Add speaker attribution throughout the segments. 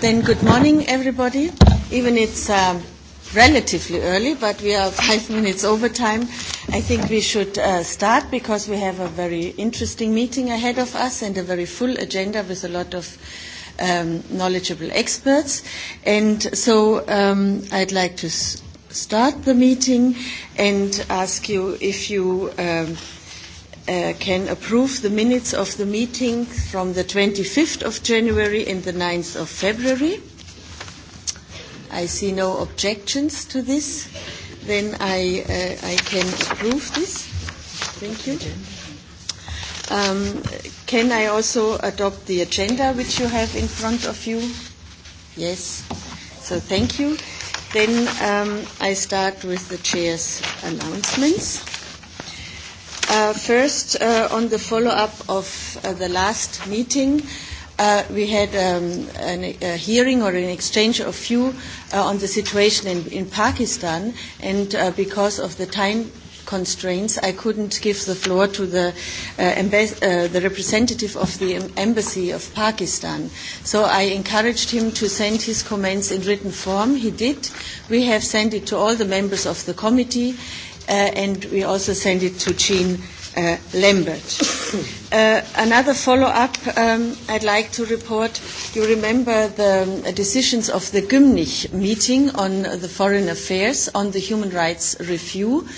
Speaker 1: Then good morning, everybody. Even it's um, relatively early, but we are five minutes over time. I think we should uh, start because we have a very interesting meeting ahead of us and a very full agenda with a lot of um, knowledgeable experts. And so um, I'd like to s- start the meeting and ask you if you. Um, uh, can approve the minutes of the meeting from the 25th of January and the 9th of February. I see no objections to this. Then I, uh, I can approve this. Thank you. Um, can I also adopt the agenda which you have in front of you? Yes. So thank you. Then um, I start with the chair's announcements. Uh, first, uh, on the follow-up of uh, the last meeting, uh, we had um, an, a hearing or an exchange of view uh, on the situation in, in Pakistan, and uh, because of the time constraints, I couldn't give the floor to the, uh, uh, the representative of the embassy of Pakistan. So I encouraged him to send his comments in written form. He did. We have sent it to all the members of the committee, uh, and we also send it to Jean uh, Lambert. Uh, another follow-up um, I'd like to report. You remember the um, decisions of the Gymnich meeting on the foreign affairs on the human rights review.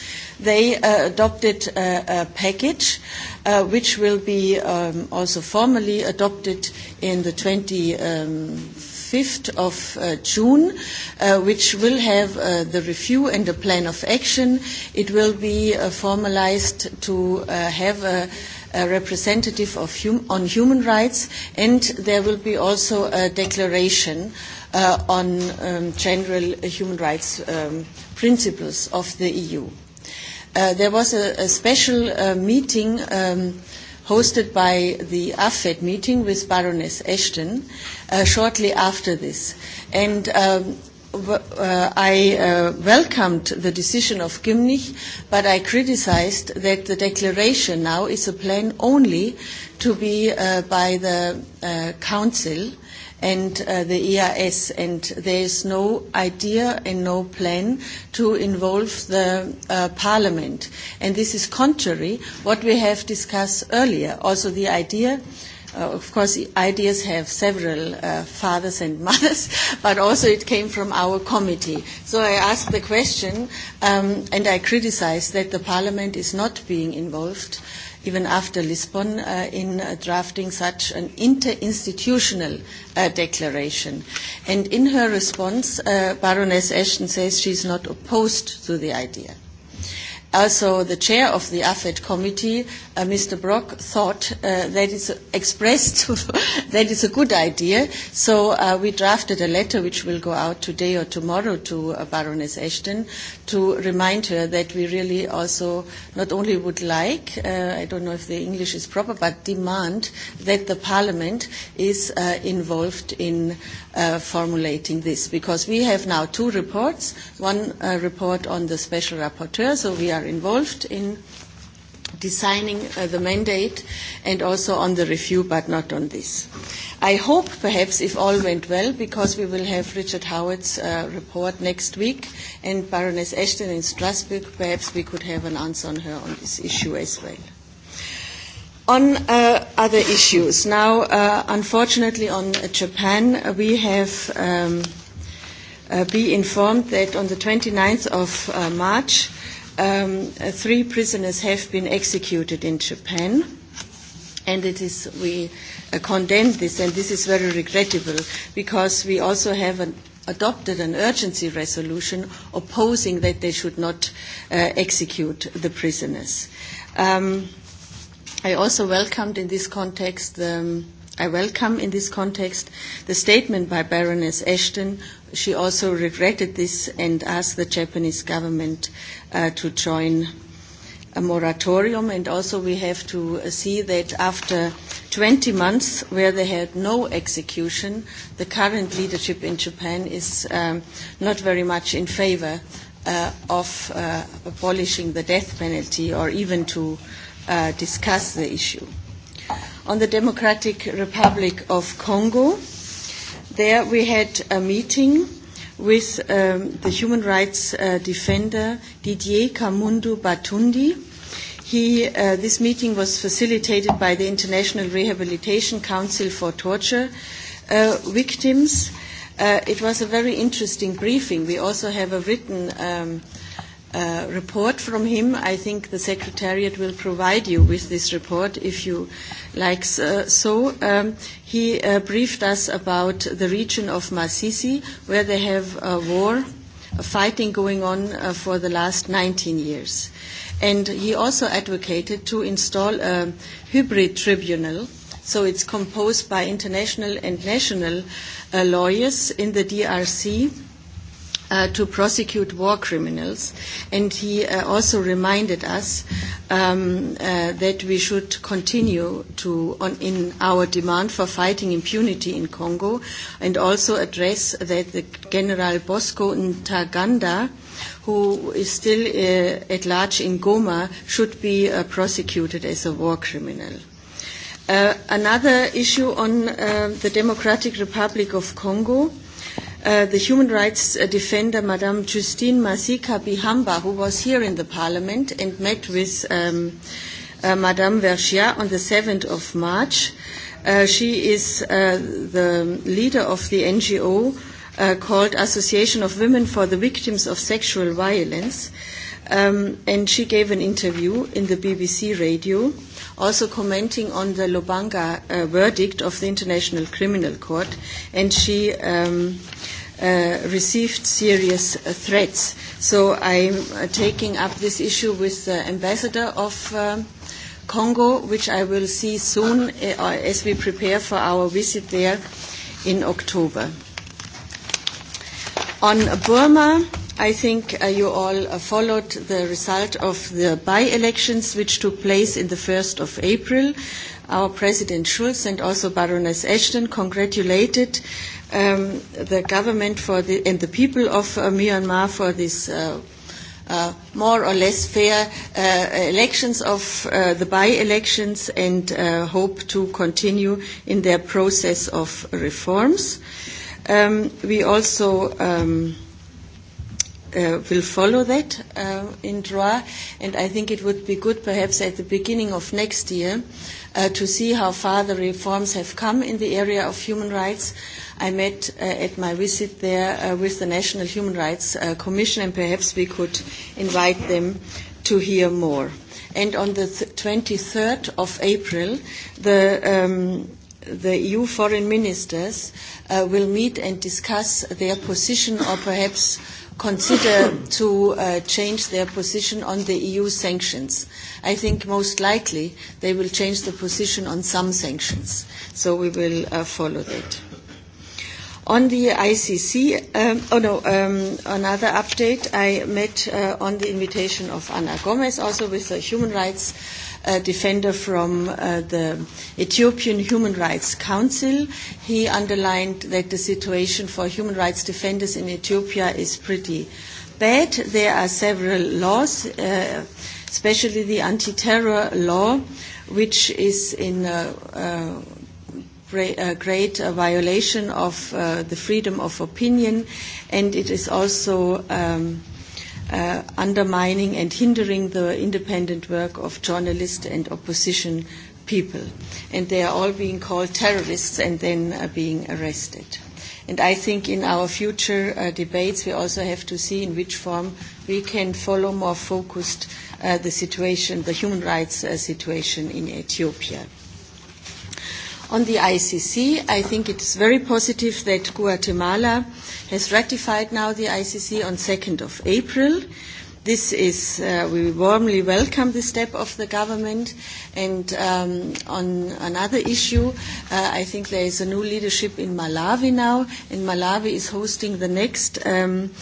Speaker 1: They uh, adopted a, uh, a package uh, which will be um, also formally adopted in the 20. Um, 5th of uh, June, uh, which will have uh, the review and the plan of action. It will be uh, formalized to uh, have a a representative of hum- on human rights, and there will be also a declaration uh, on um, general human rights um, principles of the EU. Uh, there was a, a special uh, meeting um, uh, hosted by the AFED meeting with Baroness Ashton uh, shortly after this. And um, uh, I uh, welcomed the decision of Gimnich, but I criticized that the declaration now is a plan only to be uh, by the uh, Council uh, and uh, the EIS, and there is no idea and no plan to involve the uh, Parliament. And this is contrary what we have discussed earlier. Also, the idea. Uh, of course, ideas have several uh, fathers and mothers, but also it came from our committee. So I asked the question, um, and I criticized that the parliament is not being involved. Uh, even after Lisbon, uh, in uh, drafting such an interinstitutional uh, declaration. And in her response, uh, Baroness Ashton says she's not opposed to the idea also the chair of the AFED committee, uh, Mr. Brock, thought uh, that it's expressed that it's a good idea. So uh, we drafted a letter which will go out today or tomorrow to uh, Baroness Ashton to remind her that we really also not only would like, uh, I don't know if the English is proper, but demand that the Parliament is uh, involved in uh, formulating this because we have now two reports, one uh, report on the special rapporteur, so we are involved in designing uh, the mandate and also on the review, but not on this. I hope, perhaps, if all went well, because we will have Richard Howard's uh, report next week and Baroness Ashton in Strasbourg, perhaps we could have an answer on her on this issue as well. On uh, other issues, now, uh, unfortunately, on Japan, we have um, uh, be informed that on the 29th of uh, March, um, uh, three prisoners have been executed in Japan, and it is we uh, condemn this, and this is very regrettable because we also have an adopted an urgency resolution opposing that they should not uh, execute the prisoners. Um, I also welcomed in this context um, I welcome in this context the statement by Baroness Ashton. She also regretted this and asked the Japanese government uh, to join a moratorium. And also, we have to uh, see that after 20 months, where they had no execution, the current leadership in Japan is um, not very much in favor uh, of uh, abolishing the death penalty or even to. Uh, uh, discuss the issue. On the Democratic Republic of Congo, there we had a meeting with um, the human rights uh, defender Didier Kamundu Batundi. He, uh, this meeting was facilitated by the International Rehabilitation Council for Torture uh, Victims. Uh, it was a very interesting briefing. We also have a written um, uh, uh, report from him. I think the Secretariat will provide you with this report if you like uh, so. Um, he uh, briefed us about the region of Masisi, where they have a war, a fighting going on uh, for the last 19 years. And he also advocated to install a hybrid tribunal so it's composed by international and national uh, lawyers in the DRC uh, to prosecute war criminals. And he uh, also reminded us um, uh, that we should continue to, on, in our demand for fighting impunity in Congo and also address that the General Bosco Ntaganda, who is still uh, at large in Goma, should be uh, prosecuted as a war criminal. Uh, another issue on uh, the Democratic Republic of Congo. Uh, uh, the human rights uh, defender, Madame Justine Masika Bihamba, who was here in the parliament and met with um, uh, Madame Vergia on the 7th of March. Uh, she is uh, the leader of the NGO uh, called Association of Women for the Victims of Sexual Violence. Uh, Um, and she gave an interview in the BBC radio, also commenting on the Lubanga uh, verdict of the International Criminal Court, and she um, uh, received serious uh, threats. So I'm uh, taking up this issue with the ambassador of. Uh, Congo, which I will see soon uh, as we prepare for our visit there in October. On Burma, I think uh, you all uh, followed the result of the by-elections which took place in the 1st of April. Our President Schulz and also Baroness Ashton congratulated um, the government for the, and the people of uh, Myanmar for this uh, uh, more or less fair uh, elections of uh, the by-elections and uh, hope to continue in their process of reforms. Um, we also um, uh, will follow that uh, in DROA, and I think it would be good perhaps at the beginning of next year uh, to see how far the reforms have come in the area of human rights. I met uh, at my visit there uh, with the National Human Rights uh, Commission, and perhaps we could invite them to hear more. And on the th- 23rd of April, the um, the EU foreign ministers uh, will meet and discuss their position or perhaps consider to uh, change their position on the EU sanctions. I think most likely they will change the position on some sanctions. So we will uh, follow that. On the ICC, um, oh no, um, another update. I met uh, on the invitation of Ana Gomez also with the human rights uh, uh, defender from uh, the Ethiopian Human Rights Council. He underlined that the situation for human rights defenders in Ethiopia is pretty bad. There are several laws, uh, especially the anti-terror law, which is in uh, uh, a uh, great uh, violation of uh, the freedom of opinion, and it is also um, uh, uh, undermining and hindering the independent work of journalists and opposition people. And they are all being called terrorists and then are uh, being arrested. And I think in our future uh, debates, we also have to see in which form we can follow more focused uh, the situation, the human rights uh, situation in Ethiopia. On the ICC, I think it's very positive that Guatemala has ratified now the ICC on 2nd of April. This is, uh, we warmly welcome the step of the government. And um, on another issue, uh, I think there is a new leadership in Malawi now, and Malawi is hosting the next um, uh,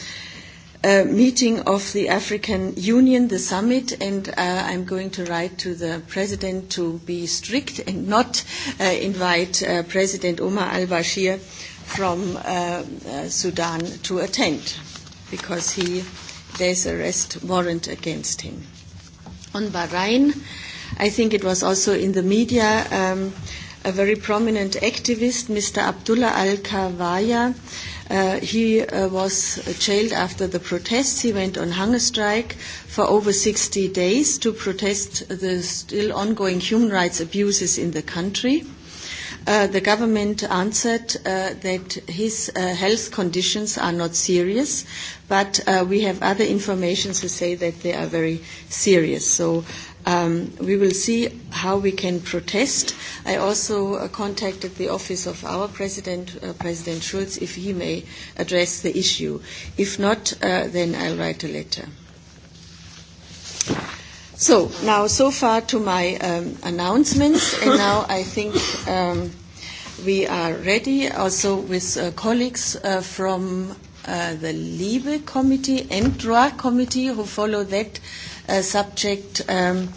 Speaker 1: uh, meeting of the African Union, the summit, and uh, I'm going to write to the president to be strict and not uh, invite uh, President Omar al-Bashir from uh, uh, Sudan to attend because he, there's arrest warrant against him. On Bahrain, I think it was also in the media, um, a very prominent activist, Mr. Abdullah al-Kawaya, uh, Uh, he uh, was jailed after the protests. He went on hunger strike for over 60 days to protest the still ongoing human rights abuses in the country. Uh, the government answered uh, that his uh, health conditions are not serious, but uh, we have other information to say that they are very serious. So Um, we will see how we can protest. I also uh, contacted the office of our president, uh, President Schulz, if he may address the issue. If not, uh, then I'll write a letter. So now, so far to my um, announcements, and now I think um, we are ready, also with uh, colleagues uh, from uh, the Liebe Committee and DROA Committee who follow that. Uh, uh, subject um,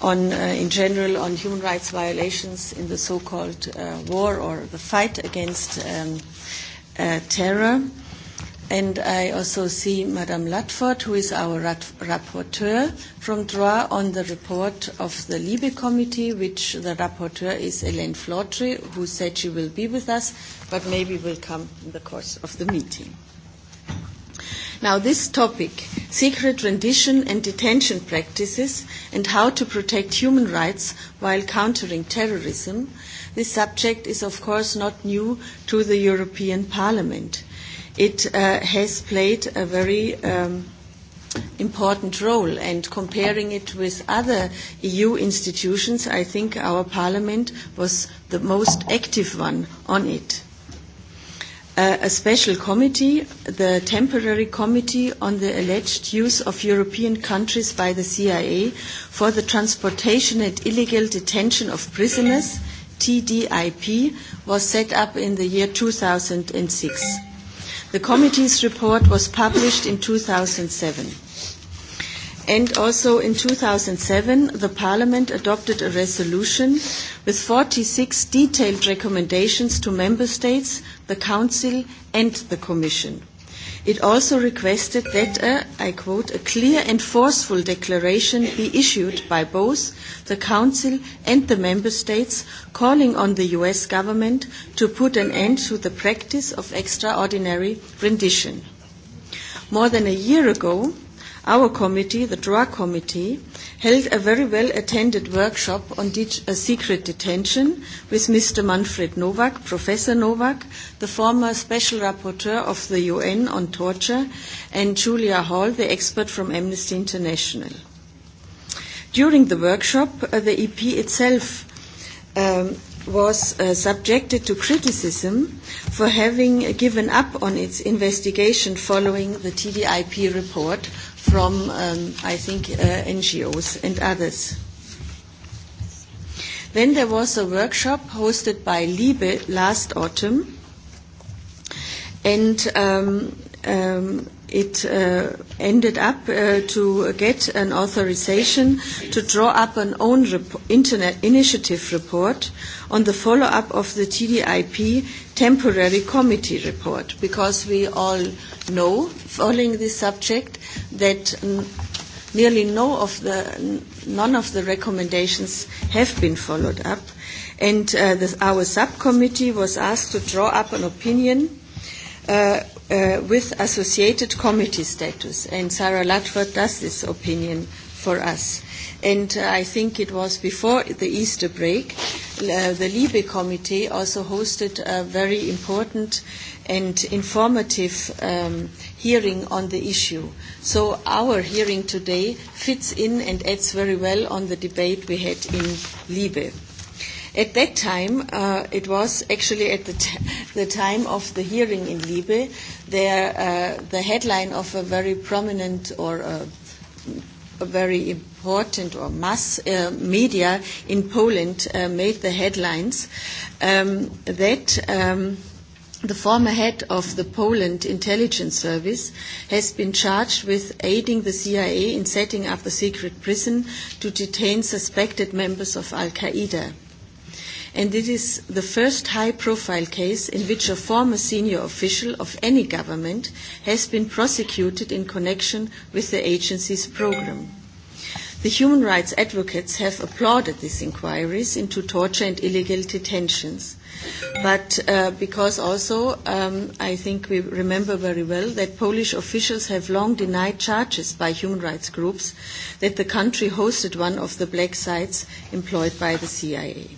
Speaker 1: on, uh, in general on human rights violations in the so-called uh, war or the fight against um, uh, terror. And I also see Madame Latford, who is our rat- rapporteur from DROA on the report of the Libe Committee, which the rapporteur is Hélène Flautry, who said she will be with us, but maybe will come in the course of the meeting. Now, this topic, secret rendition and detention practices and how to protect human rights while countering terrorism, this subject is of course not new to the European Parliament. It uh, has played a very um, important role and comparing it with other EU institutions, I think our Parliament was the most active one on it uh, a special committee, the temporary committee on the alleged use of European countries by the CIA for the transportation and illegal detention of prisoners, TDIP, was set up in the year 2006. The committee's report was published in 2007. And also in 2007, the Parliament adopted a resolution with 46 detailed recommendations to Member States the Council and the Commission. It also requested that a, I quote, a clear and forceful declaration be issued by both the Council and the Member States calling on the US government to put an end to the practice of extraordinary rendition. More than a year ago, our committee, the DRA committee, held a very well attended workshop on det- uh, secret detention with Mr. Manfred Novak, Professor Novak, the former special rapporteur of the UN on torture, and Julia Hall, the expert from Amnesty International. During the workshop, uh, the EP itself um, was uh, subjected to criticism for having given up on its investigation following the TDIP report from, um, I think, uh, NGOs and others. Then there was a workshop hosted by Liebe last autumn, and um, um, it uh, ended up uh, to get an authorization to draw up an own rep- internet initiative report on the follow-up of the TDIP temporary committee report, because we all know, following this subject, that n- nearly no of the, n- none of the recommendations have been followed up. And uh, the, our subcommittee was asked to draw up an opinion uh, uh, with associated committee status, and Sarah Ludford does this opinion for us. And uh, I think it was before the Easter break, uh, the Libe Committee also hosted a very important and informative um, hearing on the issue. So our hearing today fits in and adds very well on the debate we had in Libe. At that time, uh, it was actually at the, t- the time of the hearing in Liebe, there, uh, the headline of a very prominent or a, a very important or mass uh, media in Poland uh, made the headlines um, that. Um, The former head of the Poland intelligence service has been charged with aiding the CIA in setting up a secret prison to detain suspected members of Al Qaeda and it is the first high-profile case in which a former senior official of any government has been prosecuted in connection with the agency's program. The human rights advocates have applauded these inquiries into torture and illegal detentions. But uh, because also, um, I think we remember very well that Polish officials have long denied charges by human rights groups that the country hosted one of the black sites employed by the CIA.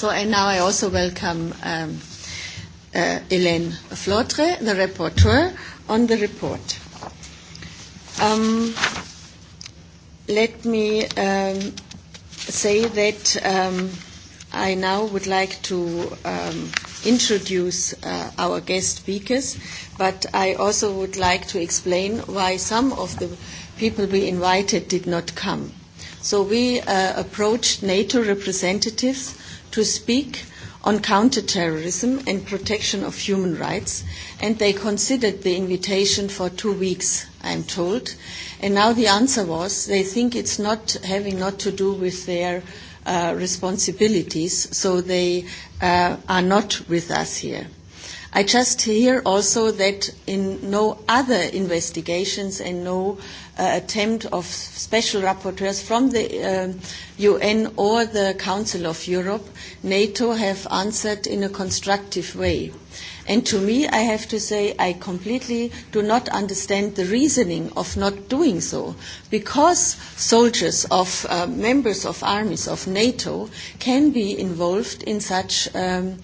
Speaker 1: So, and now I also welcome um, uh, Hélène Flotre, the rapporteur, on the report. Um, let me um, say that um, I now would like to um, introduce uh, our guest speakers, but I also would like to explain why some of the people we invited did not come. So we uh, approached NATO representatives to speak on counterterrorism and protection of human rights, and they considered the invitation for two weeks, I'm told. And now the answer was they think it's not having not to do with their uh, responsibilities, so they uh, are not with us here. I just hear also that in no other investigations and no uh, attempt of special rapporteurs from the um, uh, UN or the Council of Europe, NATO have answered in a constructive way. And to me, I have to say, I completely do not understand the reasoning of not doing so. Because soldiers of uh, members of armies of NATO can be involved in such um, uh,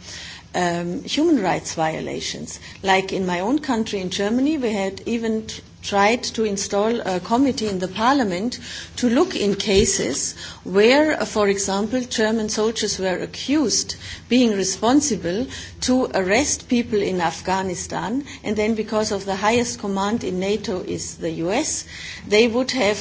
Speaker 1: um, human rights violations. Like in my own country, in Germany, we had even t- tried to install a committee in the parliament to look in cases where, uh, for example, German soldiers were accused being responsible to arrest people in Afghanistan, and then because of the highest command in NATO is the US, they would have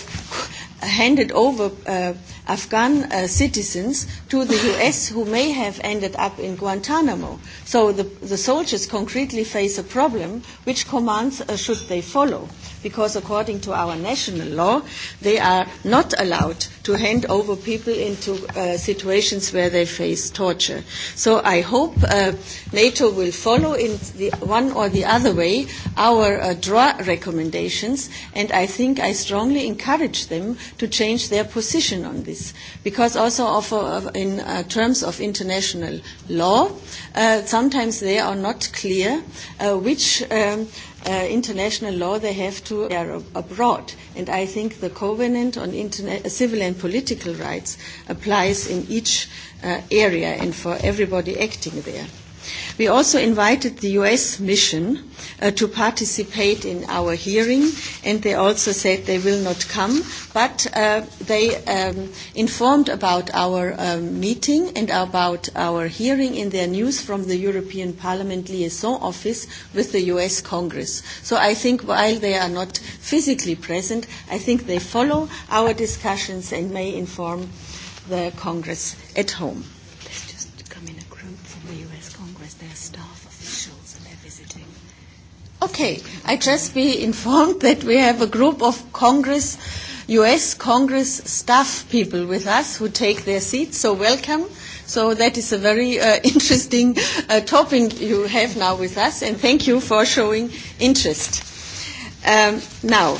Speaker 1: handed over. Uh, Afghan uh, citizens to the U.S. who may have ended up in Guantanamo. So the, the soldiers concretely face a problem which commands uh, should they follow, because according to our national law, they are not allowed to hand over people into uh, situations where they face torture. So I hope uh, NATO will follow in the one or the other way our uh, draw recommendations, and I think I strongly encourage them to change their position on this countries, because also of, uh, in uh, terms of international law, uh, sometimes they are not clear uh, which um, uh, international law they have to bear abroad. And I think the Covenant on interna- uh, Civil and Political Rights applies in each uh, area and for everybody acting there. We also invited the US mission uh, to participate in our hearing, and they also said they will not come, but uh, they um, informed about our um, meeting and about our hearing in their news from the European Parliament liaison office with the US Congress. So I think while they are not physically present, I think they follow our discussions and may inform the Congress at home. Okay, I just be informed that we have a group of Congress, U.S. Congress staff people with us who take their seats, so welcome. So that is a very uh, interesting uh, topic you have now with us, and thank you for showing interest. Um, now,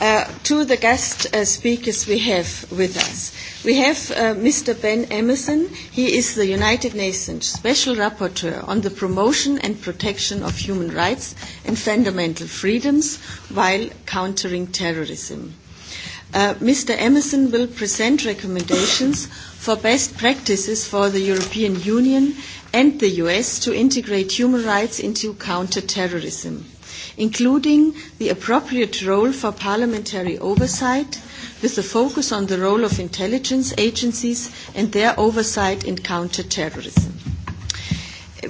Speaker 1: uh, to the guest uh, speakers we have with us. We have uh, Mr. Ben Emerson. He is the United Nations Special Rapporteur on the promotion and protection of human rights and fundamental freedoms while countering terrorism. Uh, Mr. Emerson will present recommendations for best practices for the European Union and the US to integrate human rights into counterterrorism, including the appropriate role for parliamentary oversight, with a focus on the role of intelligence agencies and their oversight in counterterrorism.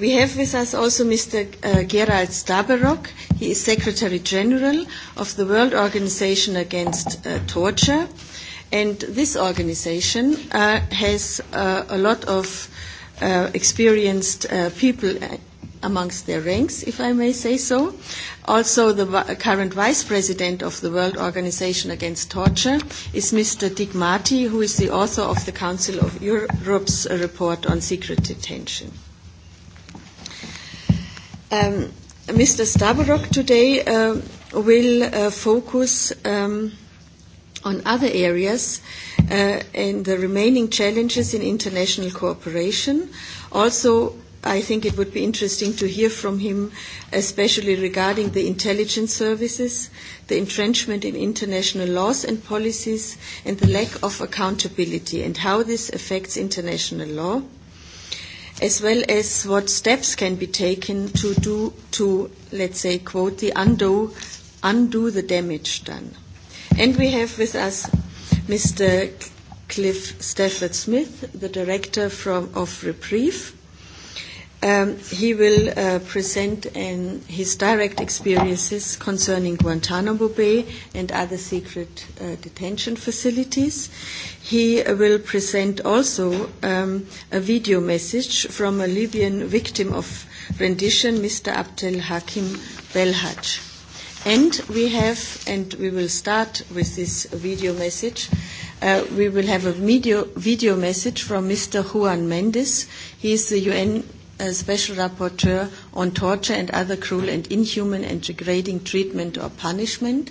Speaker 1: We have with us also Mr. Uh, Gerald Staberok. He is Secretary General of the World Organization Against uh, Torture. And this organization uh, has uh, a lot of uh, experienced uh, people uh, amongst their ranks, if I may say so. Also, the current vice president of the World Organization Against Torture is Mr. Dick Marty, who is the author of the Council of Europe's report on secret detention. Um, Mr. Staborok today uh, will uh, focus um, on other areas uh, and the remaining challenges in international cooperation. Also, I think it would be interesting to hear from him, especially regarding the intelligence services, the entrenchment in international laws and policies, and the lack of accountability, and how this affects international law as well as what steps can be taken to do, to, let's say, quote, the undo, undo the damage done. And we have with us Mr. Cliff Stafford Smith, the director from, of Reprieve, Um, he will uh, present an, his direct experiences concerning Guantanamo Bay and other secret uh, detention facilities. He will present also um, a video message from a Libyan victim of rendition, Mr. Abdel Hakim Belhaj. And we have, and we will start with this video message. Uh, we will have a video, video message from Mr. Juan Mendes. He is the UN uh, Special Rapporteur on Torture and Other Cruel and Inhuman and Degrading Treatment or Punishment.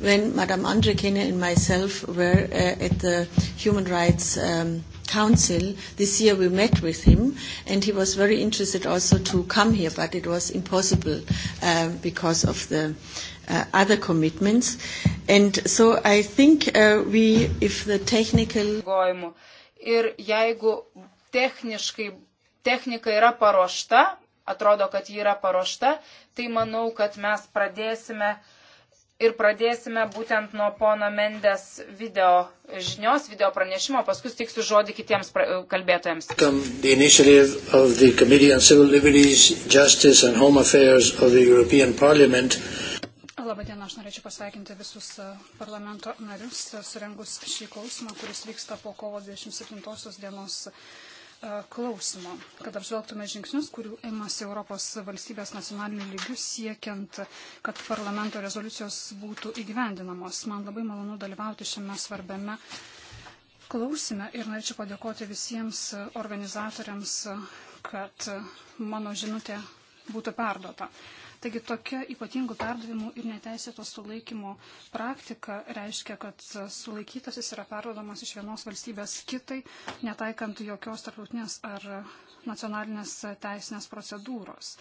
Speaker 1: When Madame Andrekene and myself were uh, at the Human Rights um, Council this year, we met with him, and he was very interested also to come here, but it was impossible uh, because of the uh, other commitments. And so I think uh, we, if the technical.
Speaker 2: Ir jeigu techniškai technika yra paruošta, atrodo, kad ji yra paruošta, tai manau, kad mes pradėsime ir pradėsime būtent nuo pono Mendes video žinios, video pranešimo, paskui tiksiu žodį kitiems kalbėtojams.
Speaker 3: The initiative of the Committee on Civil Liberties, Justice and Home Affairs of the European Parliament.
Speaker 4: Labadiena, aš norėčiau pasveikinti visus e, parlamento narius, e, surengus šį klausimą, kuris vyksta po kovo 27 dienos E, klausimo, kad apžvelgtume žingsnius, kurių imasi Europos valstybės nacionalinių lygių siekiant, kad parlamento rezoliucijos būtų įgyvendinamos. Man labai malonu dalyvauti šiame svarbiame klausime ir norėčiau padėkoti visiems organizatoriams, kad mano žinutė būtų perdota. Taigi tokia ypatingų perdavimų ir neteisėto sulaikymo praktika reiškia, kad sulaikytasis yra perdodamas iš vienos valstybės kitai, netaikant jokios tarptautinės ar nacionalinės teisinės procedūros.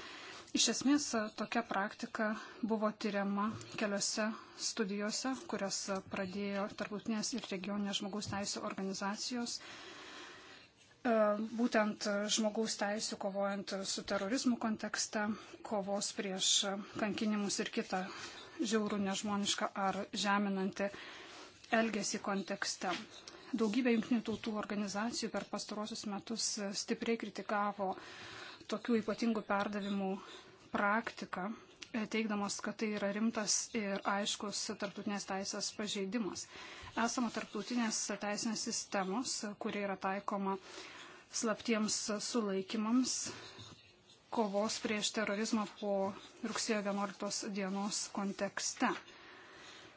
Speaker 4: Iš esmės tokia praktika buvo tyriama keliose studijose, kurias pradėjo tarptautinės ir regioninės žmogaus teisų organizacijos E, būtent žmogaus teisų kovojant su terorizmu kontekste, kovos prieš kankinimus ir kitą žiaurų, nežmonišką ar žeminantį elgesį kontekste. Daugybė jungtinių tautų organizacijų per pastarosius metus stipriai kritikavo tokių ypatingų perdavimų praktiką, teikdamas, kad tai yra rimtas ir aiškus tarptautinės teisės pažeidimas esama tarptautinės teisinės sistemos, kuri yra taikoma slaptiems sulaikymams kovos prieš terorizmą po rugsėjo 11 dienos kontekste,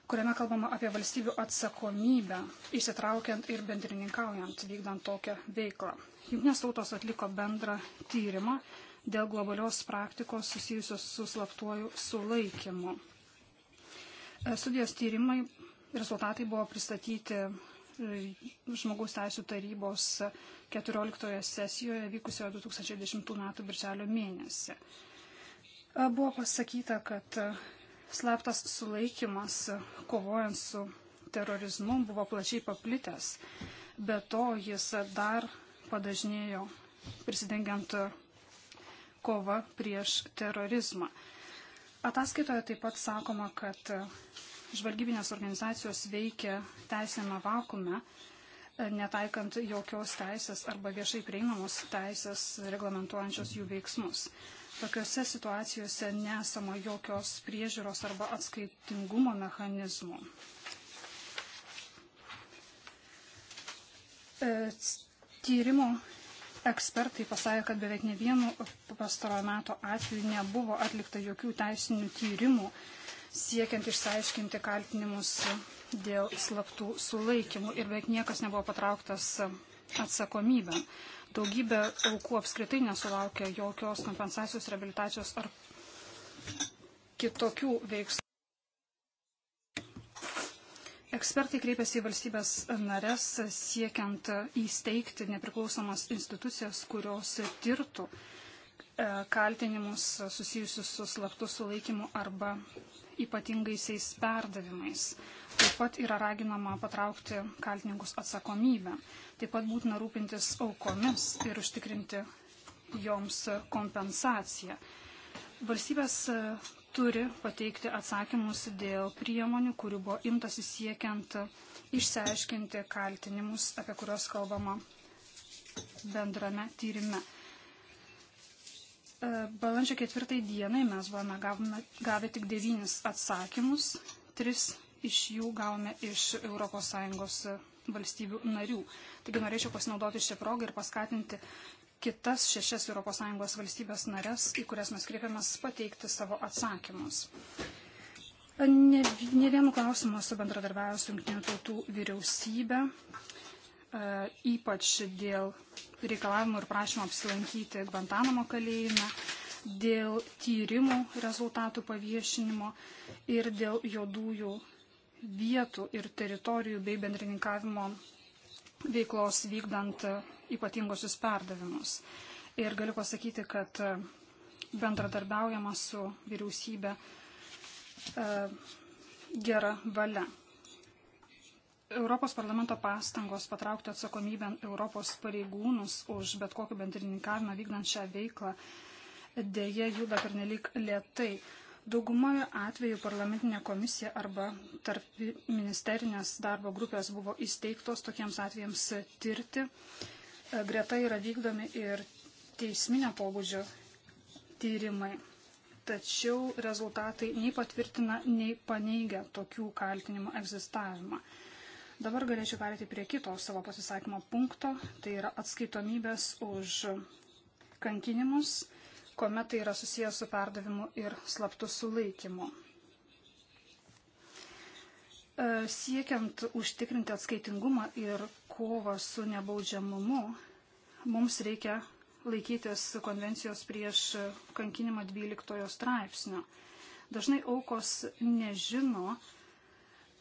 Speaker 4: kuriame kalbama apie valstybių atsakomybę, įsitraukiant ir bendrininkaujant, vykdant tokią veiklą. Junknės tautos atliko bendrą tyrimą dėl globalios praktikos susijusios su slaptuoju sulaikymu. Studijos tyrimai Rezultatai buvo pristatyti e, žmogaus teisų tarybos 14 sesijoje vykusioje 2010 m. birželio mėnesį. E, buvo pasakyta, kad e, slaptas sulaikimas kovojant su terorizmu buvo plačiai paplitęs, bet to jis dar padažnėjo prisidengiant kova prieš terorizmą. Ataskaitoje taip pat sakoma, kad žvalgybinės organizacijos veikia teisėme vakume, e, netaikant jokios teisės arba viešai prieinamos teisės reglamentuojančios jų veiksmus. Tokiose situacijose nesama jokios priežiūros arba atskaitingumo mechanizmų. E, tyrimo ekspertai pasakė, kad beveik ne vienu pastarojo metų atveju nebuvo atlikta jokių teisinių tyrimų siekiant išsiaiškinti kaltinimus dėl slaptų sulaikymų ir beveik niekas nebuvo patrauktas atsakomybę. Daugybė aukų apskritai nesulaukė jokios kompensacijos, rehabilitacijos ar kitokių veiksmų. Ekspertai kreipėsi į valstybės nares siekiant įsteigti nepriklausomas institucijas, kurios tirtų e, kaltinimus susijusius su slaptu sulaikymu arba ypatingaisiais perdavimais. Taip pat yra raginama patraukti kaltininkus atsakomybę. Taip pat būtina rūpintis aukomis ir užtikrinti joms kompensaciją. Valstybės e, turi pateikti atsakymus dėl priemonių, kurių buvo imtasi siekiant išsiaiškinti kaltinimus, apie kuriuos kalbama bendrame tyrime. E, balandžio ketvirtai dienai mes buvome gavome, gavę tik devynis atsakymus, tris iš jų gavome iš ES valstybių narių. Taigi norėčiau pasinaudoti šią progą ir paskatinti kitas šešias ES valstybės narės, į kurias mes kreipiamės pateikti savo atsakymus. E, ne, ne vienu klausimu esu bendradarbiavęs su Junktinių tautų vyriausybė, E, ypač dėl reikalavimų ir prašymų apsilankyti Guantanamo kalėjime, dėl tyrimų rezultatų paviešinimo ir dėl juodųjų vietų ir teritorijų bei bendrininkavimo veiklos vykdant ypatingosius perdavimus. Ir galiu pasakyti, kad bendradarbiaujama su vyriausybė e, gera valia. Europos parlamento pastangos patraukti atsakomybę Europos pareigūnus už bet kokį bendrininkavimą vykdant šią veiklą dėje juda pernelyg lietai. Daugumoje atveju parlamentinė komisija arba tarp ministerinės darbo grupės buvo įsteigtos tokiems atvejams tirti. E, greta yra vykdomi ir teisminio pobūdžio tyrimai tačiau rezultatai nei patvirtina, nei paneigia tokių kaltinimų egzistavimą. Dabar galėčiau perėti prie kito savo pasisakymo punkto, tai yra atskaitomybės už kankinimus, kuomet tai yra susijęs su perdavimu ir slaptu sulaikymu. E, siekiant užtikrinti atskaitingumą ir kovą su nebaudžiamumu, mums reikia laikytis konvencijos prieš kankinimą 12 straipsnio. Dažnai aukos nežino,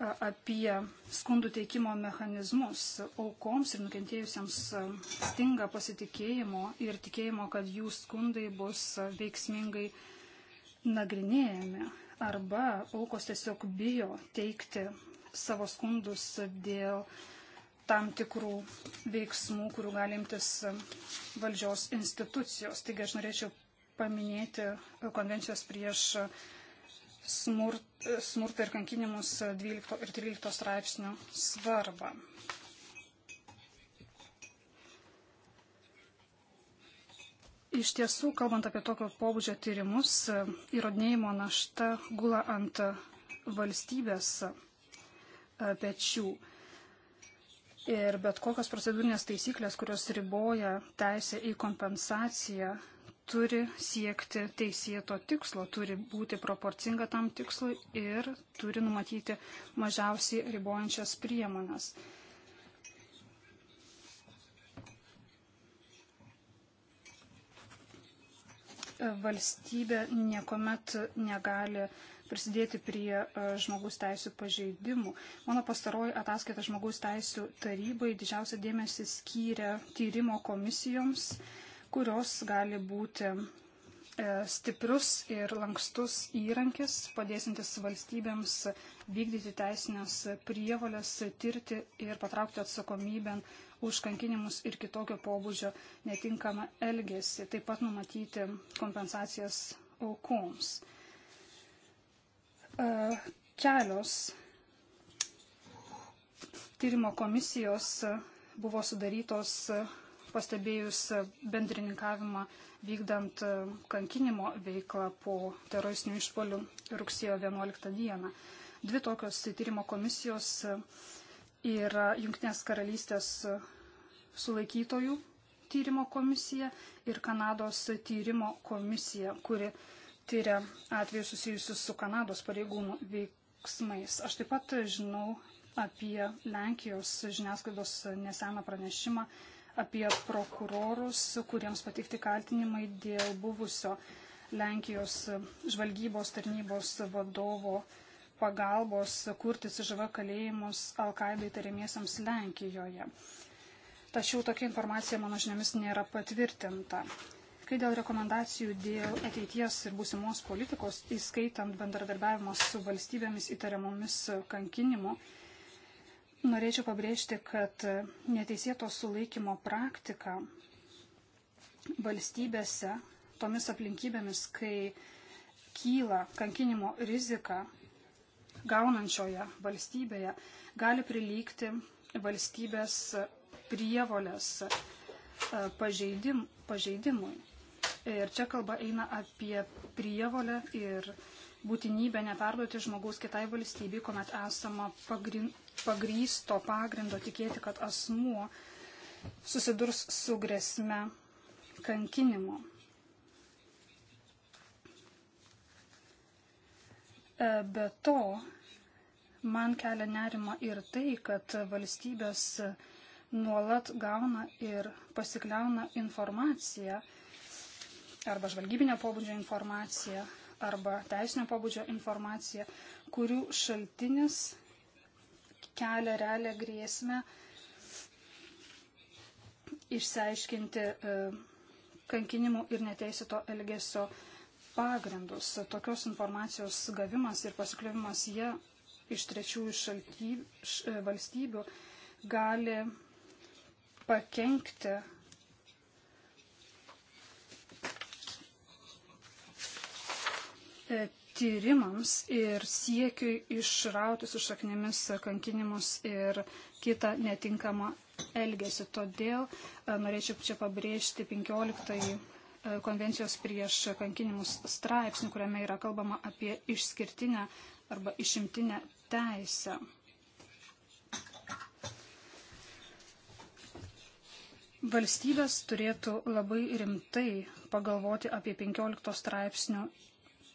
Speaker 4: apie skundų teikimo mechanizmus aukoms ir nukentėjusiems stinga pasitikėjimo ir tikėjimo, kad jų skundai bus veiksmingai nagrinėjami. Arba aukos tiesiog bijo teikti savo skundus dėl tam tikrų veiksmų, kurių galimtis valdžios institucijos. Taigi aš norėčiau paminėti konvencijos prieš smurt, smurtą ir kankinimus 12 ir 13 straipsnių svarbą. Iš tiesų, kalbant apie tokio pobūdžio tyrimus, įrodinėjimo našta gula ant valstybės e, pečių. Ir bet kokios procedūrinės taisyklės, kurios riboja teisę į kompensaciją, turi siekti teisėto tikslo, turi būti proporcinga tam tikslui ir turi numatyti mažiausiai ribojančias priemonės. Valstybė niekuomet negali prisidėti prie e, žmogaus teisų pažeidimų. Mano pastaroji ataskaita žmogaus teisų tarybai didžiausia dėmesį skyrė tyrimo komisijoms, uh, kurios gali būti e, stiprus ir lankstus įrankis, padėsintis valstybėms vykdyti teisinės prievalės, tirti ir patraukti atsakomybę už kankinimus ir kitokio pobūdžio netinkamą elgesį, taip pat numatyti kompensacijas aukoms. E, kelios tyrimo komisijos buvo sudarytos pastebėjus bendrininkavimą vykdant e, kankinimo veiklą po teroristinių išpolių rugsėjo 11 dieną. Dvi tokios tyrimo komisijos e, yra Junktinės karalystės e, sulaikytojų tyrimo komisija ir Kanados tyrimo komisija, kuri tyria atvejus susijusius su Kanados pareigūnų veiksmais. Aš taip pat žinau apie Lenkijos žiniasklaidos neseną pranešimą apie prokurorus, kuriems patikti kaltinimai dėl buvusio Lenkijos žvalgybos tarnybos vadovo pagalbos kurti CŽV kalėjimus Alkaidai tariamiesiams Lenkijoje. Tačiau tokia informacija, mano žiniomis, nėra patvirtinta. Kai dėl rekomendacijų dėl ateities ir būsimos politikos, įskaitant bendradarbiavimą su valstybėmis įtariamomis kankinimu, Norėčiau pabrėžti, kad neteisėto sulaikymo praktika valstybėse tomis aplinkybėmis, kai kyla kankinimo rizika gaunančioje valstybėje, gali prilygti valstybės prievolės e, pažeidim, pažeidimui. Ir čia kalba eina apie prievolę ir prievolę būtinybę neperduoti žmogaus kitai valstybei, kuomet esama pagrin, pagrysto pagrindo tikėti, kad asmuo susidurs su grėsme kankinimo. E, be to, man kelia nerima ir tai, kad valstybės nuolat gauna ir pasikliauna informaciją arba žvalgybinio pobūdžio informaciją arba teisinio pobūdžio informacija, kurių šaltinis kelia realią grėsmę išsiaiškinti e, kankinimų ir neteisėto elgesio pagrindus. Tokios informacijos gavimas ir pasikliavimas jie iš trečiųjų šalty, š, e, valstybių gali pakenkti E, tyrimams ir siekiui išrauti su šaknimis kankinimus ir kitą netinkamą elgesį. Todėl e, norėčiau čia pabrėžti 15 e, konvencijos prieš kankinimus straipsnį, kuriame yra kalbama apie išskirtinę arba išimtinę teisę. Valstybės turėtų labai rimtai pagalvoti apie 15 straipsnio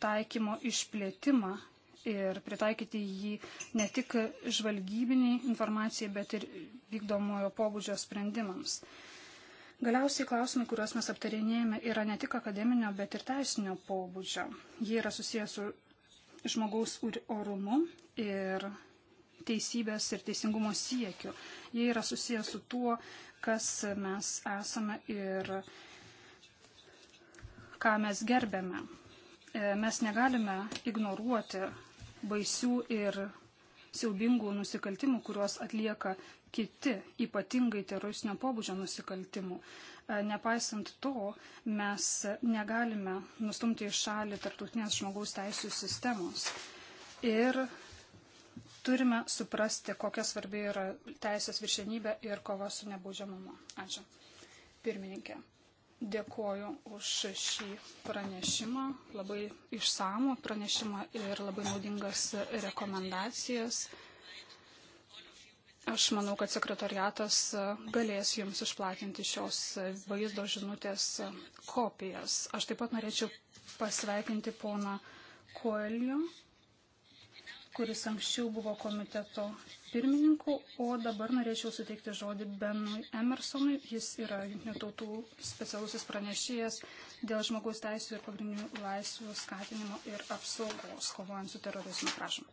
Speaker 4: taikymo išplėtimą ir pritaikyti jį ne tik žvalgybiniai informacijai, bet ir vykdomojo pobūdžio sprendimams. Galiausiai klausimai, kuriuos mes aptarinėjame, yra ne tik akademinio, bet ir teisinio pobūdžio. Jie yra susijęs su žmogaus orumu ir teisybės ir teisingumo siekiu. Jie yra susijęs su tuo, kas mes esame ir ką mes gerbėme. E, mes negalime ignoruoti baisių ir siaubingų nusikaltimų, kuriuos atlieka kiti, ypatingai teroristinio pobūdžio nusikaltimų. E, nepaisant to, mes negalime nustumti į šalį tarptautinės žmogaus teisų sistemos. Ir turime suprasti, kokia svarbi yra teisės viršenybė ir kova su nebaudžiamumu. Ačiū. Pirmininkė. Dėkoju už šį pranešimą, labai išsamų pranešimą ir labai naudingas rekomendacijas. Aš manau, kad sekretariatas galės jums išplatinti šios vaizdo žinutės kopijas. Aš taip pat norėčiau pasveikinti poną Koelių kuris anksčiau buvo komiteto pirmininku, o dabar norėčiau suteikti žodį Benui Emersonui. Jis yra Junktinių tautų specialusis pranešėjas dėl žmogaus teisų ir pagrindinių laisvių skatinimo ir apsaugos kovojant su terorizmu. Prašom.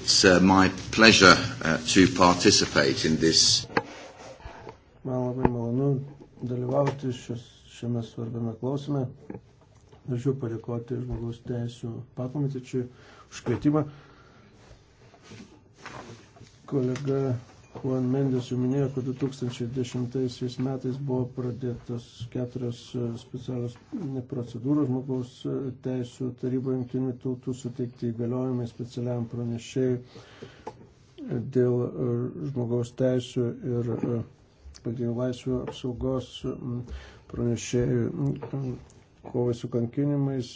Speaker 1: It's uh, my pleasure uh, to participate in this.
Speaker 3: Man labai malonu dalyvauti šios, šiame svarbiame klausime. Norėčiau padėkoti žmogaus teisų pakomitečiui už kvietimą. Uh, Kolega Juan Mendes jau minėjo, kad 2010 metais buvo pradėtos keturios e, specialios procedūros žmogaus e, teisų taryboje jungtinių tautų suteikti įgaliojimai specialiam pranešėjai e, dėl žmogaus teisų ir pagrindinių laisvių apsaugos pranešėjų kovai su kankinimais,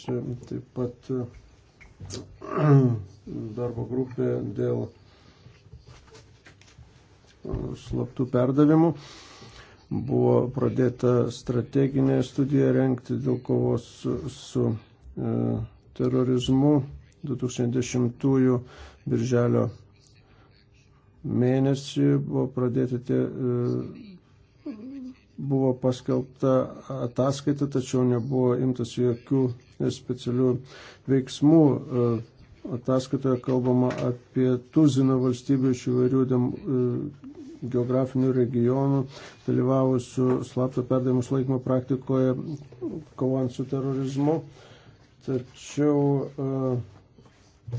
Speaker 3: taip pat darbo grupė dėl slaptų perdavimų. Buvo pradėta strateginė studija renkti dėl kovos su, su e, terorizmu 2010 birželio mėnesį buvo pradėti tie, e, buvo paskelbta ataskaita, tačiau nebuvo imtas jokių specialių veiksmų. E, ataskaitoje kalbama apie tuziną valstybių iš įvairių dem, e, geografinių regionų, dalyvavusių slapto perdavimų sulaikymo praktikoje, kovant su terorizmu. Tačiau e,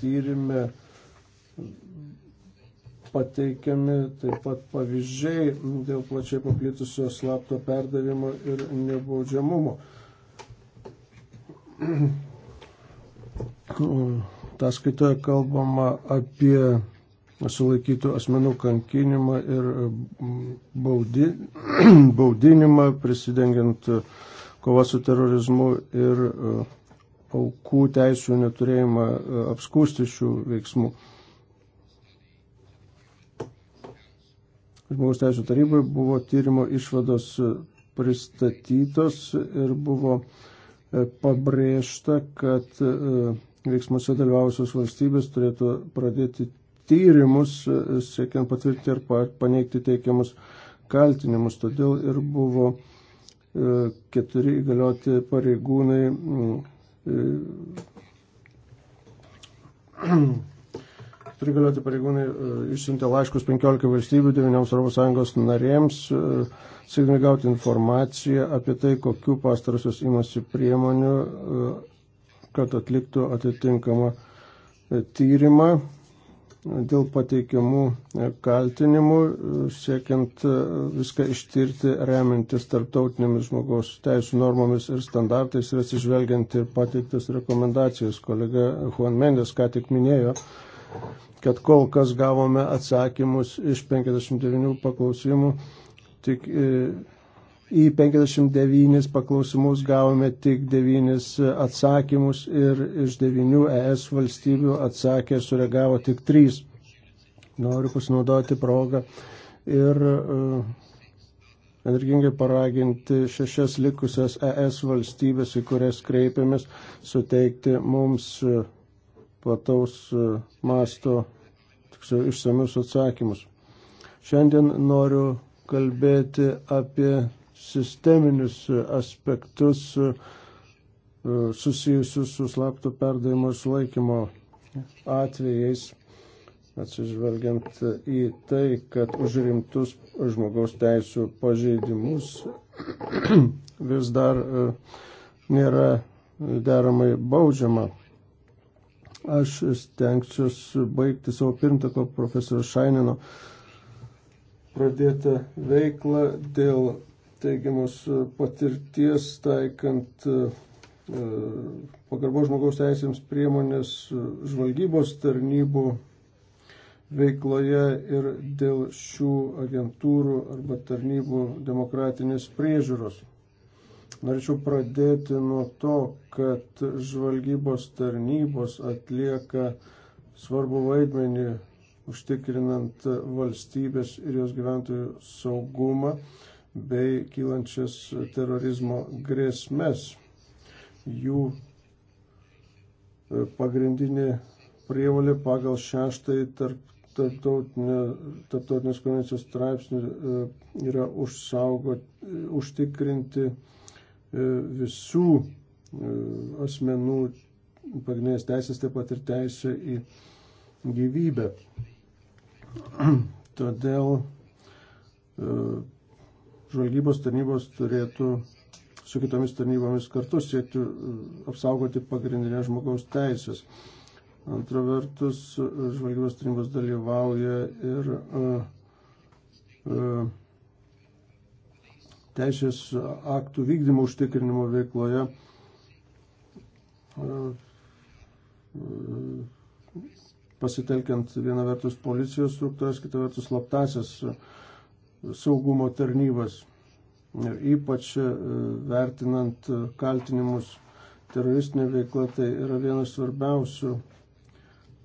Speaker 3: tyrimė pateikiami taip pat pavyzdžiai dėl plačiai paplitusio slapto perdavimo ir nebaudžiamumo. Ataskaitoje kalbama apie sulaikytų asmenų kankinimą ir mm, baudi, baudinimą, prisidengiant kovą su terorizmu ir e, aukų teisų neturėjimą e, apskūsti šių veiksmų. Žmogaus teisų tarybai buvo tyrimo išvados pristatytos ir buvo e, pabrėžta, kad veiksmuose dalyvavusios valstybės turėtų pradėti tyrimus, e, siekiant patvirtinti ir paneigti teikiamus kaltinimus. Todėl ir buvo e, keturi įgalioti pareigūnai mm, e, turi galioti pareigūnai išsiuntė laiškus 15 valstybių, 9 ES narėms, siekdami gauti informaciją apie tai, kokiu pastarosios imasi priemonių kad atliktų atitinkamą tyrimą dėl pateikiamų kaltinimų, siekiant viską ištirti, remintis tarptautinėmis žmogaus teisų normomis ir standartais ir atsižvelgiant ir pateiktas rekomendacijas. Kolega Juan Mendes ką tik minėjo, kad kol kas gavome atsakymus iš 59 paklausimų, tik e, į 59 paklausimus gavome tik 9 atsakymus ir iš 9 ES valstybių atsakė, sureagavo tik 3. Noriu pasinaudoti progą ir e, energingai paraginti šešias likusias ES valstybės, į kurias kreipiamės, suteikti mums e, plataus e, masto, tiksliau, išsamius atsakymus. Šiandien noriu kalbėti apie sisteminius aspektus e, susijusius su slapto perdavimo ir sulaikymo atvejais, atsižvelgiant į tai, kad už rimtus žmogaus teisų pažeidimus vis dar e, nėra deramai baudžiama. Aš stengsiuosi baigti savo pirmtako profesorių Šainino pradėtą veiklą dėl teigiamos e, patirties taikant e, e, pagarbos žmogaus teisėms priemonės žvalgybos tarnybų veikloje ir dėl šių agentūrų arba tarnybų demokratinės priežiūros. Norėčiau pradėti nuo to, kad žvalgybos tarnybos atlieka svarbu vaidmenį užtikrinant valstybės ir jos gyventojų saugumą bei kylančias terorizmo grėsmės. Jų e, pagrindinė prievalė pagal šeštąjį tarp, tarptautinė, tarptautinės konvencijos straipsnį e, yra užsaugot, užtikrinti e, visų asmenų pagrindinės teisės, taip pat ir teisė į gyvybę. Todėl žvalgybos tarnybos turėtų su kitomis tarnybomis kartu siekti e, apsaugoti pagrindinės žmogaus teisės. Antra vertus, žvalgybos tarnybos dalyvauja ir uh, uh, teisės aktų vykdymo užtikrinimo veikloje. Uh, pasitelkiant vieną vertus policijos struktūras, kitą vertus slaptasias uh, saugumo tarnybas. Ir ypač e, vertinant kaltinimus teroristinė veikla, tai yra vienas svarbiausių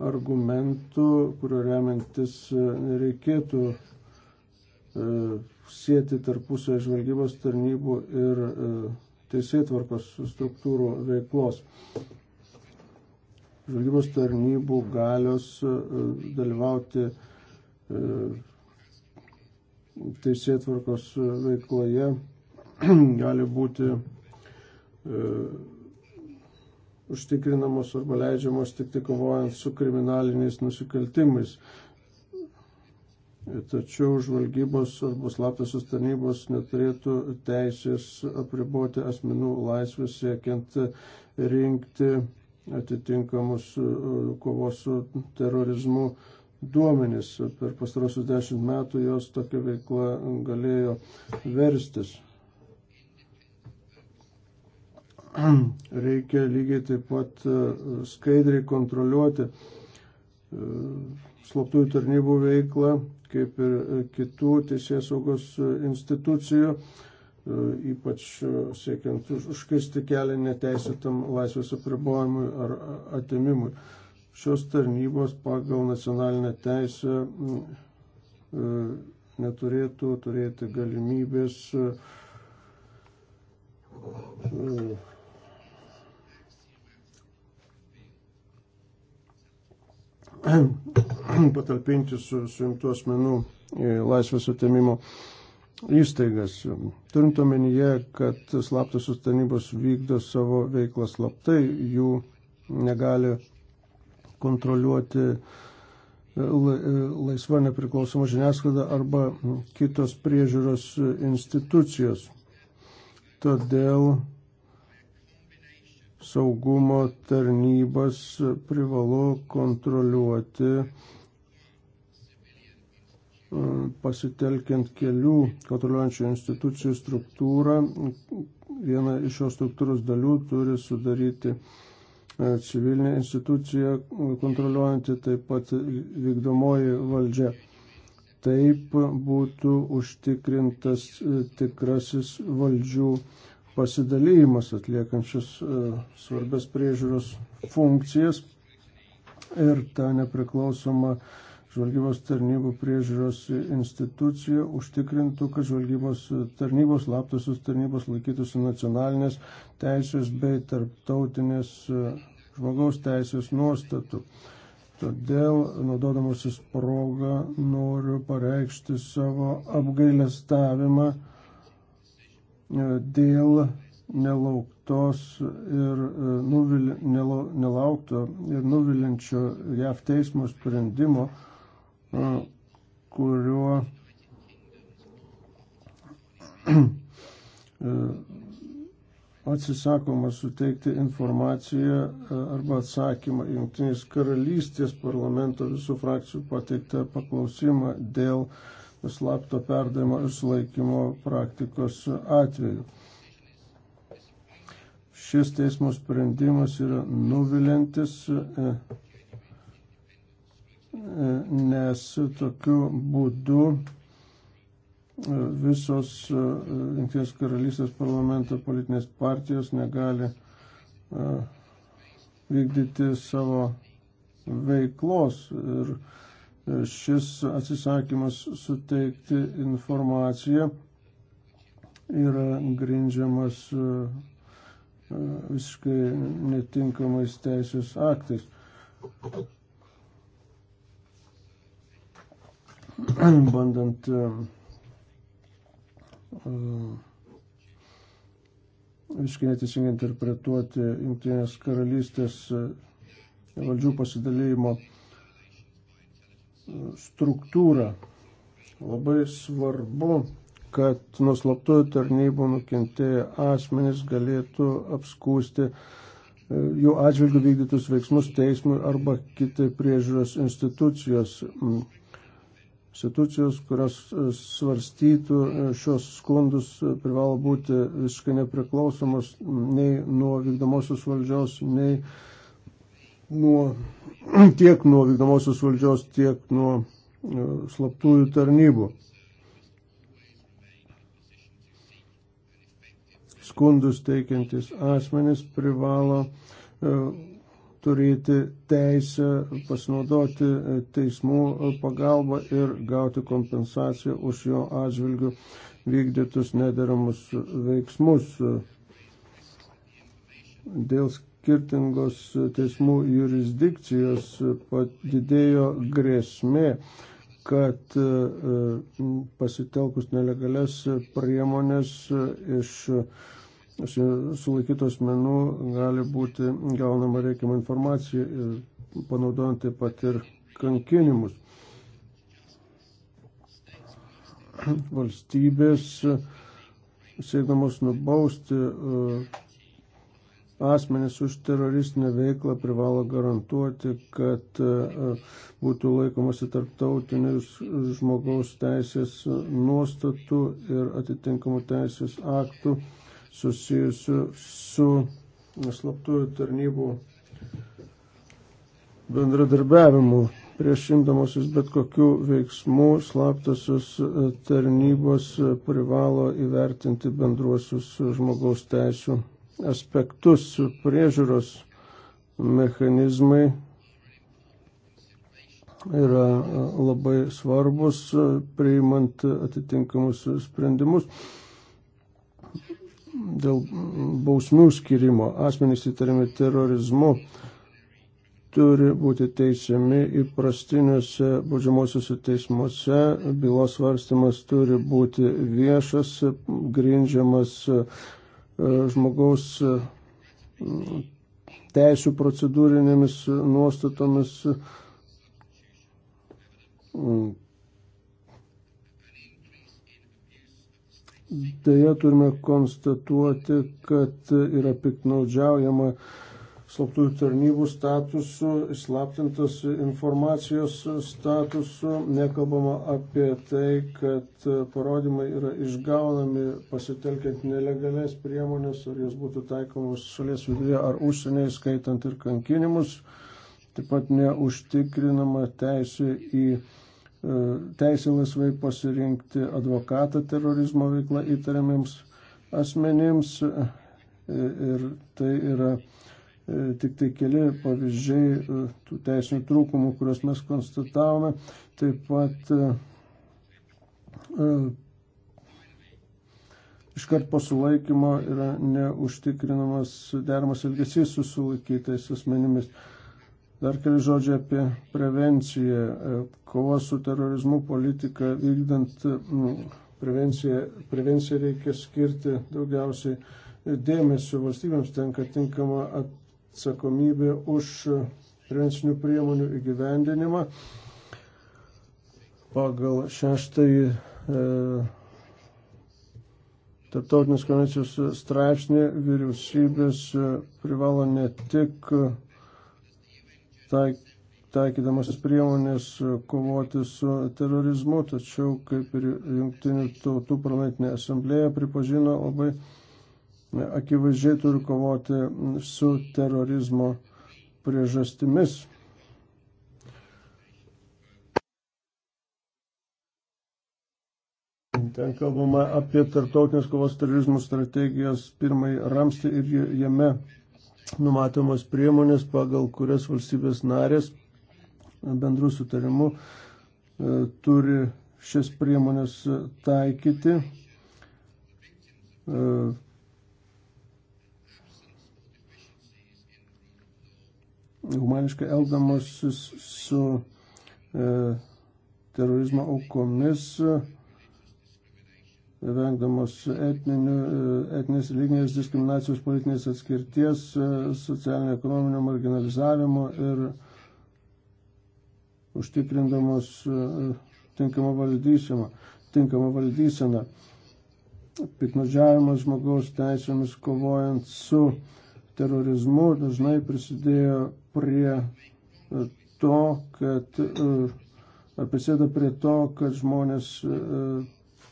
Speaker 3: argumentų, kurio remiantis e, reikėtų e, sėti tarpusio žvalgybos tarnybų ir teisėtvarkos struktūrų veiklos. Žvalgybos tarnybų galios dalyvauti teisėtvarkos e, veikloje gali būti e, užtikrinamos arba leidžiamos tik tai kovojant su kriminaliniais nusikaltimais. Tačiau žvalgybos arba slaptosios tarnybos neturėtų teisės apriboti asmenų laisvės siekiant rinkti atitinkamus e, kovos su terorizmu duomenys. Per pastarosius dešimt metų jos tokia veikla galėjo verstis. Reikia lygiai taip pat e, skaidriai kontroliuoti e, slaptųjų tarnybų veiklą, kaip ir kitų teisės saugos institucijų, e, ypač siekiant užkirsti kelią neteisėtam laisvės apribojimui ar atimimui šios tarnybos pagal nacionalinę teisę e, neturėtų turėti galimybės e, patalpinti su suimtų asmenų laisvės atėmimo įstaigas. Turint omenyje, kad slaptosios tarnybos vykdo savo veiklą slaptai, jų negali kontroliuoti e, e, laisva nepriklausoma žiniasklaida arba kitos priežiūros institucijos. Todėl saugumo tarnybas privalu kontroliuoti e, pasitelkiant kelių kontroliuojančių institucijų struktūrą. Viena iš šios struktūros dalių turi sudaryti uh, E, civilinė institucija e, kontroliuojanti, taip pat vykdomoji valdžia. Taip būtų užtikrintas e, tikrasis valdžių pasidalymas atliekančius svarbės priežiūros funkcijas ir ta nepriklausoma žvalgybos tarnybų priežiūros institucija užtikrintų, kad žvalgybos tarnybos, laptosios tarnybos laikytųsi nacionalinės teisės bei tarptautinės e, žmogaus teisės nuostatų. Todėl, naudodamasis progą, noriu pareikšti savo apgailestavimą e, dėl nelauktos ir e, nuvil, nelaukto ir nuvilinčio JAV teismo sprendimo kuriuo e, atsisakoma suteikti informaciją e, arba atsakymą Junktinės karalystės parlamento visų frakcijų pateiktą paklausimą dėl slapto perdavimo ir sulaikymo praktikos atveju. Šis teismo sprendimas yra nuvilintis e, nes tokiu būdu e, visos e, Junktinės karalystės parlamento politinės partijos negali e, vykdyti savo veiklos ir šis atsisakymas suteikti informaciją yra grindžiamas visiškai netinkamais teisės aktais. bandant e, e, visiškai neteisingai interpretuoti Junktinės karalystės e, valdžių pasidalėjimo struktūrą. Labai svarbu, kad nuslaptųjų tarnybų nukentėję asmenys galėtų apskūsti jų atžvilgių vykdytus veiksmus teismui arba kitai priežiūros institucijos mm institucijos, kurios e, svarstytų e, šios skundus, e, privalo būti visiškai nepriklausomos nei nuo vykdomosios valdžios, nei nuo, tiek nuo vykdomosios valdžios, tiek nuo slaptųjų tarnybų. Skundus teikiantis asmenys privalo turėti teisę pasinaudoti e, teismų e, pagalbą ir gauti kompensaciją už jo atžvilgių vykdytus nederamus veiksmus. Dėl skirtingos teismų jurisdikcijos padidėjo grėsmė, kad e, pasitelkus nelegales priemonės iš sulaikytos menų gali būti gaunama reikiamą informaciją ir panaudojant taip pat ir kankinimus. Valstybės siekdamos nubausti e, asmenys už teroristinę veiklą privalo garantuoti, kad e, būtų laikomasi tarptautinius žmogaus teisės nuostatų ir atitinkamų teisės aktų susijusių su slaptųjų tarnybų bendradarbiavimu. Prieš imdamasis bet kokių veiksmų slaptosios e, tarnybos e, privalo įvertinti bendruosius e, žmogaus teisų aspektus, priežiūros mechanizmai yra labai svarbus priimant atitinkamus sprendimus dėl bausmių skirimo asmenys įtariami terorizmu turi būti teisiami įprastiniuose baudžiamosiuose teismuose, bylos svarstymas turi būti viešas, grindžiamas e, žmogaus e, teisų procedūrinėmis nuostatomis mm. Deja turime konstatuoti, kad yra piknaudžiaujama slaptųjų tarnybų statusu, įslaptintas informacijos statusu, nekalbama apie tai, kad parodymai yra išgaunami pasitelkiant nelegalės priemonės, ar jos būtų taikomos šalies viduje ar užsieniai, skaitant ir kankinimus. Taip pat neužtikrinama teisė į teisė laisvai pasirinkti advokatą terorizmo veiklą įtariamiems asmenims. Ir tai yra e, tik tai keli pavyzdžiai e, tų teisinių trūkumų, kuriuos mes konstatavome. Taip pat e, iškart po sulaikymo yra neužtikrinamas deramas elgesys su sulaikytais asmenimis. Dar keli žodžiai apie prevenciją. E, kova su terorizmu politika vykdant prevenciją, prevenciją reikia skirti daugiausiai dėmesio. Valstybėms tenka tinkama atsakomybė už prevencinių priemonių įgyvendinimą. Pagal šeštąjį e, Tartautinės konvencijos straipsnį vyriausybės e, privalo ne tik taik, taikydamasis priemonės kovoti su terorizmu, tačiau kaip ir Junktinių tautų parlamentinė asamblėja pripažino labai akivaizdžiai turi kovoti su terorizmo priežastimis. Ten kalbama apie tarptautinės kovos terorizmų strategijos pirmąjį ramstį ir jame numatomos priemonės, pagal kurias valstybės narės bendrų sutarimų e, turi šias priemonės e, taikyti. E, humaniškai elgdamosis su terorizmo aukomis vengdamos etinės e, lyginės diskriminacijos, politinės atskirties, e, socialinio ekonominio marginalizavimo ir užtikrindamos e, tinkamą valdyseną. Tinkamą valdyseną. Piknodžiavimas žmogaus teisėmis kovojant su terorizmu dažnai prisidėjo prie to, kad prisideda prie to, kad žmonės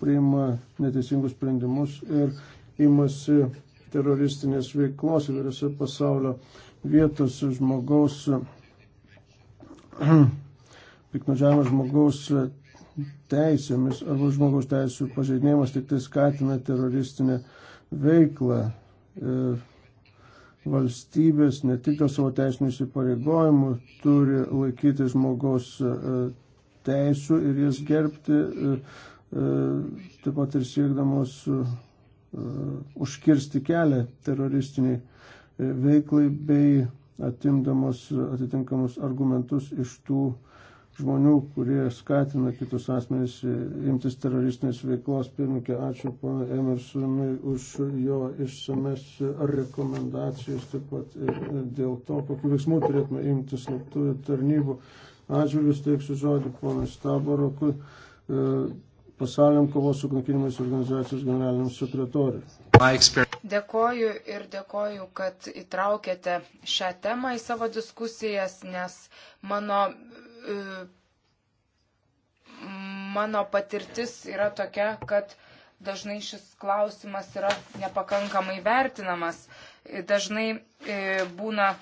Speaker 3: priima neteisingus sprendimus ir imasi teroristinės veiklos įvairiose pasaulio vietose žmogaus, piknodžiavimas žmogaus teisėmis arba žmogaus teisų pažeidinėjimas tik tai skatina teroristinę veiklą. Ir valstybės ne tik dėl savo teisinių įsipareigojimų turi laikyti žmogaus e, teisų ir jas gerbti, e, E, taip pat ir siekdamos e, užkirsti kelią teroristiniai e, veiklai bei atimdamos atitinkamus argumentus iš tų žmonių, kurie skatina kitus asmenys imtis teroristinės veiklos. Pirmininkė, ačiū pana Emersonui už jo išsames rekomendacijas, taip pat ir dėl to, kokiu veiksmu turėtume imtis slaptųjų tarnybų. Ačiū vis teiksiu žodį ponui Stabarokui. E, pasauliniam kovos su kankinimais organizacijos generaliniam sekretoriui.
Speaker 2: Dėkoju ir dėkoju, kad įtraukėte šią temą į savo diskusijas, nes mano, e, mano patirtis yra tokia, kad dažnai šis klausimas yra nepakankamai vertinamas. Dažnai e, būna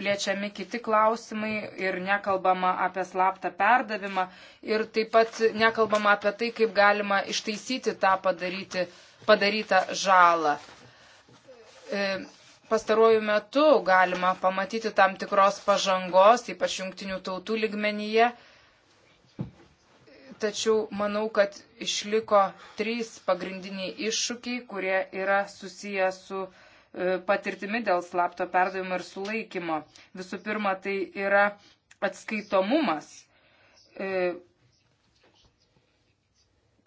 Speaker 2: liečiami kiti klausimai ir nekalbama apie slaptą perdavimą ir taip pat nekalbama apie tai, kaip galima ištaisyti tą padaryti, padarytą žalą. E, pastaruoju metu galima pamatyti tam tikros pažangos, ypač jungtinių tautų ligmenyje, tačiau manau, kad išliko trys pagrindiniai iššūkiai, kurie yra susiję su uh, E, patirtimi dėl slapto perdavimo ir sulaikymo. Visų pirma, tai yra atskaitomumas. E,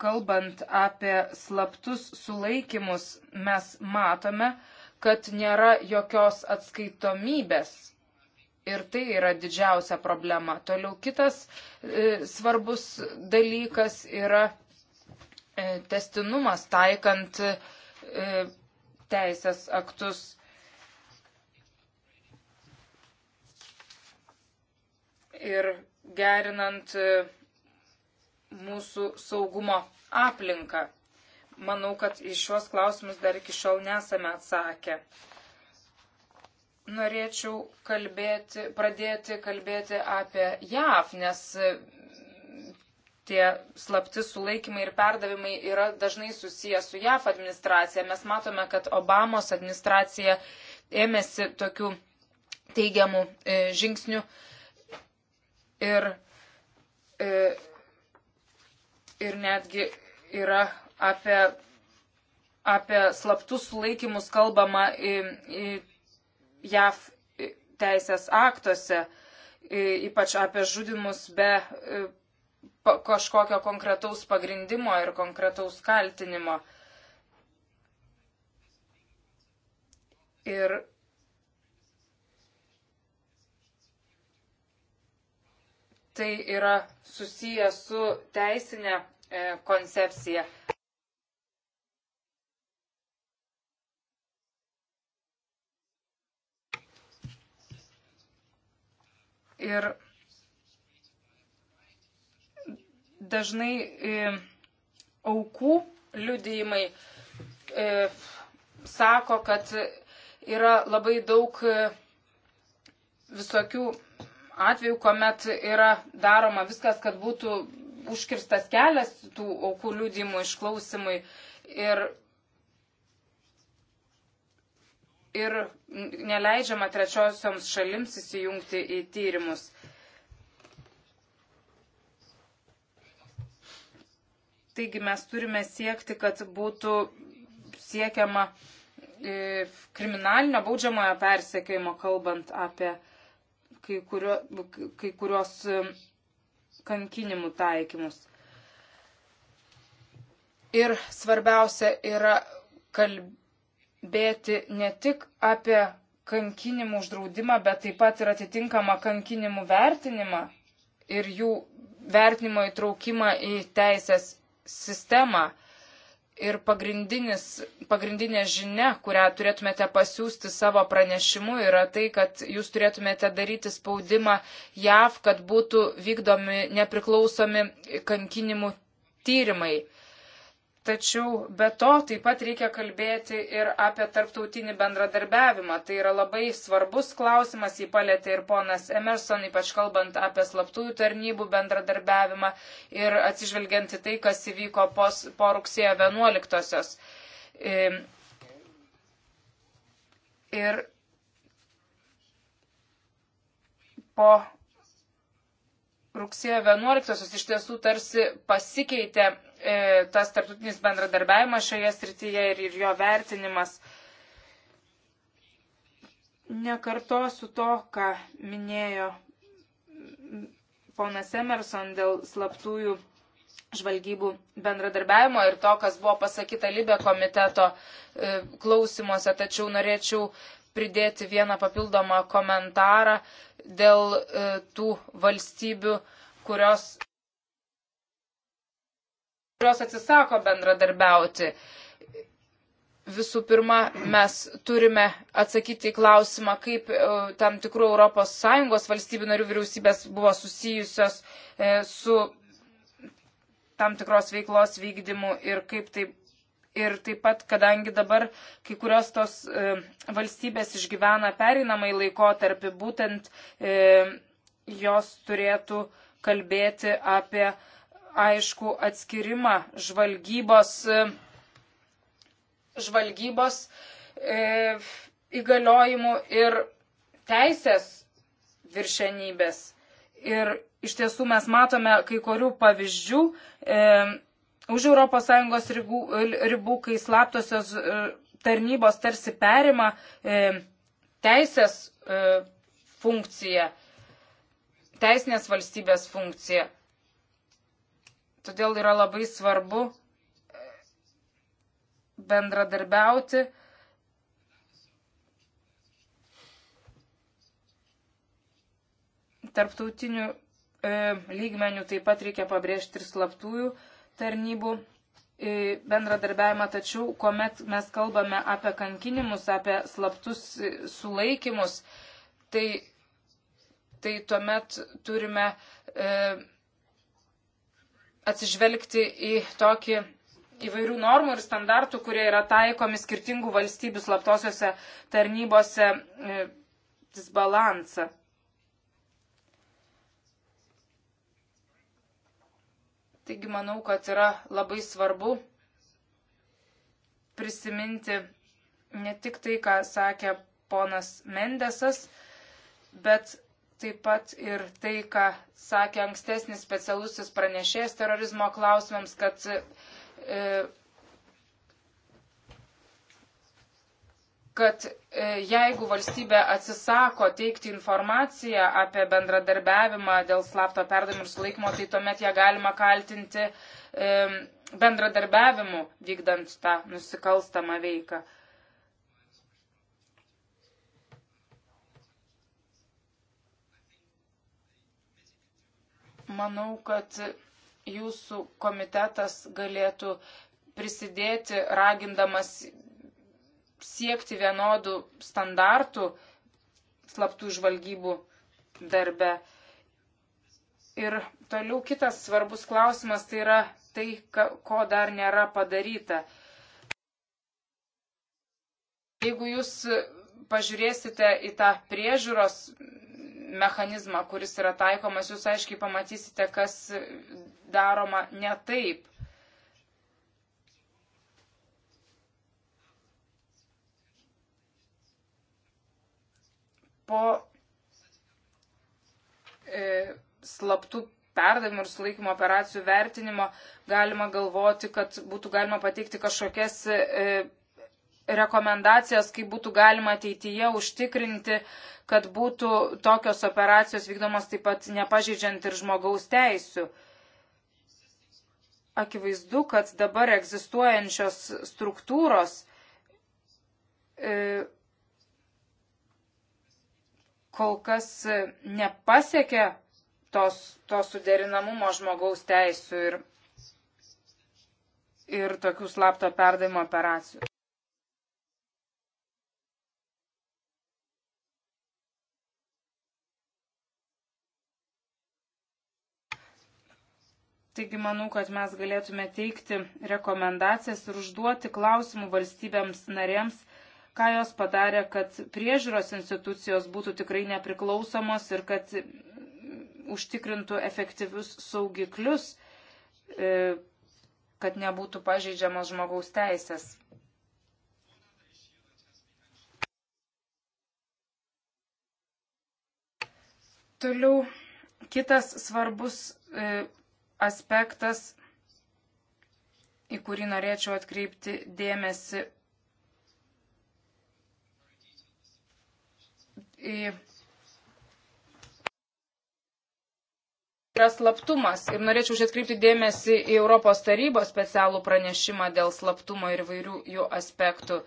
Speaker 2: kalbant apie slaptus sulaikymus, mes matome, kad nėra jokios atskaitomybės. Ir tai yra didžiausia problema. Toliau kitas e, svarbus dalykas yra e, testinumas taikant e, teisės aktus. Ir gerinant e, mūsų saugumo aplinką. Manau, kad į šios klausimus dar iki šiol nesame atsakę. Norėčiau kalbėti, pradėti kalbėti apie JAV, nes tie slapti sulaikymai ir perdavimai yra dažnai susiję su JAF administracija. Mes matome, kad Obamos administracija ėmėsi tokių teigiamų e, žingsnių ir, e, ir netgi yra apie, apie slaptus sulaikymus kalbama į, į JAF teisės aktuose, ypač apie žudimus be e, kažkokio konkretaus pagrindimo ir konkretaus kaltinimo. Ir tai yra susiję su teisinė e, koncepcija. Ir dažnai e, aukų liudijimai e, sako, kad yra labai daug e, visokių atvejų, kuomet yra daroma viskas, kad būtų užkirstas kelias tų aukų liudimų išklausimui. Ir, ir neleidžiama trečiosioms šalims įsijungti į tyrimus. Taigi mes turime siekti, kad būtų siekiama e, kriminalinio baudžiamojo persekėjimo, kalbant apie kai, kurio, kai kurios e, kankinimų taikymus. Ir svarbiausia yra kalbėti ne tik apie kankinimų uždraudimą, bet taip pat ir atitinkamą kankinimų vertinimą ir jų vertinimo įtraukimą į teisės sistemą. Ir pagrindinė žinia, kurią turėtumėte pasiūsti savo pranešimu, yra tai, kad jūs turėtumėte daryti spaudimą JAV, kad būtų vykdomi nepriklausomi kankinimų tyrimai. Tačiau be to taip pat reikia kalbėti ir apie tarptautinį bendradarbiavimą. Tai yra labai svarbus klausimas, jį palėtė ir ponas Emerson, ypač kalbant apie slaptųjų tarnybų bendradarbiavimą ir atsižvelgiant į tai, kas įvyko po, po rugsėjo 11-osios. Ehm, ir po rugsėjo 11-osios iš tiesų tarsi pasikeitė E, tas tarptautinis bendradarbiavimas šioje srityje ir, ir jo vertinimas. Nekartosiu to, ką minėjo ponas Emerson dėl slaptųjų žvalgybų bendradarbiavimo ir to, kas buvo pasakyta Libė komiteto e, klausimuose, tačiau norėčiau pridėti vieną papildomą komentarą dėl e, tų valstybių, kurios kurios atsisako bendradarbiauti. Visų pirma, mes turime atsakyti į klausimą, kaip e, tam tikrų ES valstybių narių vyriausybės buvo susijusios e, su tam tikros veiklos vykdymu ir kaip taip ir taip pat, kadangi dabar kai kurios tos e, valstybės išgyvena pereinamai laikotarpį, būtent e, jos turėtų kalbėti apie aišku atskirimą žvalgybos, žvalgybos e, įgaliojimų ir teisės viršenybės. Ir iš tiesų mes matome kai kurių pavyzdžių. E, už ES ribų, ribų, kai slaptosios e, tarnybos tarsi perima e, teisės e, funkciją, teisinės valstybės funkciją. Todėl yra labai svarbu
Speaker 4: e,
Speaker 2: bendradarbiauti. Tarptautinių e, lygmenių taip pat reikia pabrėžti ir slaptųjų tarnybų e, bendradarbiavimą, tačiau kuomet mes kalbame apie kankinimus, apie slaptus e, sulaikimus, tai, tai tuomet turime e, atsižvelgti į tokį įvairių normų ir standartų, kurie yra taikomi skirtingų valstybių slaptosiuose tarnybose e, disbalansą. Taigi manau, kad yra labai svarbu prisiminti ne tik tai, ką sakė ponas Mendesas, bet taip pat ir tai, ką sakė ankstesnis specialusis pranešėjas terorizmo klausimams, kad e, kad e, jeigu valstybė atsisako teikti informaciją apie bendradarbiavimą dėl slapto perdavimo ir sulaikymo, tai tuomet ją galima kaltinti e, bendradarbiavimu vykdant tą nusikalstamą veiką. manau, kad jūsų komitetas galėtų prisidėti, ragindamas siekti vienodų standartų slaptų žvalgybų darbe. Ir toliau kitas svarbus klausimas tai yra tai, ko dar nėra padaryta. Jeigu jūs pažiūrėsite į tą priežiūros mechanizmą, kuris yra taikomas, jūs aiškiai pamatysite, kas daroma ne taip. Po e, slaptų perdavimų ir sulaikymo operacijų vertinimo galima galvoti, kad būtų galima pateikti kažkokias e, rekomendacijas, kaip būtų galima ateityje užtikrinti, kad būtų tokios operacijos vykdomos taip pat nepažeidžiant ir žmogaus teisių. Akivaizdu, kad dabar egzistuojančios struktūros e, kol kas nepasiekia tos, to suderinamumo žmogaus teisų ir, ir tokių slapto perdavimo operacijų. Taigi manau, kad mes galėtume teikti rekomendacijas ir užduoti klausimų valstybėms narėms, ką jos padarė, kad priežiūros institucijos būtų tikrai nepriklausomos ir kad mm, užtikrintų efektyvius saugiklius, e, kad nebūtų pažeidžiamas žmogaus teisės. Toliau kitas svarbus e, aspektas, į kurį norėčiau atkreipti dėmesį. Į yra slaptumas. Ir norėčiau užatkreipti dėmesį į Europos tarybos specialų pranešimą dėl slaptumo ir vairių jų aspektų.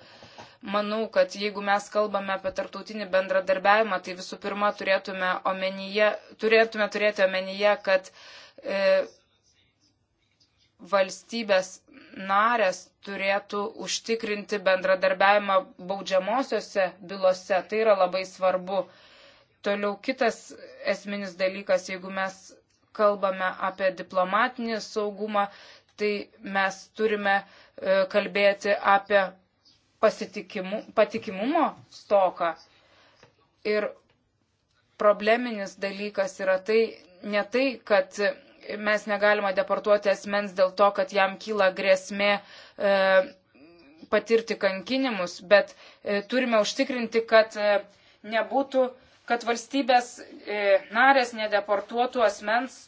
Speaker 2: Manau, kad jeigu mes kalbame apie tarptautinį bendradarbiavimą, tai visų pirma turėtume, omenyje, turėtume turėti omenyje, kad e, valstybės narės turėtų užtikrinti bendradarbiavimą baudžiamosiose bylose. Tai yra labai svarbu. Toliau kitas esminis dalykas, jeigu mes kalbame apie diplomatinį saugumą, tai mes turime e, kalbėti apie patikimumo stoką. Ir probleminis dalykas yra tai, ne tai, kad mes negalima deportuoti asmens dėl to, kad jam kyla grėsmė e, patirti kankinimus, bet e, turime užtikrinti, kad e, nebūtų, kad valstybės e, narės nedeportuotų asmens,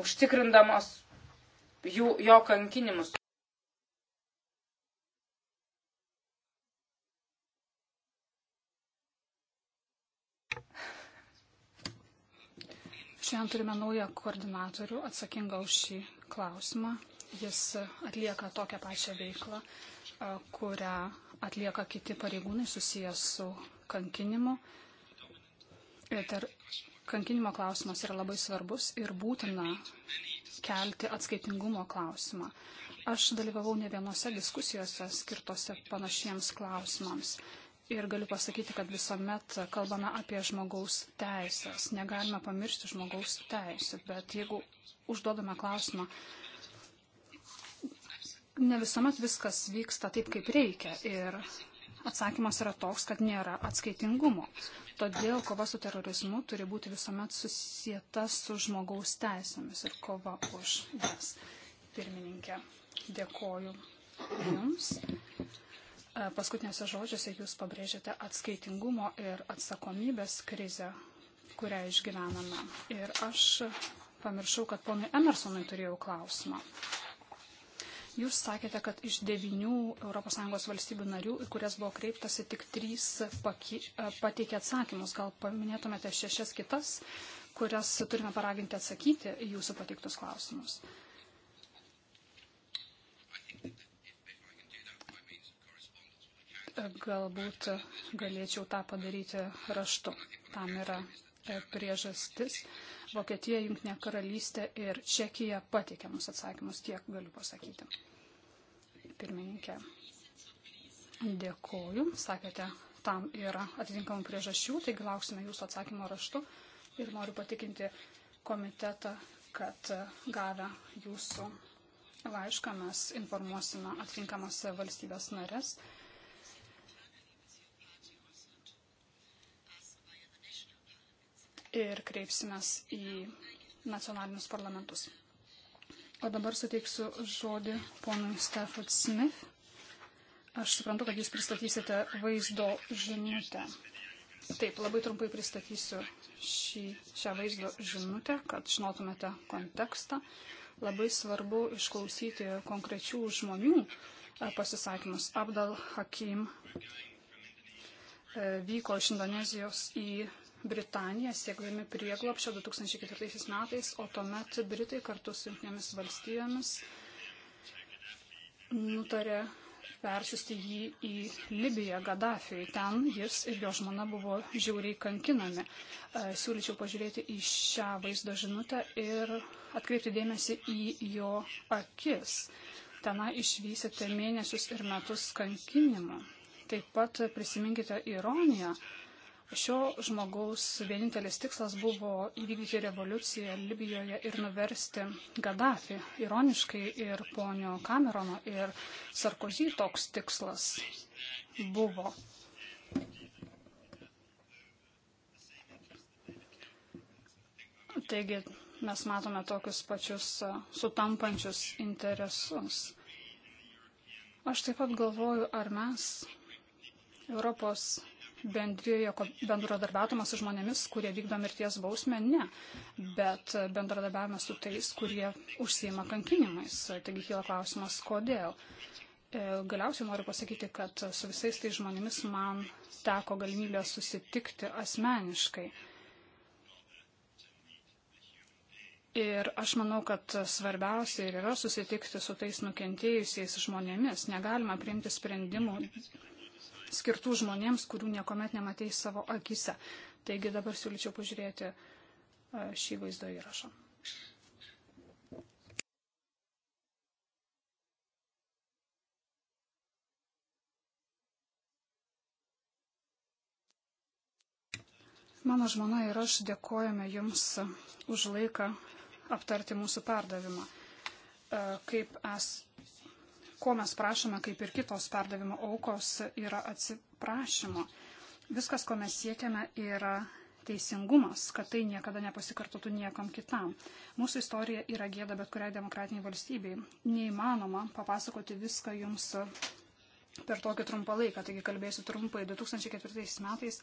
Speaker 2: užtikrindamos jų, jo kankinimus.
Speaker 4: Šiandien turime naują koordinatorių atsakingą už šį klausimą. Jis atlieka tokią pačią veiklą, kurią atlieka kiti pareigūnai susijęs su kankinimu. Ir kankinimo klausimas yra labai svarbus ir būtina kelti atskaitingumo klausimą. Aš dalyvavau ne vienose diskusijose skirtose panašiems klausimams ir galiu pasakyti, kad visuomet kalbame apie žmogaus teisės. Negalime pamiršti žmogaus teisų, bet jeigu užduodame klausimą, ne visuomet viskas vyksta taip, kaip reikia. Ir atsakymas yra toks, kad nėra atskaitingumo. Todėl kova su terorizmu turi būti visuomet susieta su žmogaus teisėmis ir kova už jas. Pirmininkė, dėkoju Jums. E, paskutiniuose žodžiuose jūs pabrėžėte atskaitingumo ir atsakomybės krizę, kurią išgyvename. Ir aš pamiršau, kad ponui Emersonui turėjau klausimą. Jūs sakėte, kad iš devinių ES valstybių narių, į kurias buvo kreiptasi, tik trys paki, e, pateikė atsakymus. Gal paminėtumėte šešias kitas, kurias turime paraginti atsakyti į jūsų pateiktus klausimus. Uh, Galbūt galėčiau tą padaryti raštu. Tam yra e, priežastis. Vokietija, Junktinė karalystė ir Čekija pateikė mums atsakymus, tiek galiu pasakyti. Pirmininkė, dėkoju. Sakėte, tam yra atitinkamų priežasčių, tai lauksime jūsų atsakymo raštu ir noriu patikinti komitetą, kad gavę jūsų laišką mes informuosime atitinkamas valstybės narės. ir kreipsimės į nacionalinius parlamentus. O dabar suteiksiu žodį ponui Stafford Smith. Aš suprantu, kad jūs pristatysite vaizdo žinutę. Taip, labai trumpai pristatysiu šį, šią vaizdo žinutę, kad žinotumėte kontekstą. Labai svarbu išklausyti konkrečių žmonių e, pasisakymus. Abdal Hakim e, vyko iš Indonezijos į Britanija siekdami prieglopšio 2004 metais, o tuomet Britai kartu su Junktinėmis valstijomis nutarė persiusti jį į Libiją, Gaddafiui. Ten jis ir jo žmona buvo žiauriai kankinami. E, siūlyčiau pažiūrėti į šią vaizdo žinutę ir atkreipti dėmesį į jo akis. Tena išvysite mėnesius ir metus kankinimų. Taip pat prisiminkite ironiją, Šio žmogaus vienintelis tikslas buvo įvykdyti revoliuciją Libijoje ir nuversti Gaddafi. Ironiškai ir ponio Kamerono ir Sarkozy toks tikslas buvo. Taigi mes matome tokius pačius sutampančius interesus. Aš taip pat galvoju, ar mes Europos bendrijoje bendradarbiavimas su žmonėmis, kurie vykdo mirties bausmę, ne, bet bendradarbiavimas su tais, kurie užsieima kankinimais. Taigi kyla klausimas, kodėl. E, galiausiai noriu pasakyti, kad su visais tais žmonėmis man teko galimybė susitikti asmeniškai. Ir aš manau, kad svarbiausia ir yra susitikti su tais nukentėjusiais žmonėmis. Negalima priimti sprendimų skirtų žmonėms, kurių niekuomet nematai savo akise. Taigi dabar siūlyčiau pažiūrėti e, šį vaizdo įrašą. Mano žmona ir aš dėkojame Jums už laiką aptarti mūsų perdavimą. E, kaip es, ko mes prašome, kaip ir kitos perdavimo aukos, yra atsiprašymo. Viskas, ko mes siekiame, yra teisingumas, kad tai niekada nepasikartotų niekam kitam. Mūsų istorija yra gėda bet kuriai demokratiniai valstybei. Neįmanoma papasakoti viską jums per tokį trumpą laiką, taigi kalbėsiu trumpai. 2004 metais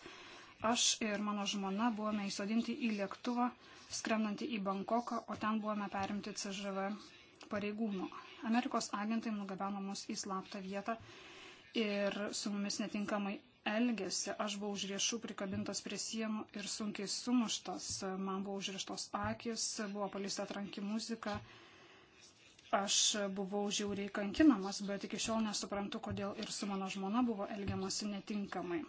Speaker 4: aš ir mano žmona buvome įsodinti į lėktuvą, skrendantį į Bankoką, o ten buvome perimti CŽV pareigūnų. Amerikos agentai nugabeno mus į slaptą vietą ir su mumis netinkamai elgėsi. Aš buvau už riešų prikabintas prie sienų ir sunkiai sumuštas. Man buvo užrištos akis, buvo palista tranki muzika. Aš buvau žiauriai kankinamas, bet iki šiol nesuprantu, kodėl ir su mano žmona buvo elgiamasi netinkamai.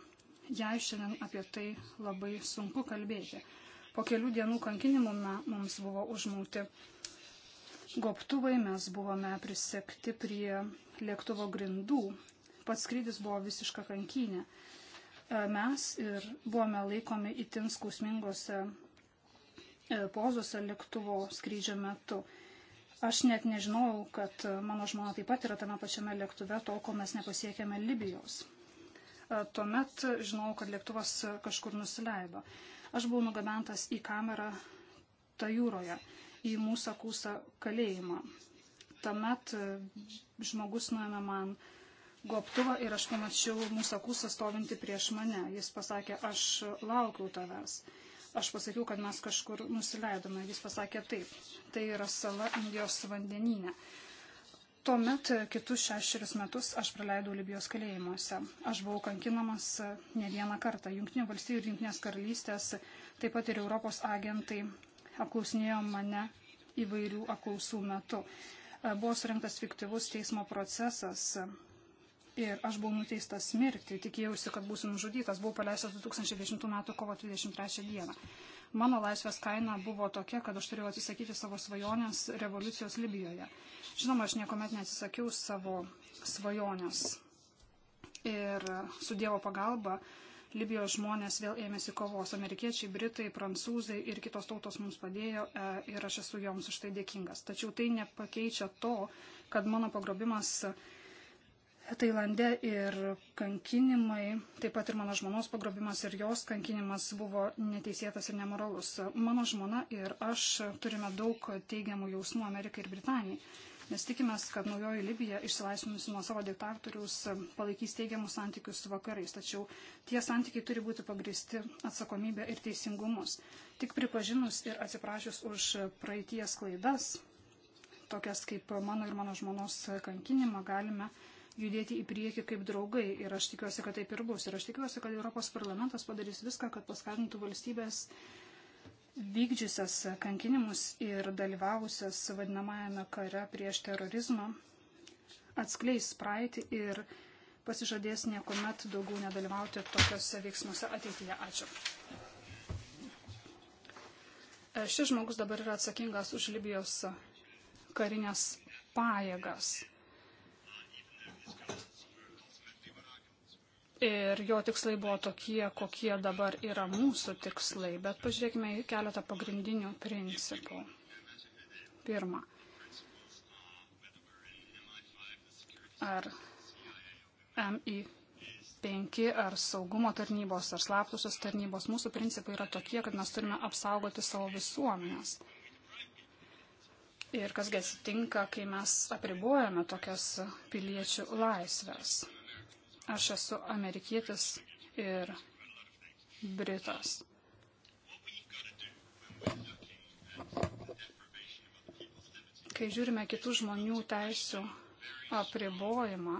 Speaker 4: Jei šiandien apie tai labai sunku kalbėti. Po kelių dienų kankinimų mums buvo užmūti gobtuvai, mes buvome prisekti prie lėktuvo grindų. Pats skrydis buvo visiška kankinė. E, mes ir buvome laikomi itin skausmingose e, pozose lėktuvo skrydžio metu. Aš net nežinojau, kad e, mano žmona taip pat yra tame pačiame lėktuve, tol kol mes nepasiekėme Libijos. Tuomet žinojau, kad lėktuvas kažkur nusileido. Aš buvau nugabentas į kamerą ta jūroje į mūsų akūsą kalėjimą. Tuomet e, žmogus nuėmė man gobtuvą ir aš pamačiau mūsų akūsą stovinti prieš mane. Jis pasakė, aš laukiau tavęs. Aš pasakiau, kad mes kažkur nusileidome. Jis pasakė taip. Tai yra sala Indijos vandenyne. Tuomet e, kitus šešerius metus aš praleidau Libijos kalėjimuose. Aš buvau kankinamas e, ne vieną kartą. Junktinių valstybių ir Junktinės karalystės, taip pat ir Europos agentai apklausinėjo mane įvairių apklausų metu. E, buvo surinktas fiktyvus teismo procesas ir aš buvau nuteistas mirti, tikėjausi, kad būsiu nužudytas, buvau paleistas 2010 m. kovo 23 d. Mano laisvės kaina buvo tokia, kad aš turėjau atsisakyti savo svajonės revoliucijos Libijoje. Žinoma, aš niekuomet neatsisakiau savo svajonės. Ir su Dievo pagalba uh, Libijos žmonės vėl ėmėsi kovos. Amerikiečiai, britai, prancūzai ir kitos tautos mums padėjo e, ir aš esu joms už tai dėkingas. Tačiau tai nepakeičia to, kad mano pagrobimas Tailande ir kankinimai, taip pat ir mano žmonos pagrobimas ir jos kankinimas buvo neteisėtas ir nemoralus. Mano žmona ir aš turime daug teigiamų jausmų Amerikai ir Britanijai. Mes tikimės, kad naujoji Libija išsilaisvinusi nuo savo diktatoriaus palaikys teigiamus santykius su vakarais, tačiau tie santykiai turi būti pagristi atsakomybė ir teisingumus. Tik pripažinus ir atsiprašius už praeities klaidas, tokias kaip mano ir mano žmonos kankinimą, galime judėti į priekį kaip draugai ir aš tikiuosi, kad taip ir bus. Ir aš tikiuosi, kad Europos parlamentas padarys viską, kad paskatintų valstybės vykdžiusias kankinimus ir dalyvavusias vadinamajame kare prieš terorizmą atskleis praeitį ir pasižadės niekuomet daugiau nedalyvauti tokiuose veiksmuose ateityje. Ačiū. E, šis žmogus dabar yra atsakingas už Libijos karinės pajėgas. ir jo tikslai buvo tokie, kokie dabar yra mūsų tikslai, bet pažiūrėkime į keletą pagrindinių principų. Pirma, ar MI5 ar saugumo tarnybos ar slaptusios tarnybos, mūsų principai yra tokie, kad mes turime apsaugoti savo visuomenės. Ir kasgi atsitinka, kai mes apribojame tokias piliečių laisvės. Aš esu amerikietis ir britas. Kai žiūrime kitų žmonių teisų apribojimą,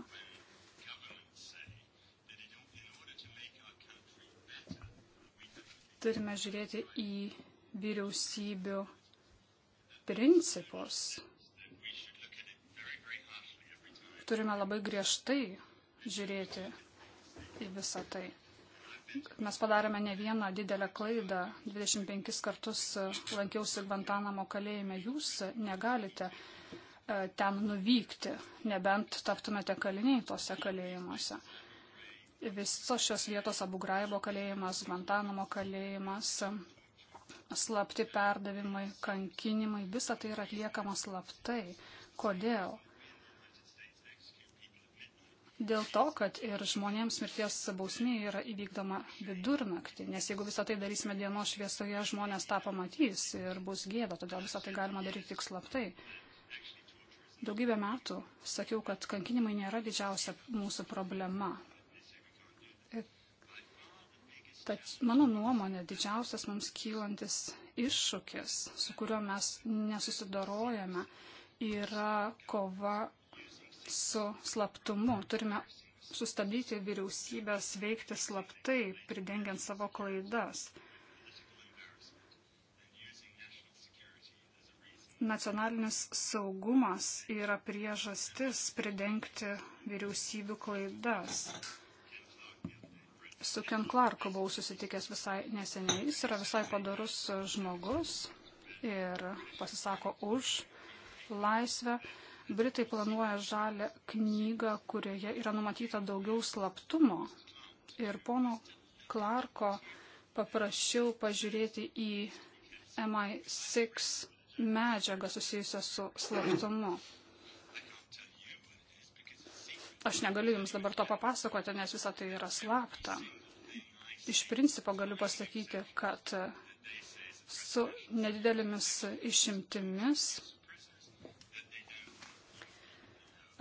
Speaker 4: turime žiūrėti į vyriausybių principus. Turime labai griežtai žiūrėti į visą tai. Mes padarėme ne vieną didelę klaidą. 25 kartus e, lankiausi Gvantanamo kalėjime. Jūs negalite e, ten nuvykti, nebent taptumėte kaliniai tose kalėjimuose. Visos šios vietos Abu Graibo kalėjimas, Gvantanamo kalėjimas, slapti perdavimai, kankinimai, visa tai yra atliekama slaptai. Kodėl? Dėl to, kad ir žmonėms mirties bausmė yra įvykdoma vidurnaktį, nes jeigu visą tai darysime dienos šviesoje, žmonės tą pamatys ir bus gėda, todėl visą tai galima daryti tik slaptai. Daugybę metų sakiau, kad kankinimai nėra didžiausia mūsų problema. Ir tad mano nuomonė didžiausias mums kylantis iššūkis, su kuriuo mes nesusidarojame, yra kova su slaptumu. Turime sustabdyti vyriausybės veikti slaptai, pridengiant savo klaidas. Nacionalinis saugumas yra priežastis pridengti vyriausybių klaidas su Ken Clarku buvau susitikęs visai neseniai. Jis yra visai padarus žmogus ir pasisako už laisvę. Britai planuoja žalę knygą, kurioje yra numatyta daugiau slaptumo. Ir pono Klarko paprašiau pažiūrėti į MI6 medžiagą susijusią su slaptumu. Aš negaliu Jums dabar to papasakoti, nes visa tai yra slapta. Iš principo galiu pasakyti, kad su nedidelėmis išimtimis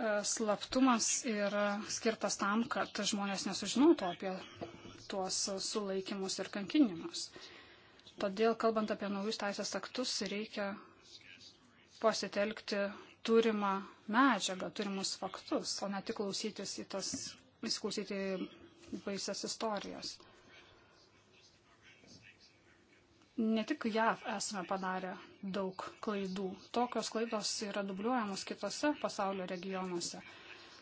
Speaker 4: E, slaptumas yra skirtas tam, kad žmonės nesužinotų apie tuos sulaikimus ir kankinimus. Todėl, kalbant apie naujus teisės aktus, reikia pasitelkti turimą medžiagą, turimus faktus, o ne tik klausytis į tas, įsiklausyti baisias istorijas. Ne tik JAV esame padarę daug klaidų. Tokios klaidos yra dubliuojamos kitose pasaulio regionuose.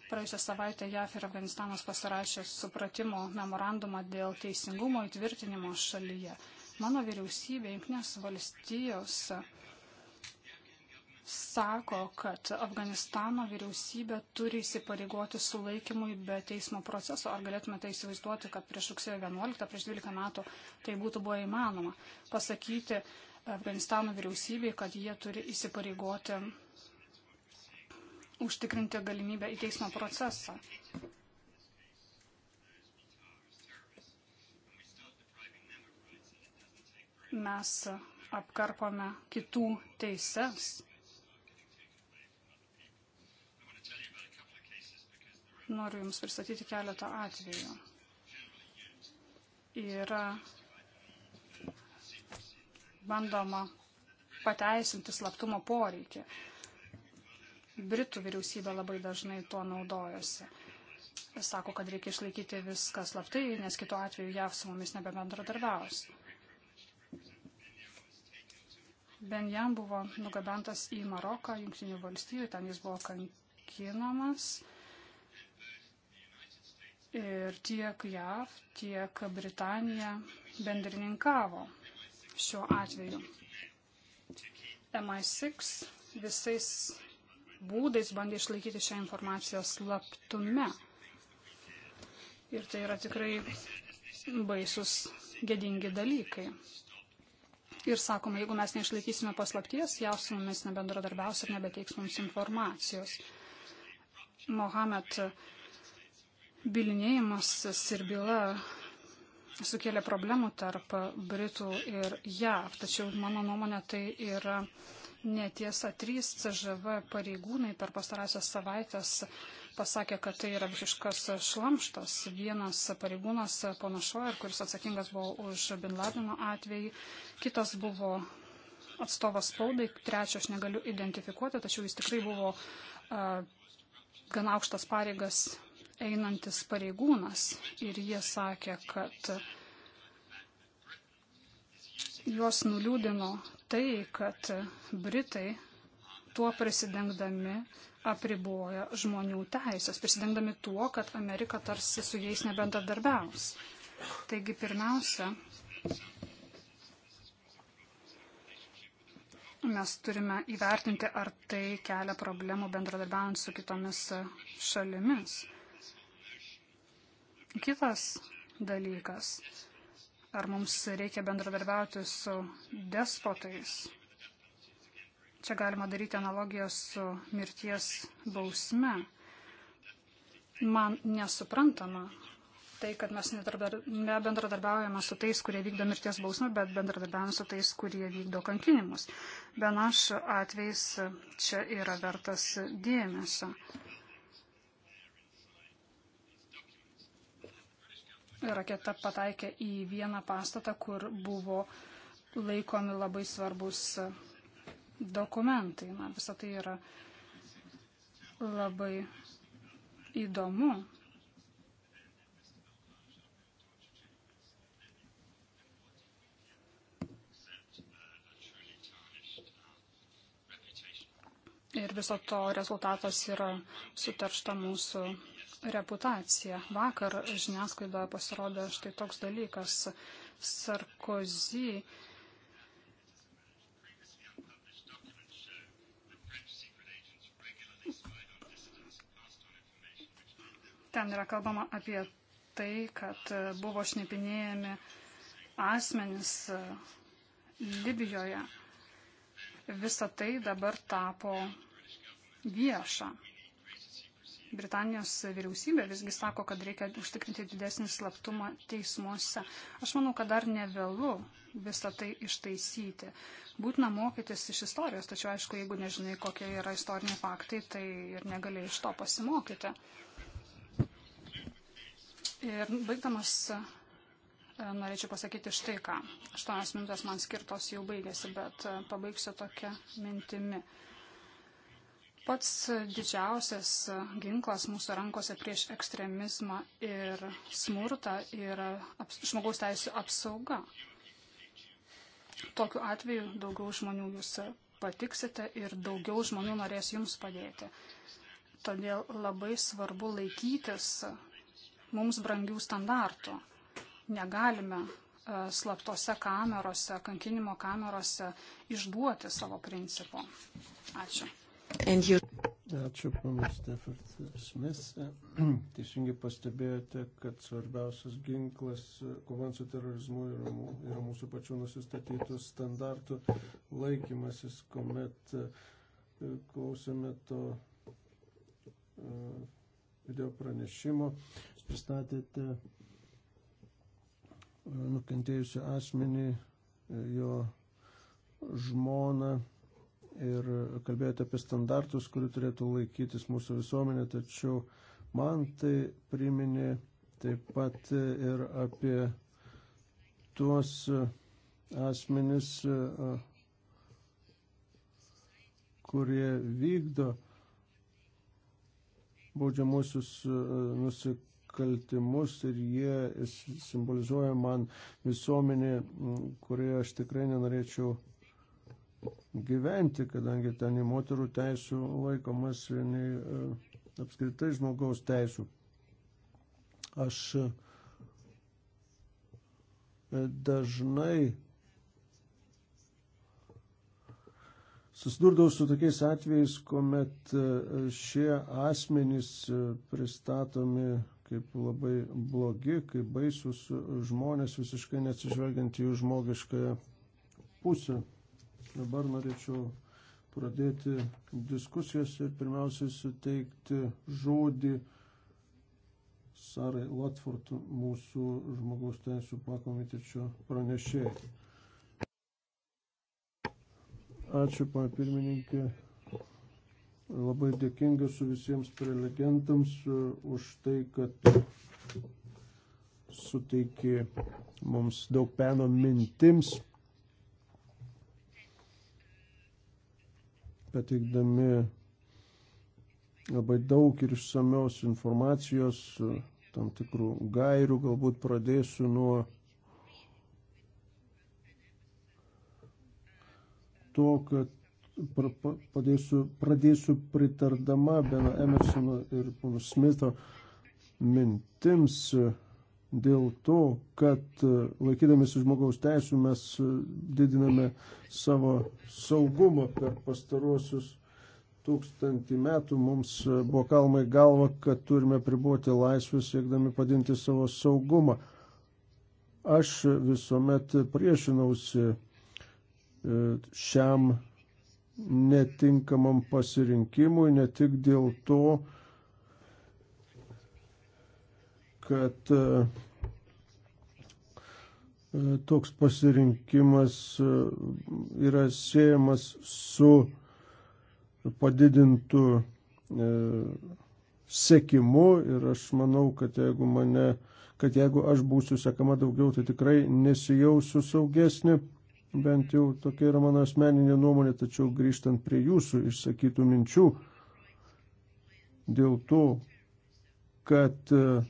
Speaker 4: Praėjusią savaitę JAF ir Afganistanas pasirašė supratimo memorandumą dėl teisingumo įtvirtinimo šalyje. Mano vyriausybė, Junktinės valstijos sako, kad Afganistano vyriausybė turi įsipareigoti sulaikymui be teismo proceso. Ar galėtumėte įsivaizduoti, kad prieš rugsėjo 11, prieš 12 metų tai būtų buvo įmanoma pasakyti Afganistano vyriausybei, kad jie turi įsipareigoti užtikrinti galimybę į teismo procesą. Mes apkarpome kitų teises Noriu Jums pristatyti keletą atvejų. Yra bandoma pateisinti slaptumo poreikį. Britų vyriausybė labai dažnai tuo naudojasi. Sako, kad reikia išlaikyti viską slaptai, nes kitu atveju JAV su mumis nebebendradarbiaus. Ben jam buvo nugabentas į Maroką, Junktinių valstybių, ten jis buvo kankinamas Ir tiek JAV, tiek Britanija bendrininkavo šiuo atveju. MI6 visais būdais bandė išlaikyti šią informaciją slaptume. Ir tai yra tikrai baisus, gedingi dalykai. Ir sakoma, jeigu mes neišlaikysime paslapties, jav su mumis nebendradarbiaus ir nebeteiks mums informacijos. Mohamed bilinėjimasis ir byla sukėlė problemų tarp Britų ir JAV, tačiau mano nuomonė tai yra netiesa. Trys CŽV pareigūnai per pastarąsias savaitės pasakė, kad tai yra visiškas šlamštas. Vienas pareigūnas, panašoja, kuris atsakingas buvo už Bin Ladeno atvejį, kitas buvo atstovas spaudai, trečio aš negaliu identifikuoti, tačiau jis tikrai buvo uh, gan aukštas pareigas einantis pareigūnas ir jie sakė, kad juos nuliūdino tai, kad Britai tuo prisidengdami apriboja žmonių teisės, prisidengdami tuo, kad Amerika tarsi su jais nebendradarbiaus. Taigi pirmiausia, mes turime įvertinti, ar tai kelia problemų bendradarbiaujant su kitomis šalimis. Kitas dalykas. Ar mums reikia bendradarbiauti su despotais? Čia galima daryti analogiją su mirties bausme. Man nesuprantama tai, kad mes nebendradarbiaujame su tais, kurie vykdo mirties bausmę, bet bendradarbiaujame su tais, kurie vykdo kankinimus. Benaš atvejs čia yra vertas dėmesio. raketa pataikė į vieną pastatą, kur buvo laikomi labai svarbus dokumentai. Na, visą tai yra labai įdomu. Ir viso to rezultatas yra suteršta mūsų reputacija. Vakar žiniasklaidoje pasirodė štai toks dalykas. Sarkozy ten yra kalbama apie tai, kad buvo šnipinėjami asmenys e, Libijoje. Visa tai dabar tapo vieša. Britanijos vyriausybė visgi sako, kad reikia užtikrinti didesnį slaptumą teismuose. Aš manau, kad dar nevėlu visą tai ištaisyti. Būtina mokytis iš istorijos, tačiau aišku, jeigu nežinai, kokie yra istoriniai faktai, tai ir negali iš to pasimokyti. Ir baigdamas e, norėčiau pasakyti štai ką. Aštuonios minutės man skirtos jau baigėsi, bet e, pabaigsiu tokią mintimi pats didžiausias ginklas mūsų rankose prieš ekstremizmą ir smurtą yra žmogaus teisų apsauga. Tokiu atveju daugiau žmonių jūs patiksite ir daugiau žmonių norės jums padėti. Todėl labai svarbu laikytis mums brangių standartų. Negalime e, slaptose kamerose, kankinimo kamerose išduoti savo principo. Ačiū.
Speaker 3: You... Ačiū, panas Stefanas Smith. Teisingai pastebėjote, kad svarbiausias ginklas kovant su terorizmu yra, yra mūsų pačių nusistatytų standartų laikymasis, kuomet e, klausėme to e, video pranešimo, pristatėte e, nukentėjusią asmenį, jo žmoną ir kalbėjote apie standartus, kurių turėtų laikytis mūsų visuomenė, tačiau man tai priminė taip pat ir apie tuos e, asmenis, e, kurie vykdo baudžiamusius e, nusikaltimus ir jie simbolizuoja man visuomenį, kurioje aš tikrai nenorėčiau gyventi, kadangi ten į moterų teisų laikomas vieni e, apskritai žmogaus teisų. Aš e, dažnai susidurdavau su tokiais atvejais, kuomet e, šie asmenys pristatomi kaip labai blogi, kaip baisus žmonės, visiškai neatsižvelgiant į jų žmogiškąją pusę. Dabar norėčiau pradėti diskusijas ir pirmiausiai suteikti žodį Sarai Latford, mūsų žmogaus teisų pakomitečio pranešėjai. Ačiū, pana pirmininkė. Labai dėkinga su visiems prelegentams e, už tai, kad suteikė mums daug peno mintims pateikdami labai daug ir išsamios informacijos, tam tikrų gairių, galbūt pradėsiu nuo to, kad pra, pra, padėsiu, pradėsiu pritardama Beno Emersono ir Pono Smito mintims dėl to, kad e, laikydamės žmogaus teisų mes e, didiname savo saugumą per pastaruosius tūkstantį metų. Mums e, buvo kalmai galva, kad turime pribuoti laisvę siekdami padinti savo saugumą. Aš visuomet priešinausi šiam netinkamam pasirinkimui, ne tik dėl to, kad e, toks pasirinkimas e, yra siejamas su padidintų e, sekimu ir aš manau, kad jeigu mane, kad jeigu aš būsiu sekama daugiau, tai tikrai nesijausiu saugesnė, bent jau tokia yra mano asmeninė nuomonė, tačiau grįžtant prie jūsų išsakytų minčių dėl to, kad uh,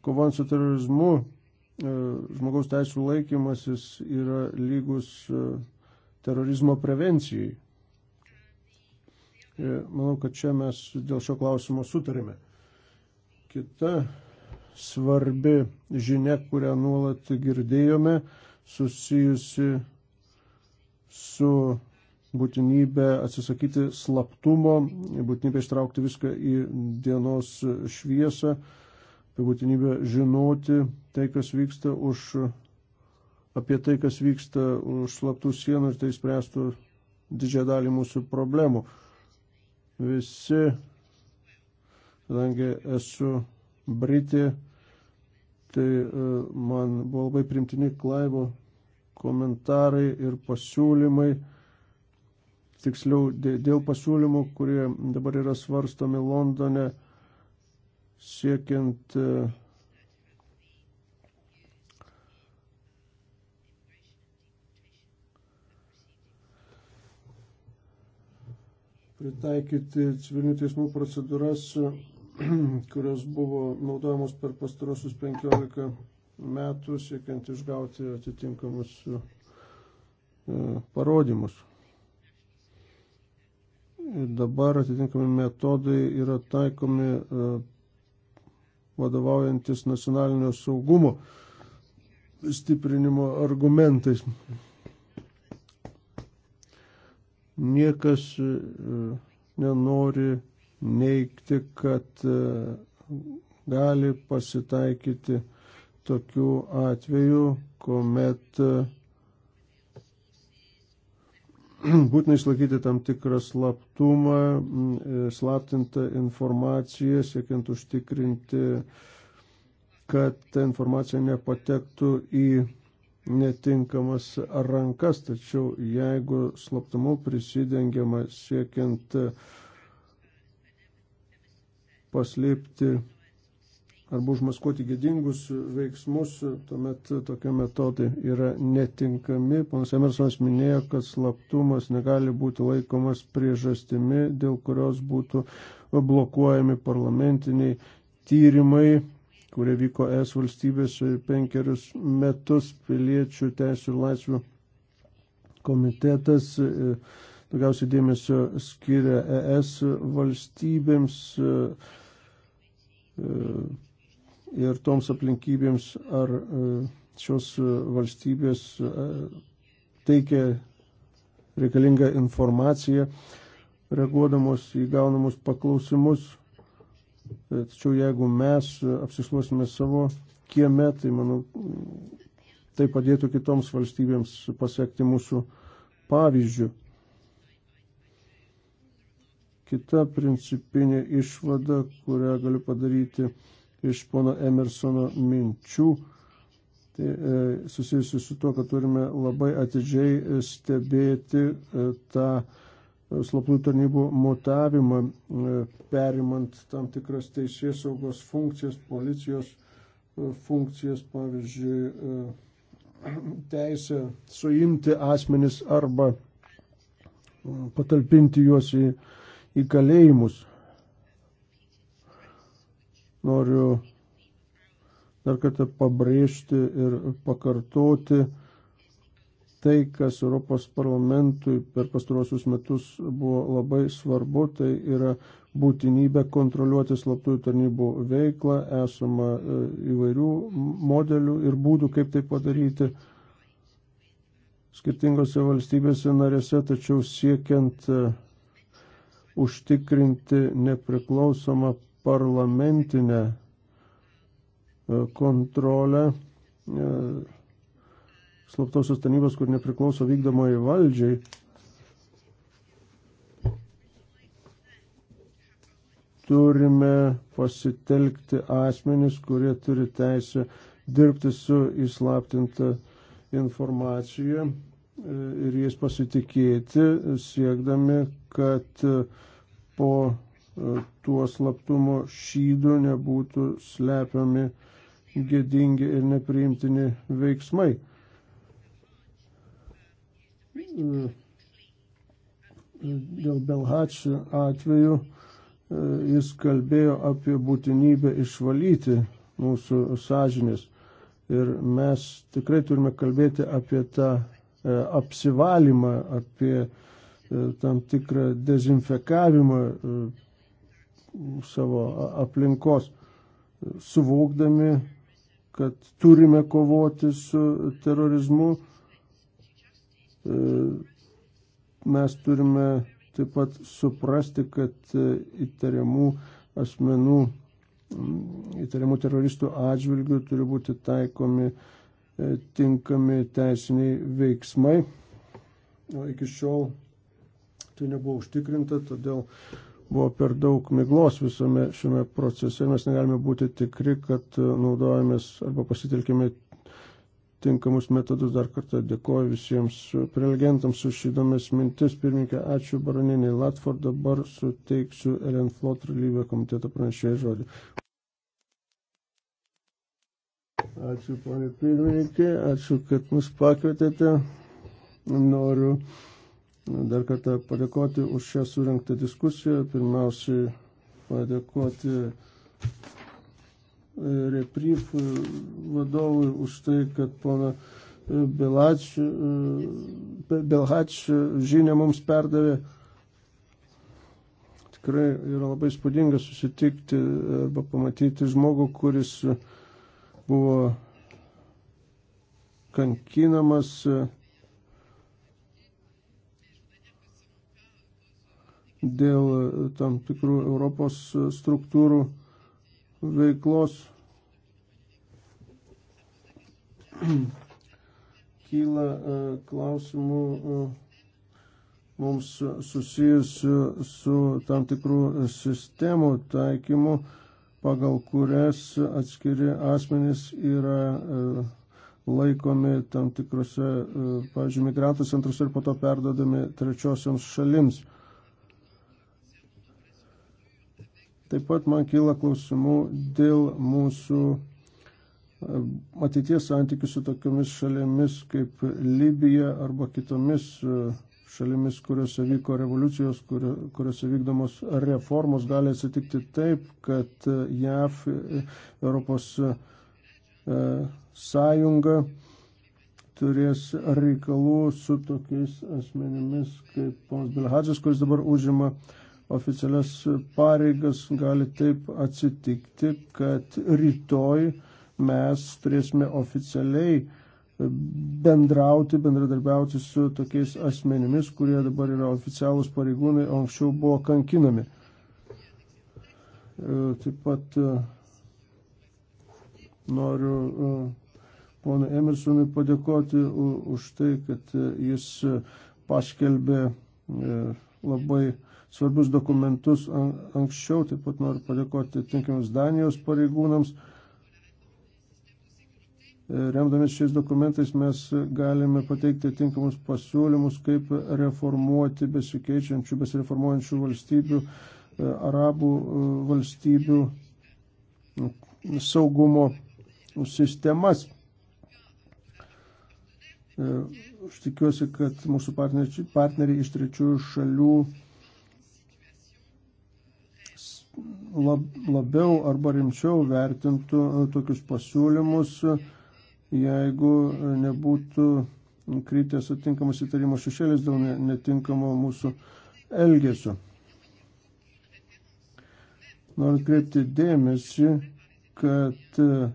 Speaker 3: kovant su terorizmu e, žmogaus teisų laikymasis yra lygus e, terorizmo prevencijai. E, manau, kad čia mes dėl šio klausimo sutarėme. Kita svarbi žinia, kurią nuolat girdėjome, susijusi su būtinybė atsisakyti slaptumo, būtinybė ištraukti viską į dienos šviesą, būtinybę žinoti tai, kas vyksta už, apie tai, kas vyksta už slaptų sienų ir tai spręstų didžią dalį mūsų problemų. Visi, kadangi esu Britė, tai e, man buvo labai primtini Klaivo komentarai ir pasiūlymai, tiksliau dėl pasiūlymų, kurie dabar yra svarstomi Londone siekiant e, pritaikyti civilinių teismų procedūras, kurios buvo naudojamos per pastarosius 15 metų, siekiant išgauti atitinkamus e, parodymus. Ir dabar atitinkami metodai yra taikomi e, vadovaujantis nacionalinio saugumo stiprinimo argumentais. Niekas e, nenori neikti, kad e, gali pasitaikyti tokių atvejų, kuomet uh, būtina išlaikyti tam tikrą slaptumą, e, slaptintą informaciją, siekiant užtikrinti, kad ta informacija nepatektų į netinkamas rankas. Tačiau jeigu slaptumu prisidengiama siekiant e, paslėpti arba užmaskuoti gėdingus veiksmus, tuomet tokie metodai yra netinkami. Ponas Emersonas minėjo, kad slaptumas negali būti laikomas priežastimi, dėl kurios būtų blokuojami parlamentiniai tyrimai, kurie vyko es valstybėse penkerius metus piliečių teisų ir laisvių komitetas. E, daugiausiai dėmesio skiria ES valstybėms e, e, ir toms aplinkybėms, ar e, šios e, valstybės e, teikia reikalingą informaciją, reaguodamos į gaunamus paklausimus. Tačiau jeigu mes apsišluosime savo kieme, tai manau, tai padėtų kitoms valstybėms pasiekti mūsų pavyzdžių. Kita principinė išvada, kurią galiu padaryti iš pono Emersono minčių tai, e, susijusi su tuo, kad turime labai atidžiai stebėti e, tą e, slaptųjų tarnybų mutavimą, perimant tam tikras teisės saugos funkcijas, policijos funkcijas, pavyzdžiui, teisę suimti asmenis arba patalpinti juos į, į kalėjimus. Noriu dar kartą pabrėžti ir pakartoti tai, kas Europos parlamentui per pastarosius metus buvo labai svarbu, tai yra būtinybė kontroliuoti slaptųjų tarnybų veiklą, esama e, įvairių modelių ir būdų, kaip tai padaryti skirtingose valstybėse narėse, tačiau siekiant e, užtikrinti nepriklausomą parlamentinę e, kontrolę e, slaptosios tarnybos, kur nepriklauso vykdomoji valdžiai. Turime pasitelkti asmenis, kurie turi teisę dirbti su įslaptinta informacija e, ir jais pasitikėti, siekdami, kad po tuo slaptumo šydu nebūtų slepiami gėdingi ir nepriimtini veiksmai. Dėl Belhačių atveju e, jis kalbėjo apie būtinybę išvalyti mūsų sąžinės. Ir mes tikrai turime kalbėti apie tą e, apsivalymą, apie e, tam tikrą dezinfekavimą savo aplinkos, suvokdami, kad turime kovoti su terorizmu. E, mes turime taip pat suprasti, kad e, įtariamų asmenų, įtariamų teroristų atžvilgių turi būti taikomi e, tinkami teisiniai veiksmai. O iki šiol tai nebuvo užtikrinta, todėl buvo per daug miglos visame šiame procese, mes negalime būti tikri, kad e, naudojamės arba pasitelkime tinkamus metodus. Dar kartą dėkoju visiems prelegentams už šydomis mintis. Pirmininkė, ačiū baroniniai Latford, dabar suteiksiu Ellen Flotr lygio komiteto pranešėjai žodį. Ačiū, ponė pirmininkė, ačiū, kad mus pakvietėte. Noriu dar kartą padėkoti už šią surinktą diskusiją. Pirmiausiai padėkoti e, Reprief vadovui už tai, kad pana e, e, Belhač žinę mums perdavė. Tikrai yra labai spūdinga susitikti arba pamatyti žmogų, kuris buvo kankinamas dėl e, tam tikrų Europos struktūrų veiklos kyla e, klausimų e, mums susijusių su tam tikrų sistemų taikymu, pagal kurias atskiri asmenys yra laikomi tam tikrose, pavyzdžiui, migrantų centruose ir po to perdodami trečiosioms šalims. Taip pat man kyla klausimų dėl mūsų e, ateities santykių su tokiamis šalimis kaip Libija arba kitomis e, šalimis, kuriuose vyko revoliucijos, kuriuose vykdomos reformos, gali atsitikti taip, kad e, JAF, Europos sąjunga turės reikalų su tokiais asmenimis kaip Pons Bilhadžis, kuris dabar užima uh, oficialias pareigas, gali taip atsitikti, kad rytoj mes turėsime oficialiai bendrauti, bendradarbiauti su tokiais asmenimis, kurie dabar yra oficialūs pareigūnai, o anksčiau buvo kankinami. E, taip pat e, noriu e, ponui Emersonui padėkoti už tai, kad jis paskelbė labai svarbius dokumentus anksčiau. Taip pat noriu padėkoti tinkiams Danijos pareigūnams. E, Remdamės šiais dokumentais mes galime pateikti tinkamus pasiūlymus, kaip reformuoti besikeičiančių, besireformuojančių valstybių, e, arabų e, valstybių saugumo sistemas. Aš tikiuosi, kad mūsų partneriai iš trečiųjų šalių lab, labiau arba rimčiau vertintų e, tokius pasiūlymus, e, jeigu nebūtų krytės atitinkamas įtarimo šešėlis dėl netinkamo mūsų elgesio. Noriu kreipti dėmesį, kad e,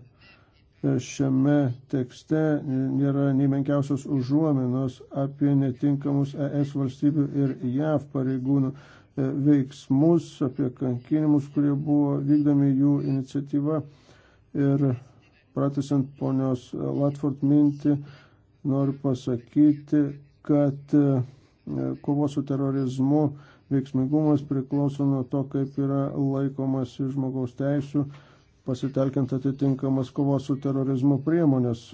Speaker 3: šiame tekste nėra nei menkiausios užuominos apie netinkamus ES valstybių ir JAV pareigūnų E, veiksmus, apie kankinimus, kurie buvo vykdomi jų iniciatyva. Ir pratesiant ponios Latford mintį, noriu pasakyti, kad e, kovos su terorizmu veiksmingumas priklauso nuo to, kaip yra laikomas žmogaus teisų, pasitelkiant atitinkamas kovos su terorizmu priemonės.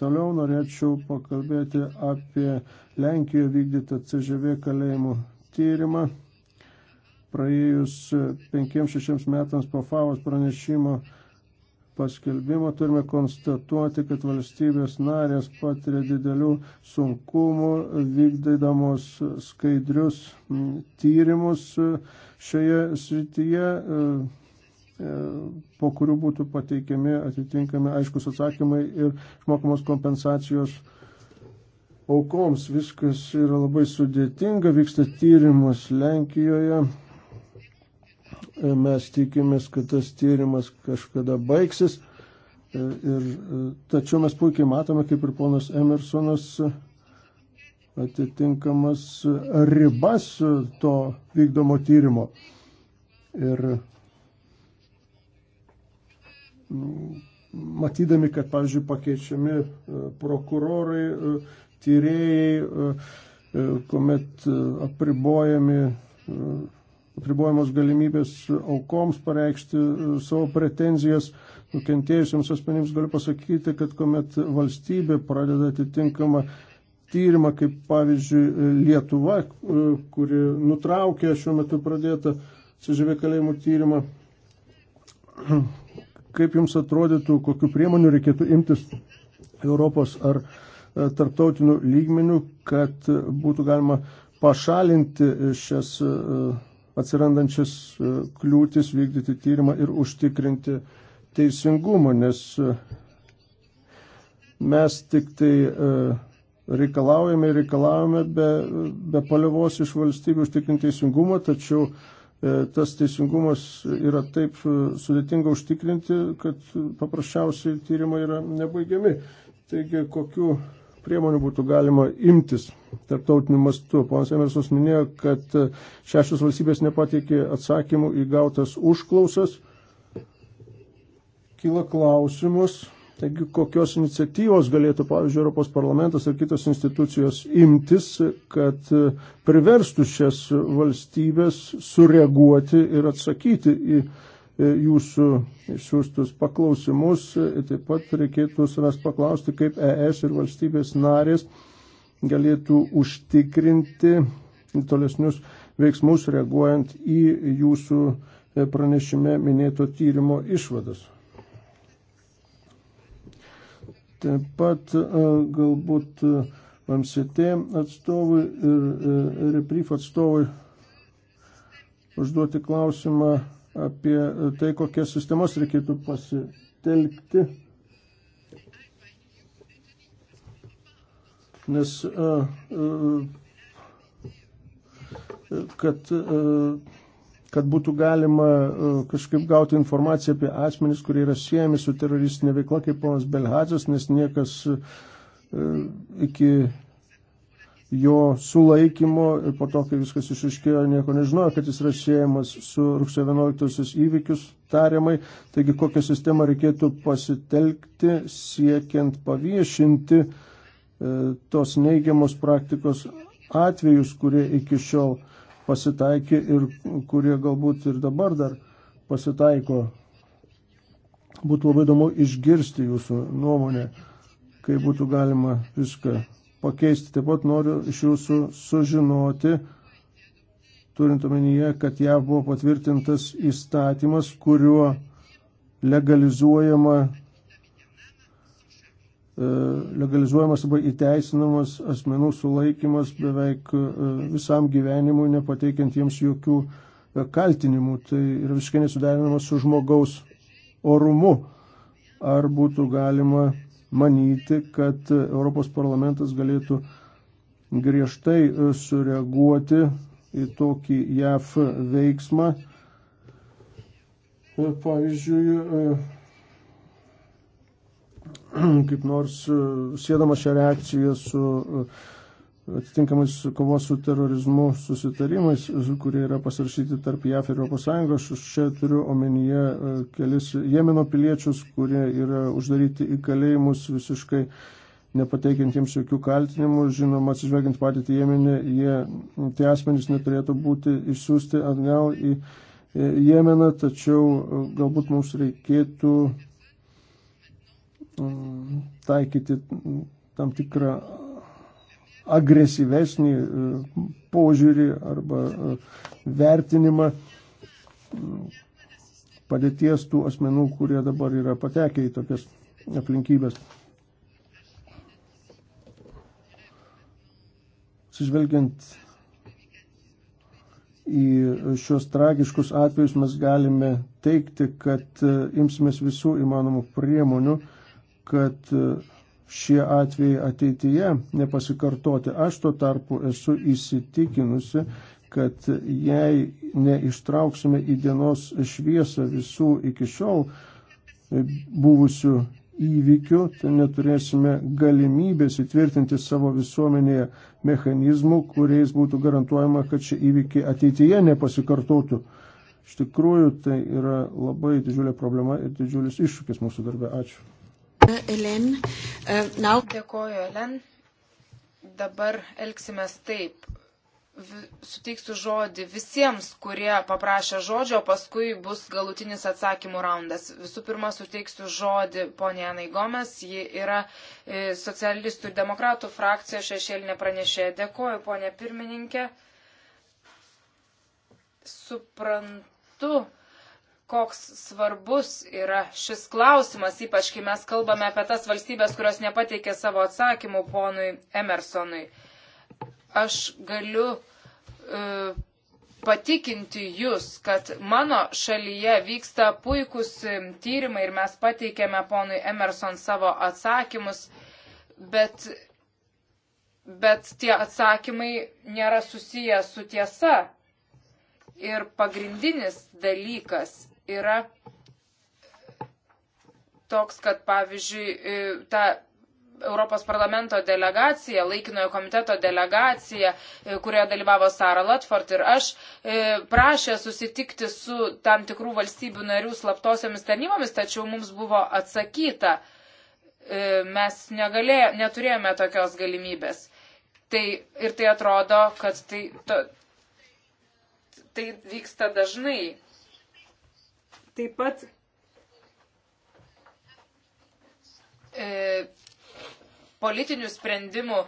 Speaker 3: Toliau norėčiau pakalbėti apie Lenkijoje vykdytą CŽV kalėjimų tyrimą praėjus penkiems šešiems metams po FAVOS pranešimo paskelbimo turime konstatuoti, kad valstybės narės patiria didelių sunkumų vykdydamos skaidrius tyrimus šioje srityje, e, e, po kurių būtų pateikiami atitinkami aiškus atsakymai ir išmokamos kompensacijos aukoms viskas yra labai sudėtinga, vyksta tyrimas Lenkijoje, mes tikimės, kad tas tyrimas kažkada baigsis. Ir, tačiau mes puikiai matome, kaip ir ponas Emersonas, atitinkamas ribas to vykdomo tyrimo. Ir matydami, kad, pavyzdžiui, pakeičiami e, prokurorai, e, tyrėjai, e, kuomet apribojami pribojamos galimybės aukoms pareikšti e, savo pretenzijas nukentėjusiems asmenims. Galiu pasakyti, kad kuomet valstybė pradeda atitinkamą tyrimą, kaip pavyzdžiui e, Lietuva, e, kuri nutraukė šiuo metu pradėtą CŽV kalėjimų tyrimą. Kaip jums atrodytų, kokiu priemonių reikėtų imtis Europos ar tarptautinių lygmenių, kad būtų galima pašalinti šias atsirandančias e, kliūtis vykdyti tyrimą ir užtikrinti teisingumą, nes e, mes tik tai e, reikalaujame ir reikalaujame be, be palievos iš valstybių užtikrinti teisingumą, tačiau tas teisingumas yra taip sudėtinga užtikrinti, kad paprasčiausiai tyrimai yra nebaigiami. Taigi, kokiu priemonių būtų galima imtis tarptautiniu mastu. Ponas Emersus minėjo, kad šešios valstybės nepateikė atsakymų į gautas užklausas. Kyla klausimus, taigi kokios iniciatyvos galėtų, pavyzdžiui, Europos parlamentas ar kitos institucijos imtis, kad priverstų šias valstybės sureaguoti ir atsakyti į E, jūsų siūstus paklausimus. E, taip pat reikėtų savęs paklausti, kaip ES ir valstybės narės galėtų užtikrinti tolesnius veiksmus reaguojant į jūsų e, pranešime minėto tyrimo išvadas. Taip pat galbūt MCT atstovui ir REPRIF atstovui užduoti klausimą apie tai, kokias sistemas reikėtų pasitelkti. Nes kad, kad būtų galima kažkaip gauti informaciją apie asmenys, kurie yra siejami su teroristinė veikla, kaip ponas Belhazas, nes niekas iki jo sulaikymo ir po to, kai viskas išaiškėjo, nieko nežinojo, kad jis yra siejamas su rugsėjo 11 įvykius tariamai. Taigi, kokią sistemą reikėtų pasitelkti, siekiant paviešinti e, tos neigiamos praktikos atvejus, kurie iki šiol pasitaikė ir kurie galbūt ir dabar dar pasitaiko. Būtų labai įdomu išgirsti jūsų nuomonę, kaip būtų galima viską pakeisti. Taip pat noriu iš jūsų sužinoti, turint omenyje, kad jav buvo patvirtintas įstatymas, kuriuo legalizuojama e, legalizuojamas arba įteisinamas asmenų sulaikimas beveik e, visam gyvenimui, nepateikiant jiems jokių e, kaltinimų. Tai yra visiškai nesuderinamas su žmogaus orumu. Ar būtų galima manyti, kad Europos parlamentas galėtų griežtai e, sureaguoti į tokį JAF veiksmą. E, pavyzdžiui, e, kaip nors sėdama šią reakciją su atitinkamais kovos su terorizmu susitarimais, kurie yra pasirašyti tarp JAF ir ES. Aš čia turiu omenyje e, kelis Jemeno piliečius, kurie yra uždaryti į kalėjimus visiškai nepateikiant jiems jokių kaltinimų, žinoma, atsižvelgiant patį Jemenį, jie, tie asmenys neturėtų būti išsiųsti atgal į e, Jemeną, tačiau e, galbūt mums reikėtų taikyti tam tikrą agresyvesnį e, požiūrį arba e, vertinimą e, padėties tų asmenų, kurie dabar yra patekę į tokias aplinkybės. Sižvelgiant į šios tragiškus atvejus mes galime teikti, kad imsimės visų įmanomų priemonių, kad šie atvejai ateityje nepasikartoti. Aš tuo tarpu esu įsitikinusi, kad jei neištrauksime į dienos šviesą visų iki šiol buvusių įvykių, tai neturėsime galimybės įtvirtinti savo visuomenėje mechanizmų, kuriais būtų garantuojama, kad šie įvykiai ateityje nepasikartotų. Iš tikrųjų, tai yra labai didžiulė problema ir didžiulis iššūkis mūsų darbe. Ačiū.
Speaker 1: Elen. Uh, e, now... Dėkoju, Elen.
Speaker 2: Dabar elgsime taip. Suteiksiu žodį visiems, kurie paprašė žodžio, o paskui bus galutinis atsakymų raundas. Visų pirma, suteiksiu žodį ponė Anai Gomes, ji yra e, socialistų ir demokratų frakcijos šešėlinė pranešė. Dėkoju, ponė pirmininkė. Suprantu koks svarbus yra šis klausimas, ypač kai mes kalbame apie tas valstybės, kurios nepateikė savo atsakymų ponui Emersonui. Aš galiu e, patikinti jūs, kad mano šalyje vyksta puikus e, tyrimai ir mes pateikėme ponui Emerson savo atsakymus, bet, bet tie atsakymai nėra susiję su tiesa. Ir pagrindinis dalykas yra toks, kad pavyzdžiui, e, ta Europos parlamento delegacija, laikinojo komiteto delegacija, e, kurioje dalyvavo Sara Latford ir aš, e, prašė susitikti su tam tikrų valstybių narių slaptosiomis tarnybomis, tačiau mums buvo atsakyta, mes negalėjo, neturėjome tokios galimybės. Tai, ir tai atrodo, kad tai, to, tai vyksta dažnai. Taip pat e, politinių sprendimų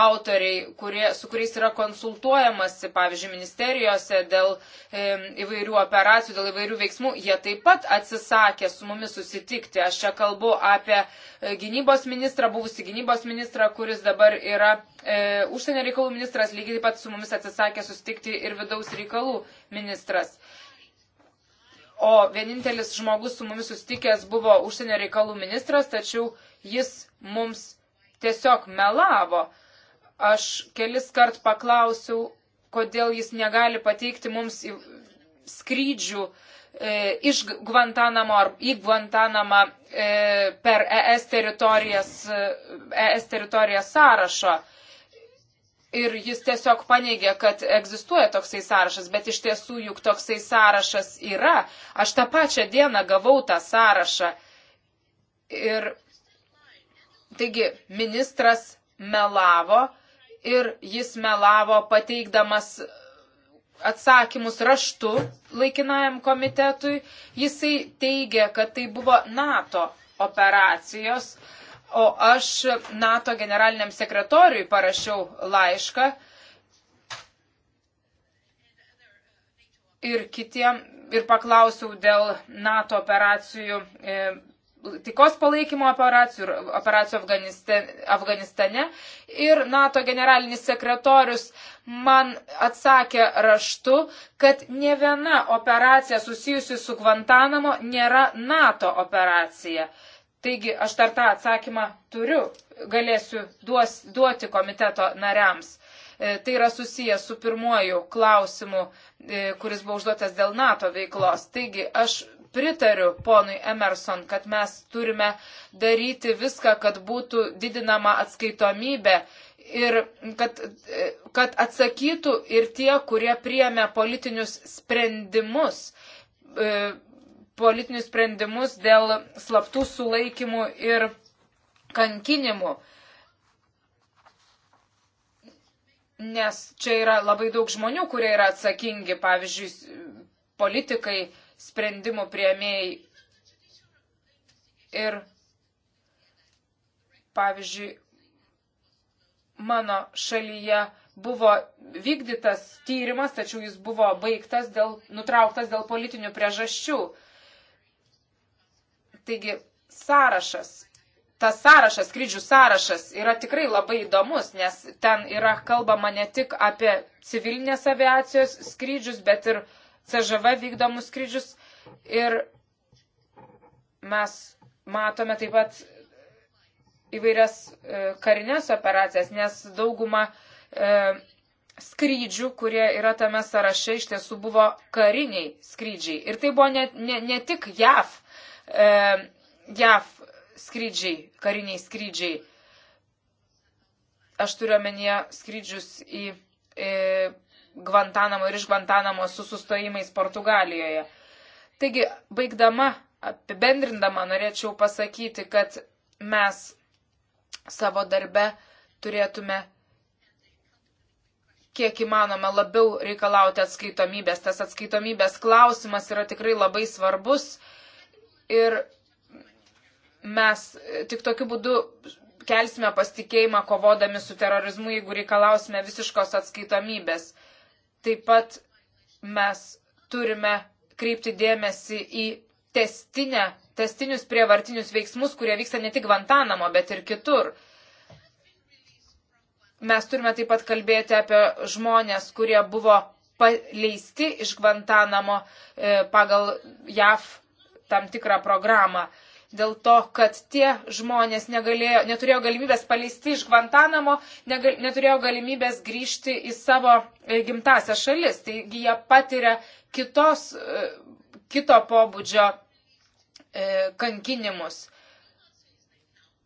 Speaker 2: autoriai, kurie, su kuriais yra konsultuojamasi, pavyzdžiui, ministerijose dėl e, įvairių operacijų, dėl įvairių veiksmų, jie taip pat atsisakė su mumis susitikti. Aš čia kalbu apie e, gynybos ministrą, buvusi gynybos ministrą, kuris dabar yra e, užsienio reikalų ministras, lygiai taip pat su mumis atsisakė susitikti ir vidaus reikalų ministras o vienintelis žmogus su mumis sustikęs buvo užsienio reikalų ministras, tačiau jis mums tiesiog melavo. Aš kelis kart paklausiau, kodėl jis negali pateikti mums skrydžių e, iš Guantanamo ar į Guantanamą e, per ES teritorijas, ES teritorijas sąrašo ir jis tiesiog paneigė, kad egzistuoja toksai sąrašas, bet iš tiesų juk toksai sąrašas yra. Aš tą pačią dieną gavau tą sąrašą. Ir taigi ministras melavo ir jis melavo pateikdamas atsakymus raštu laikinajam komitetui. Jisai teigia, kad tai buvo NATO operacijos. Uh, o aš NATO generaliniam sekretoriui parašiau laišką ir kitiem ir paklausiau dėl NATO operacijų. E, Tikos palaikymo operacijų, operacijų Afganistane, Afganistane ir NATO generalinis sekretorius man atsakė raštu, kad ne viena operacija susijusi su Guantanamo nėra NATO operacija. E, Taigi aš dar tą atsakymą turiu, galėsiu duos, duoti komiteto nariams. E, tai yra susijęs su pirmuoju klausimu, e, kuris buvo užduotas dėl NATO veiklos. Taigi aš pritariu ponui Emerson, kad mes turime daryti viską, kad būtų didinama atskaitomybė ir kad, e, kad atsakytų ir tie, kurie priemė politinius sprendimus politinius sprendimus dėl slaptų sulaikymų ir kankinimų. Nes čia yra labai daug žmonių, kurie yra atsakingi, pavyzdžiui, politikai, sprendimų prieimėjai. Ir, pavyzdžiui, mano šalyje buvo vykdytas tyrimas, tačiau jis buvo baigtas dėl, nutrauktas dėl politinių priežasčių. Taigi sąrašas tas sąrašas, skrydžių sąrašas yra tikrai labai įdomus, nes ten yra kalbama ne tik apie civilinės aviacijos skrydžius, bet ir CŽV vykdomus skrydžius. Ir mes matome taip pat įvairias e, karinės operacijas, nes dauguma e, skrydžių, kurie yra tame sąraše, iš tiesų buvo kariniai skrydžiai. Ir tai buvo ne, ne, ne tik JAV e, JAV skrydžiai, kariniai skrydžiai. Aš turiu omenyje skrydžius į e, Gvantanamo ir iš Gvantanamo su sustojimais Portugalijoje. Taigi, baigdama, apibendrindama, norėčiau pasakyti, kad mes savo darbe turėtume kiek įmanome labiau reikalauti atskaitomybės. Tas atskaitomybės klausimas yra tikrai labai svarbus ir mes tik tokiu būdu kelsime pasitikėjimą kovodami su terorizmu, jeigu reikalausime visiškos atskaitomybės. Taip pat mes turime kreipti dėmesį į testinę, testinius prievartinius veiksmus, kurie vyksta ne tik Vantanamo, bet ir kitur. Mes turime taip pat kalbėti apie žmonės, kurie buvo paleisti iš Gvantanamo e, pagal JAV tam tikrą programą. Dėl to, kad tie žmonės negalėjo, neturėjo galimybės paleisti iš Gvantanamo, negal, neturėjo galimybės grįžti į savo e, gimtąsią šalis. Taigi jie patiria kitos, e, kito pobūdžio e, kankinimus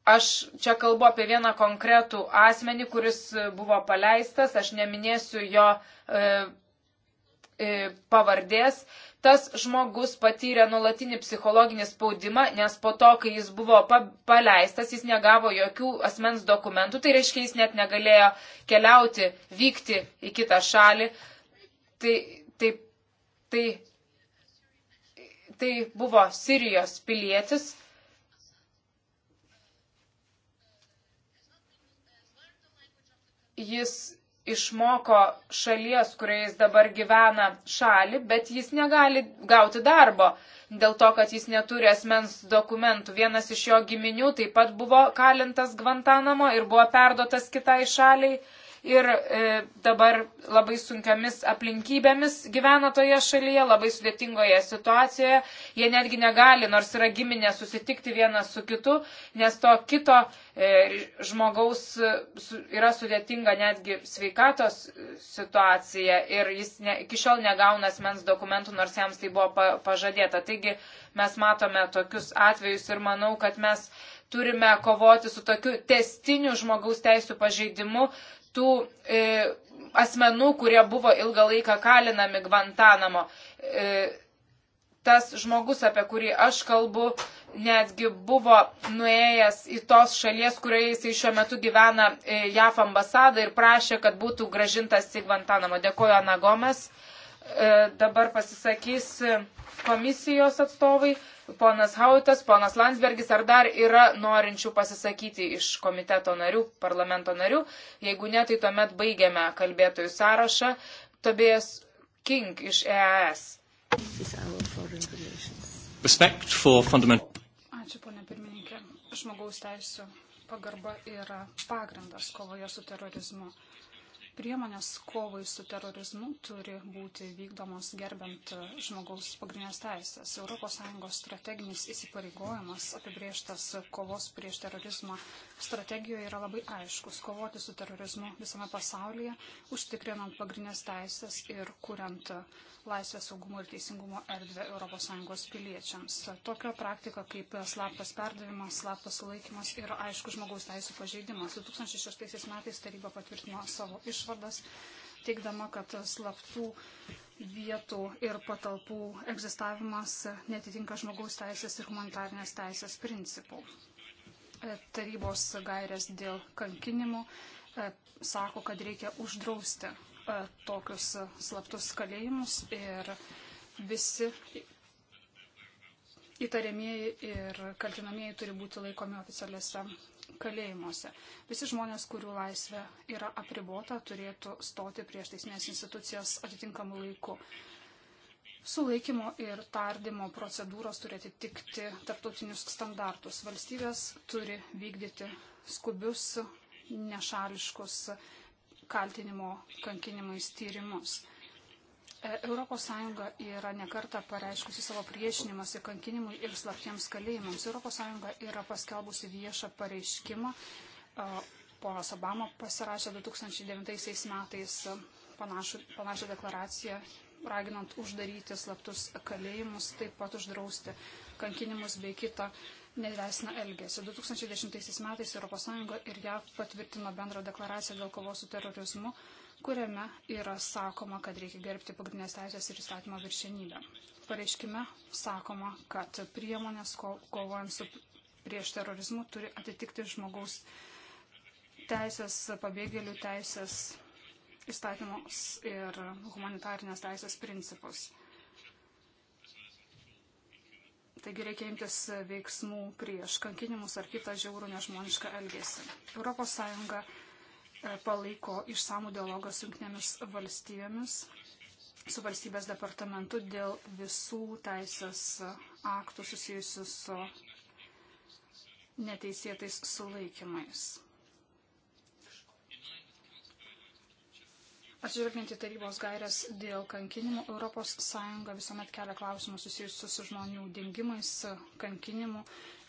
Speaker 2: aš čia kalbu apie vieną konkretų asmenį, kuris buvo paleistas, aš neminėsiu jo e, e, pavardės, tas žmogus patyrė nulatinį psichologinį spaudimą, nes po to, kai jis buvo pa paleistas, jis negavo jokių asmens dokumentų, tai reiškia, jis net negalėjo keliauti, vykti į kitą šalį. Tai, tai, tai, tai buvo Sirijos pilietis. Jis išmoko šalies, kuriais dabar gyvena šalį, bet jis negali gauti darbo dėl to, kad jis neturi asmens dokumentų. Vienas iš jo giminių taip pat buvo kalintas Gvantanamo ir buvo perdotas kitai šaliai ir e, dabar labai sunkiamis aplinkybėmis gyvena toje šalyje, labai sudėtingoje situacijoje. Jie netgi negali, nors yra giminė, susitikti vienas su kitu, nes to kito e, žmogaus e, yra sudėtinga netgi sveikatos situacija ir jis ne, iki šiol negauna asmens dokumentų, nors jam tai buvo pa, pažadėta. Taigi mes matome tokius atvejus ir manau, kad mes turime kovoti su tokiu testiniu žmogaus teisų pažeidimu, tų e, asmenų, kurie buvo ilgą laiką kalinami Gvantanamo. E, tas žmogus, apie kurį aš kalbu, netgi buvo nuėjęs į tos šalies, kurioje jisai šiuo metu gyvena e, JAF ambasadą ir prašė, kad būtų gražintas į Gvantanamo. Dėkoju, Ana Gomes. E, dabar pasisakys e, komisijos atstovai ponas Hautas, ponas Landsbergis, ar dar yra norinčių pasisakyti iš komiteto narių, parlamento narių. Jeigu ne, tai tuomet baigiame kalbėtojų sąrašą. Tobijas King iš EAS. Ačiū,
Speaker 4: ponė pirmininkė. Žmogaus teisų pagarba yra pagrindas kovoje su terorizmu priemonės kovai su terorizmu turi būti vykdomos gerbent žmogaus pagrindinės teisės. ES strateginis įsipareigojimas apibrieštas kovos prieš terorizmą strategijoje yra labai aiškus - kovoti su terorizmu visame pasaulyje, užtikrinant pagrindinės teisės ir kuriant laisvę, saugumo ir teisingumo erdvę ES piliečiams. Tokia praktika kaip slaptas perdavimas, slaptas sulaikimas yra aišku žmogaus teisų pažeidimas. 2006 metais taryba patvirtino savo išvadas, teikdama, kad slaptų vietų ir patalpų egzistavimas netitinka žmogaus teisės ir humanitarnės teisės principų. Tarybos gairės dėl kankinimų e, sako, kad reikia uždrausti E, tokius slaptus kalėjimus ir visi įtariamieji ir kaltinamieji turi būti laikomi oficialiuose kalėjimuose. Visi žmonės, kurių laisvė yra apribota, turėtų stoti prieš teismės institucijas atitinkamu laiku. Sulaikymo ir tardymo procedūros turi atitikti tarptautinius standartus. Valstybės turi vykdyti skubius, nešališkus kaltinimo kankinimais tyrimus. ES yra nekarta pareiškusi savo priešinimąsi kankinimui ir slaptiems kalėjimams. ES yra paskelbusi viešą pareiškimą. E, Ponas Obama pasirašė 2009 metais panašu, panašią deklaraciją, raginant uždaryti slaptus kalėjimus, taip pat uždrausti kankinimus bei kitą neleisina elgesį. 2010 metais ES ir JAV patvirtino bendrą deklaraciją dėl kovos su terorizmu, kuriame yra sakoma, kad reikia gerbti pagrindinės teisės ir įstatymo viršenybę. Pareiškime sakoma, kad priemonės ko, kovojant su prieš terorizmu turi atitikti žmogaus teisės, pabėgėlių teisės, įstatymus ir humanitarinės teisės principus. Taigi reikia imtis veiksmų prieš kankinimus ar kitą žiaurų nežmonišką elgesį. ES e, palaiko išsamų dialogą su jungtinėmis valstybėmis, su valstybės departamentu dėl visų teisės aktų susijusių su neteisėtais sulaikymais. Atsižvelgiant į tarybos gairias dėl kankinimų, ES visuomet kelia klausimus susijusius su žmonių dingimais, kankinimu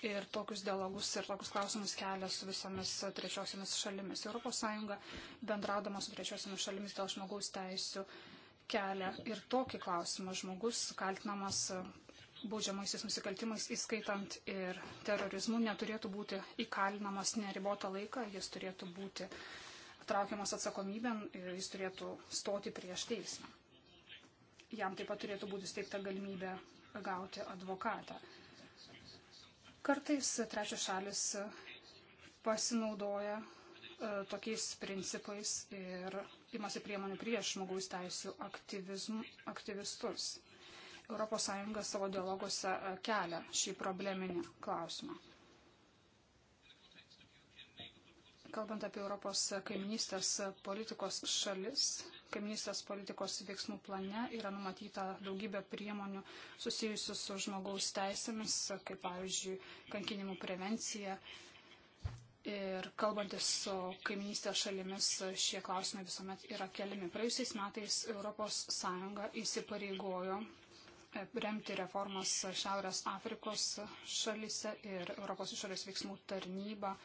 Speaker 4: ir tokius dialogus ir tokius klausimus kelia su visomis trečiosiamis šalimis. ES bendraudama su trečiosiamis šalimis dėl žmogaus teisų kelia ir tokį klausimą žmogus kaltinamas baudžiamaisiais nusikaltimais, įskaitant ir terorizmu, neturėtų būti įkalinamas neribotą laiką, jis turėtų būti traukiamas atsakomybėn ir jis turėtų stoti prieš teismą. Jam taip pat turėtų būti steigta galimybė gauti advokatą. Kartais trečios šalis pasinaudoja e, tokiais principais ir imasi priemonių prieš žmogaus teisų aktyvistus. ES savo dialoguose e, kelia šį probleminį klausimą. Kalbant apie Europos kaiminystės politikos šalis, kaiminystės politikos veiksmų plane yra numatyta daugybė priemonių susijusių su žmogaus teisėmis, kaip pavyzdžiui, kankinimų prevencija. Ir kalbantis su kaiminystės šalimis, šie klausimai visuomet yra keliami. Praėjusiais metais ES įsipareigojo e, remti reformas Šiaurės Afrikos šalise ir Europos išorės veiksmų tarnyba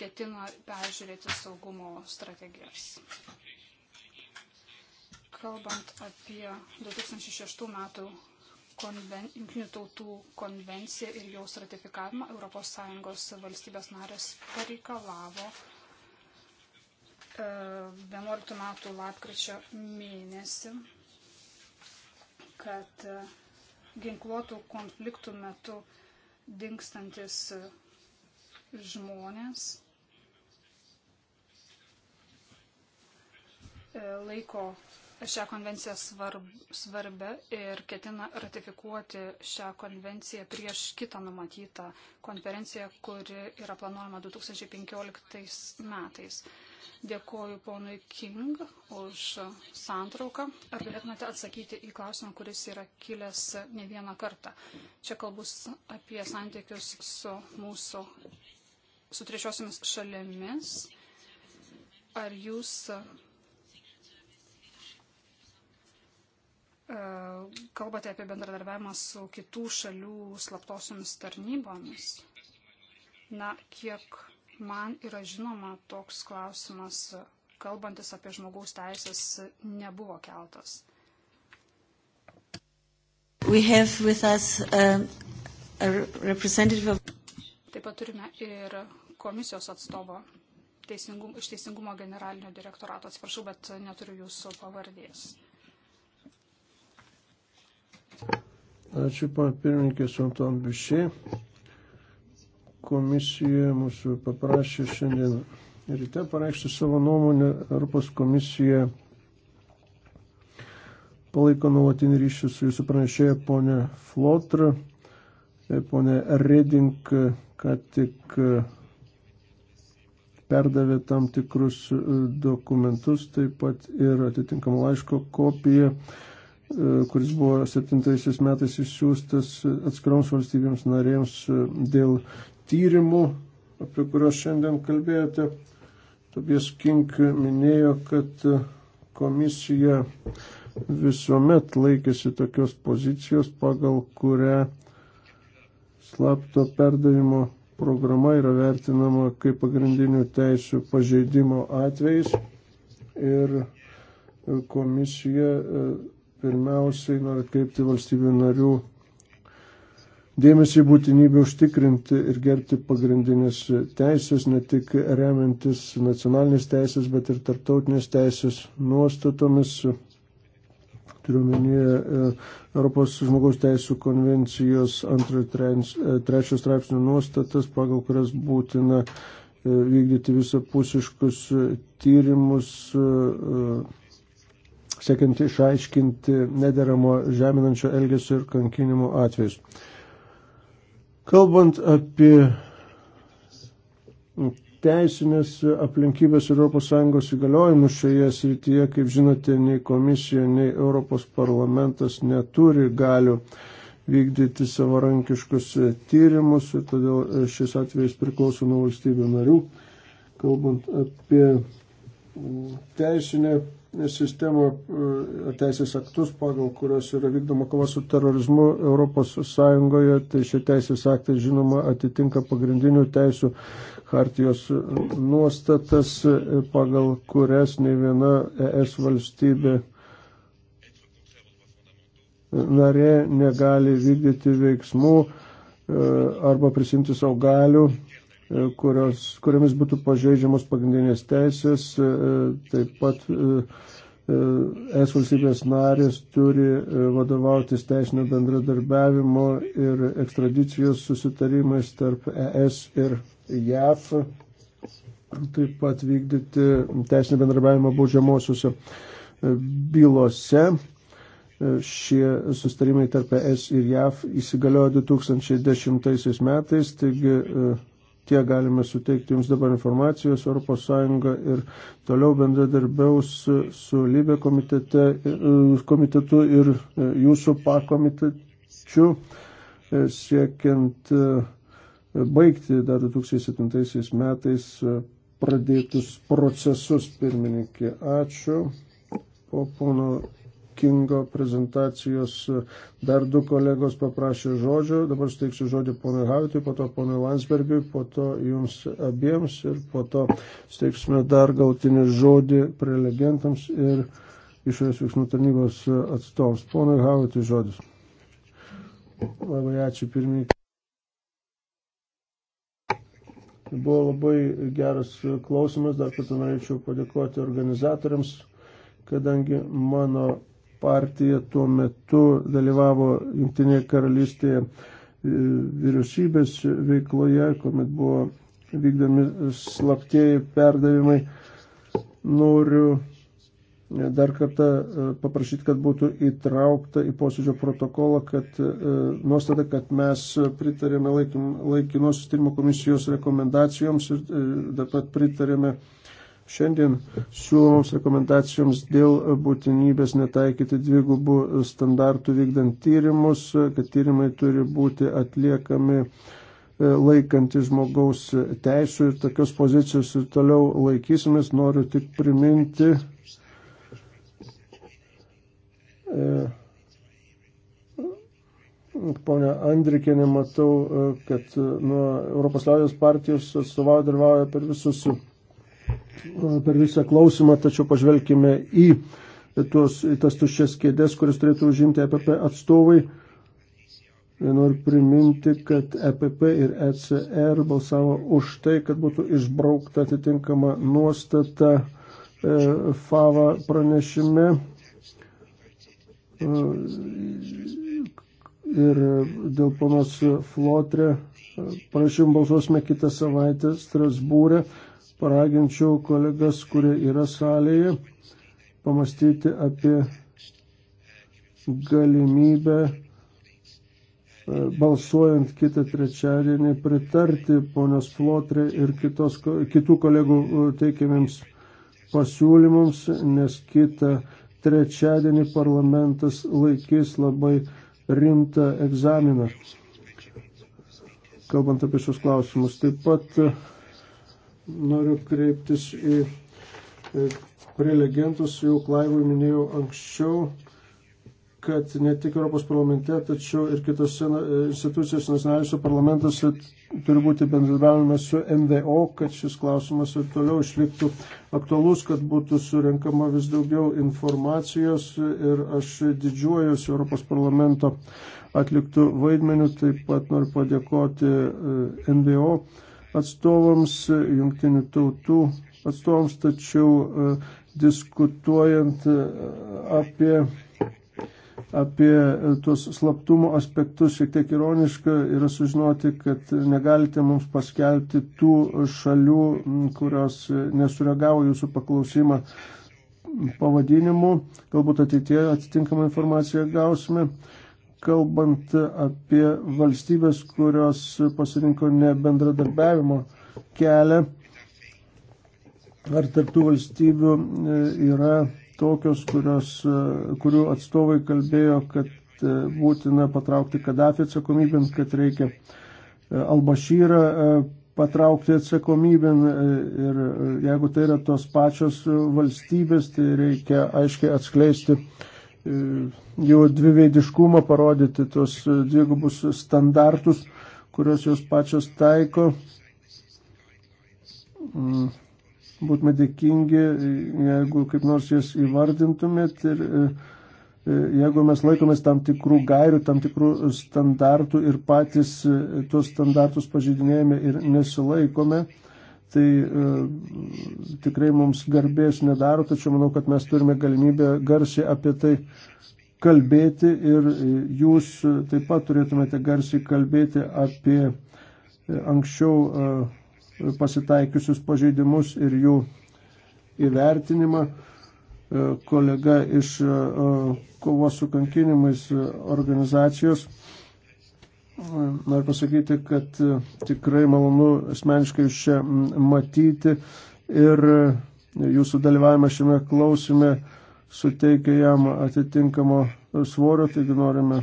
Speaker 4: ketina peržiūrėti saugumo strategijas. Kalbant apie 2006 metų Junktinių tautų konvenciją ir jos ratifikavimą, ES valstybės narės pareikalavo 11 e, metų lapkričio mėnesį, kad e, ginkluotų konfliktų metu dinkstantis žmonės e, laiko šią konvenciją svarb, svarbę ir ketina ratifikuoti šią konvenciją prieš kitą numatytą konferenciją, kuri yra planuojama 2015 metais. Dėkoju ponui King už santrauką. Ar galėtumėte atsakyti į klausimą, kuris yra kilęs ne vieną kartą? Čia kalbus apie santykius su mūsų su trečiosiomis šalėmis, ar jūs e, kalbate apie bendradarbiavimą su kitų šalių slaptosiomis tarnybomis? Na, kiek man yra žinoma, toks klausimas, kalbantis apie žmogaus teisės, nebuvo keltas.
Speaker 1: We have with us um, a representative of
Speaker 4: Taip pat turime ir komisijos atstovo teisingum, iš Teisingumo generalinio direktorato. Atsiprašau, bet neturiu jūsų pavardės.
Speaker 3: Ačiū, pana pirmininkė, su Anton Bišiai. Komisija mūsų paprašė šiandien ryte pareikšti savo nuomonę. Europos komisija palaiko nuolatinį ryšį su jūsų pranešėja ponė Flotra. Pone Reding, kad tik e, perdavė tam tikrus e, dokumentus, taip pat ir atitinkamą laiško kopiją, e, kuris buvo 7 metais išsiųstas atskiroms valstybėms narėms dėl tyrimų, apie kuriuos šiandien kalbėjote. Tobias Kink minėjo, kad komisija visuomet laikėsi tokios pozicijos, pagal kurią slapto perdavimo programa yra vertinama kaip pagrindinių teisų pažeidimo atvejais ir e, komisija e, pirmiausiai nori atkreipti valstybių narių dėmesį būtinybę užtikrinti ir gerbti pagrindinės teisės, ne tik remiantis nacionalinės teisės, bet ir tarptautinės teisės nuostatomis turiu minėję e, Europos žmogaus teisų konvencijos antrojo e, trečio straipsnio nuostatas, pagal kurias būtina e, vykdyti visapusiškus tyrimus, siekiant išaiškinti nederamo žeminančio elgesio ir kankinimo atvejus. Kalbant apie teisinės aplinkybės ir ES įgaliojimus šioje srityje, kaip žinote, nei komisija, nei Europos parlamentas neturi galių vykdyti savarankiškus tyrimus ir todėl šis atvejs priklauso nuo valstybių narių. Kalbant apie teisinę sistemą, e, teisės aktus, pagal kurios yra vykdoma kova su terorizmu ES, tai šie teisės aktai, žinoma, atitinka pagrindinių teisų hartijos nuostatas, pagal kurias ne viena ES valstybė narė negali vykdyti veiksmų e, arba prisimti savo galių, e, kurios, kuriamis būtų pažeidžiamos pagrindinės teisės, e, taip pat es valstybės narės turi vadovautis teisinio bendradarbiavimo ir ekstradicijos susitarimais tarp ES ir JAF, taip pat vykdyti teisinį bendrabiavimą baudžiamosiuose bylose. Šie sustarimai tarp ES ir JAF įsigaliojo 2010 metais, taigi e, tie galime suteikti jums dabar informacijos. ES ir toliau bendradarbiaus su Libė komitete, e, komitetu ir e, jūsų pakomitečiu siekiant baigti dar 2007 metais e, pradėtus procesus, pirmininkė. Ačiū. Po pono Kingo prezentacijos e, dar du kolegos paprašė žodžio. Dabar steiksiu žodį ponui Havitui, po to ponui Landsbergiui, po to jums abiems ir po to steiksime dar galtinį žodį prelegentams ir išorės veiksmų tarnybos atstovams. Ponui Havitui žodis. Labai ačiū pirmininkai. Buvo labai geras klausimas, dar kartą norėčiau padėkoti organizatoriams, kadangi mano partija tuo metu dalyvavo Junktinėje karalystėje e, vyriausybės veikloje, kuomet buvo vykdomi slaptieji perdavimai. Noriu dar kartą e, paprašyti, kad būtų įtraukta į posėdžio protokolą, kad e, nuostata, kad mes pritarėme laikinos sustarimo komisijos rekomendacijoms ir e, taip pat pritarėme šiandien siūlomoms rekomendacijoms dėl būtinybės netaikyti dvigubų standartų vykdant tyrimus, kad tyrimai turi būti atliekami laikantį žmogaus teisų ir tokios pozicijos ir toliau laikysimės. Noriu tik priminti E, Pone Andrikėnė, matau, e, kad e, nuo Europos liaudės partijos atstovauja dalyvauja per visus, per visą klausimą, tačiau pažvelkime į, tuos, į tas tuščias kėdės, kuris turėtų užimti EPP atstovai. Noriu priminti, kad EPP ir ECR balsavo už tai, kad būtų išbraukta atitinkama nuostata e, FAVA pranešime E, ir dėl ponos Flotre e, prašym balsuosime kitą savaitę Strasbūrė. Paraginčiau kolegas, kurie yra salėje, pamastyti apie galimybę e, balsuojant kitą trečiadienį pritarti ponios Flotrė ir kitos, kitų kolegų teikiamiems pasiūlymams, nes kitą trečiadienį parlamentas laikys labai rimtą egzaminą, kalbant apie šios klausimus. Taip pat e, noriu kreiptis į e, prelegentus, jau Klaivui minėjau anksčiau, kad ne tik Europos parlamente, tačiau ir kitose e, institucijose, nacionaliniuose parlamentuose turi būti bendradarbiavimas su MVO, kad šis klausimas ir toliau išliktų aktualus, kad būtų surinkama vis daugiau informacijos ir aš didžiuojuosi Europos parlamento atliktų vaidmenių, taip pat noriu padėkoti MVO e, atstovams, jungtinių tautų atstovams, tačiau e, diskutuojant apie apie tuos slaptumo aspektus šiek tiek ironiška yra sužinoti, kad negalite mums paskelbti tų šalių, kurios nesureagavo jūsų paklausimą pavadinimu. Galbūt ateitie atitinkamą informaciją gausime. Kalbant apie valstybės, kurios pasirinko nebendradarbiavimo kelią, ar tarptų valstybių e, yra tokios, kurios, e, kurių atstovai kalbėjo, kad e, būtina patraukti Kadafį atsakomybėn, kad reikia e, Albašyrą patraukti atsakomybėn ir jeigu tai yra tos pačios valstybės, tai reikia aiškiai atskleisti jų dviveidiškumą, parodyti tos dvigubus standartus, kuriuos jos pačios taiko. Mm būtume dėkingi, jeigu kaip nors jas įvardintumėt ir e, e, jeigu mes laikomės tam tikrų gairių, tam tikrų standartų ir patys e, tuos standartus pažydinėjame ir nesilaikome, tai tikrai mums garbės nedaro, tačiau manau, kad mes turime galimybę garsiai apie tai kalbėti ir jūs taip pat turėtumėte garsiai kalbėti apie anksčiau pasitaikiusius pažeidimus ir jų įvertinimą. E, kolega iš e, e, kovos su kankinimais organizacijos Noriu pasakyti, kad tikrai malonu asmeniškai jūs čia matyti ir jūsų dalyvavimą šiame klausime suteikia jam atitinkamo svorio, taigi norime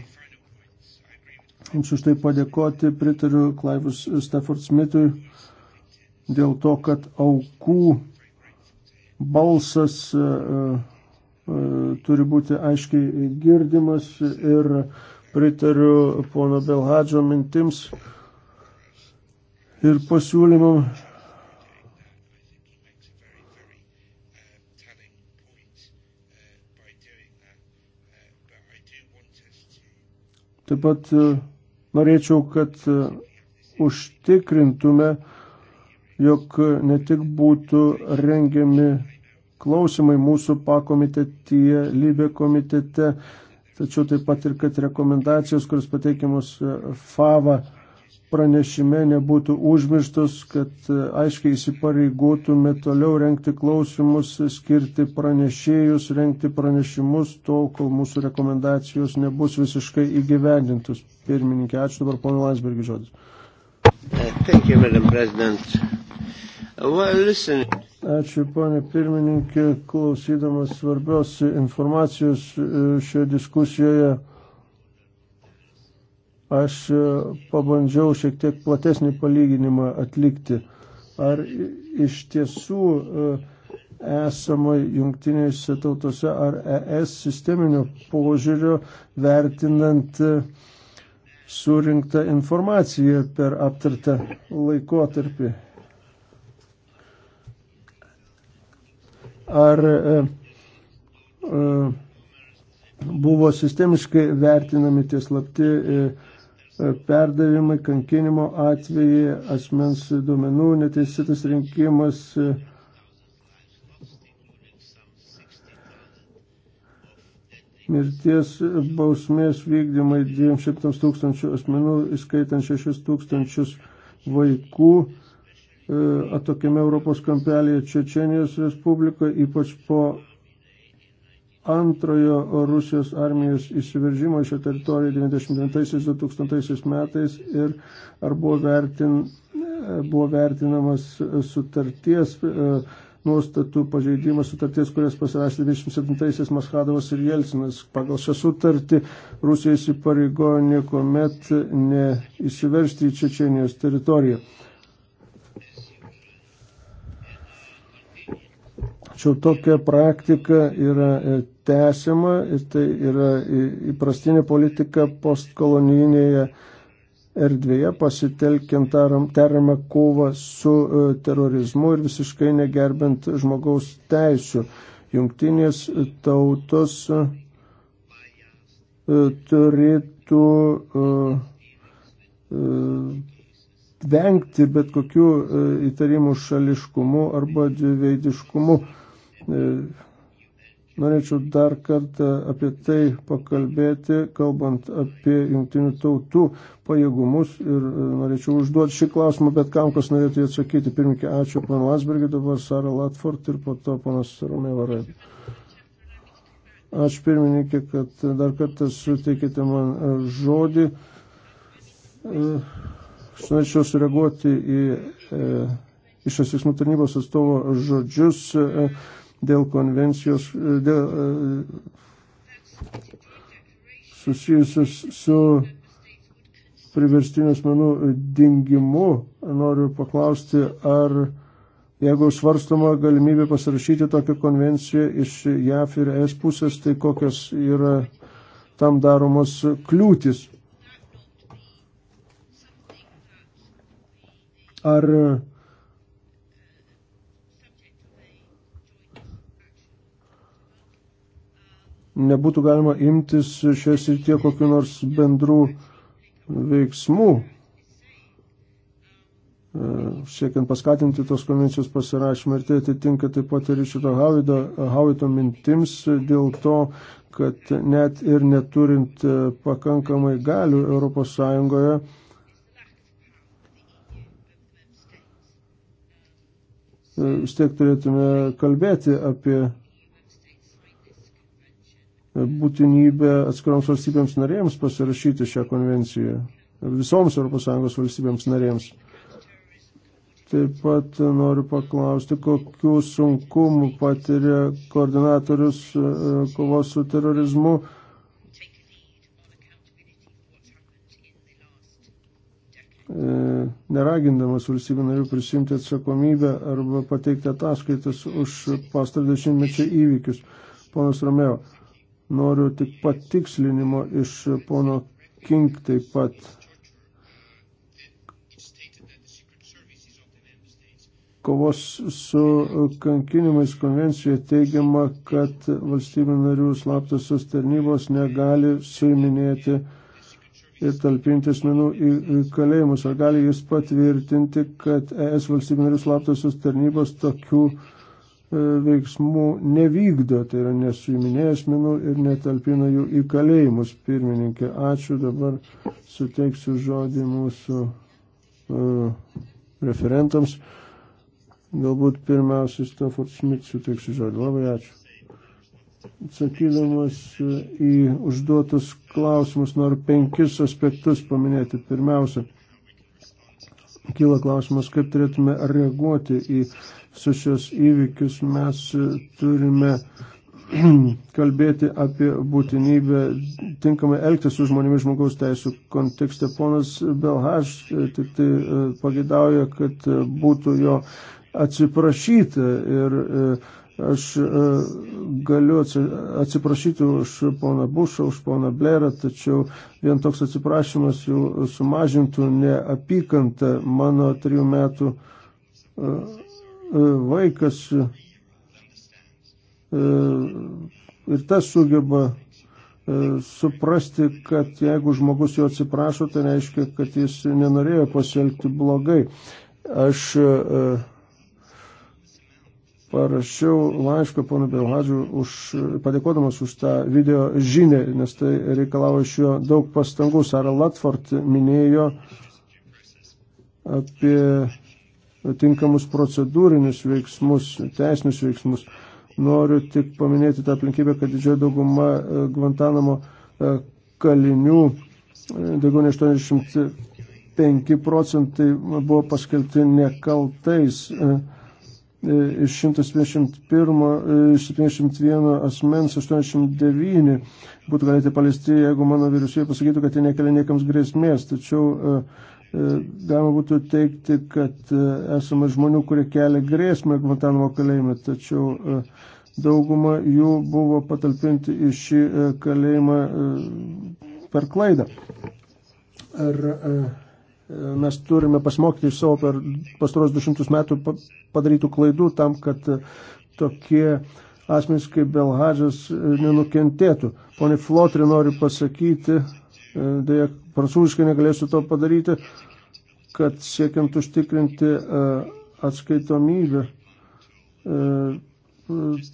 Speaker 3: jums už tai padėkoti, pritariu Klaivus Stafford Smithui, dėl to, kad aukų balsas e, e, turi būti aiškiai girdimas ir pritariu pono Belhadžio mintims ir pasiūlymam. Taip pat e, norėčiau, kad užtikrintume, jog ne tik būtų rengiami klausimai mūsų pakomitetyje, lybė komitete, tačiau taip pat ir kad rekomendacijos, kuris pateikiamos FAVA pranešime, nebūtų užmirštos, kad aiškiai įsipareigotume toliau renkti klausimus, skirti pranešėjus, renkti pranešimus, tol, kol mūsų rekomendacijos nebus visiškai įgyvendintus. Pirmininkė, ačiū dabar ponui Landsbergiu žodis. Thank you, Madam President. Ačiū, ponė pirmininkė, klausydamas svarbios informacijos e, šioje diskusijoje. Aš e, pabandžiau šiek tiek platesnį palyginimą atlikti. Ar iš tiesų e, esama jungtinėse tautose ar ES sisteminio požiūrio vertinant surinktą informaciją per aptartą laikotarpį? ar e, e, buvo sistemiškai vertinami tie slapti e, perdavimai, kankinimo atvejai, asmens duomenų neteisėtas rinkimas. Mirties bausmės vykdymai 200 tūkstančių asmenų, įskaitant 6 tūkstančius vaikų E, atokiame Europos kampelėje Čečenijos Respublika, ypač po antrojo Rusijos armijos įsiveržimo šią teritoriją 99-2000 metais ir ar buvo, vertin, e, buvo vertinamas sutarties e, nuostatų pažeidimas sutarties, kurias pasirašė 27-aisiais Maskadovas ir Jelcinas. Pagal šią sutartį Rusija įsipareigojo niekuomet neįsiveršti į Čečenijos teritoriją. Tačiau tokia praktika yra e, tęsiama ir tai yra e, įprastinė politika postkolonijinėje erdvėje pasitelkiant tariamą kovą su e, terorizmu ir visiškai negerbent žmogaus teisų. Jungtinės tautos turėtų vengti bet kokių įtarimų šališkumu arba dviveidiškumu. E, norėčiau dar kartą apie tai pakalbėti, kalbant apie jungtinių tautų pajėgumus ir e, norėčiau užduoti šį klausimą, bet kam kas norėtų jį atsakyti. Pirmininkė, ačiū pan Lasbergį, dabar Sara Latford ir po to panas Romė Varai. Ačiū pirmininkė, kad dar kartą suteikite man žodį. E, aš norėčiau sureaguoti į e, iš asismų tarnybos atstovo žodžius. E, dėl konvencijos e, dėl, e, susijusius su priverstinių asmenų dingimu. Noriu paklausti, ar jeigu svarstoma galimybė pasirašyti tokią konvenciją iš JAF ir ES pusės, tai kokios yra tam daromos kliūtis. Ar nebūtų galima imtis šioje srityje kokiu nors bendrų veiksmų, e, siekiant paskatinti tos konvencijos pasirašymą. Ir tai atitinka taip pat ir šito Havito mintims dėl to, kad net ir neturint e, pakankamai galių ES e, vis tiek turėtume kalbėti apie būtinybę atskiroms valstybėms narėms pasirašyti šią konvenciją, visoms ES valstybėms narėms. Taip pat noriu paklausti, kokiu sunkumu patiria koordinatorius e, kovos su terorizmu. E, neragindamas valstybių narių prisimti atsakomybę arba pateikti ataskaitas už pastarą dešimtmečio įvykius. Ponas Romeo, Noriu tik patikslinimo iš pono King taip pat. Kovos su kankinimais konvencijoje teigiama, kad valstybių narių slaptosios tarnybos negali suiminėti ir talpinti asmenų į, į kalėjimus. Ar gali jis patvirtinti, kad ES valstybių narių slaptosios tarnybos tokių uh, E, veiksmų nevykdo, tai yra nesuiminėja asmenų ir netalpina jų į kalėjimus. Pirmininkė, ačiū, dabar suteiksiu žodį mūsų uh, referentams. Galbūt pirmiausia, Stafford Smith suteiksiu žodį. Labai ačiū. Atsakydamas e, į užduotus klausimus, noriu penkis aspektus paminėti. Pirmiausia, kyla klausimas, kaip turėtume reaguoti į uh, su šios įvykius mes turime kalbėti apie būtinybę tinkamai elgtis su žmonėmis žmogaus teisų kontekste. Ponas Belhaš e, tik tai e, pagidauja, kad e, būtų jo atsiprašyta ir aš galiu atsiprašyti už poną Bušą, už poną Blerą, tačiau vien toks atsiprašymas jau sumažintų neapykantą mano trijų metų E, vaikas e, ir tas sugeba e, suprasti, kad jeigu žmogus jo atsiprašo, tai reiškia, kad jis nenorėjo pasielgti blogai. Aš parašiau laišką ponu Belhadžiu už, padėkodamas už tą video žinę, nes tai reikalavo iš jo daug pastangų. Sara Latford minėjo apie tinkamus procedūrinius veiksmus, teisinius veiksmus. Noriu tik paminėti tą aplinkybę, kad didžioji dauguma e, Guantanamo e, kalinių, e, daugiau nei 85 procentai buvo paskelbti nekaltais. Iš 171 asmens 89 būtų galėti paliesti, jeigu mano vyriausybė pasakytų, kad jie nekelia niekams grėsmės. Tačiau uh, E, galima būtų teikti, kad e, esame žmonių, kurie kelia grėsmę Gvantanamo kalėjime, tačiau e, dauguma jų buvo patalpinti į šį kalėjimą per klaidą. Ar mes turime pasimokyti iš savo per pastaros 200 metų padarytų klaidų tam, kad tokie asmenys kaip Belhadžas nenukentėtų. Pone Flotri noriu pasakyti, E, dėja prancūziškai negalėsiu to padaryti, kad siekiant užtikrinti e, atskaitomybę, e,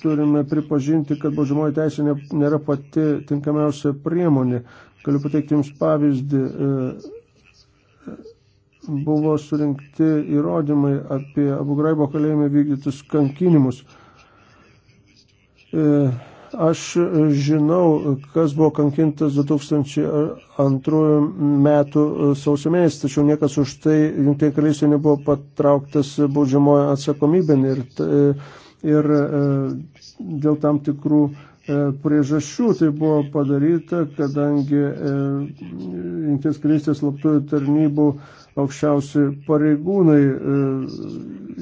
Speaker 3: turime pripažinti, kad baudžiamoji teisė nėra pati tinkamiausia priemonė. Galiu pateikti Jums pavyzdį. Buvo surinkti įrodymai apie Abu Graibo kalėjime vykdytus kankinimus. E, Aš žinau, kas buvo kankintas 2002 metų sausio mėnesį, tačiau niekas už tai jungtinė karalystė nebuvo patrauktas baudžiamojo atsakomybėn ir, ir e, dėl tam tikrų e, priežasčių tai buvo padaryta, kadangi e, jungtinės karalystės slaptųjų tarnybų aukščiausi pareigūnai,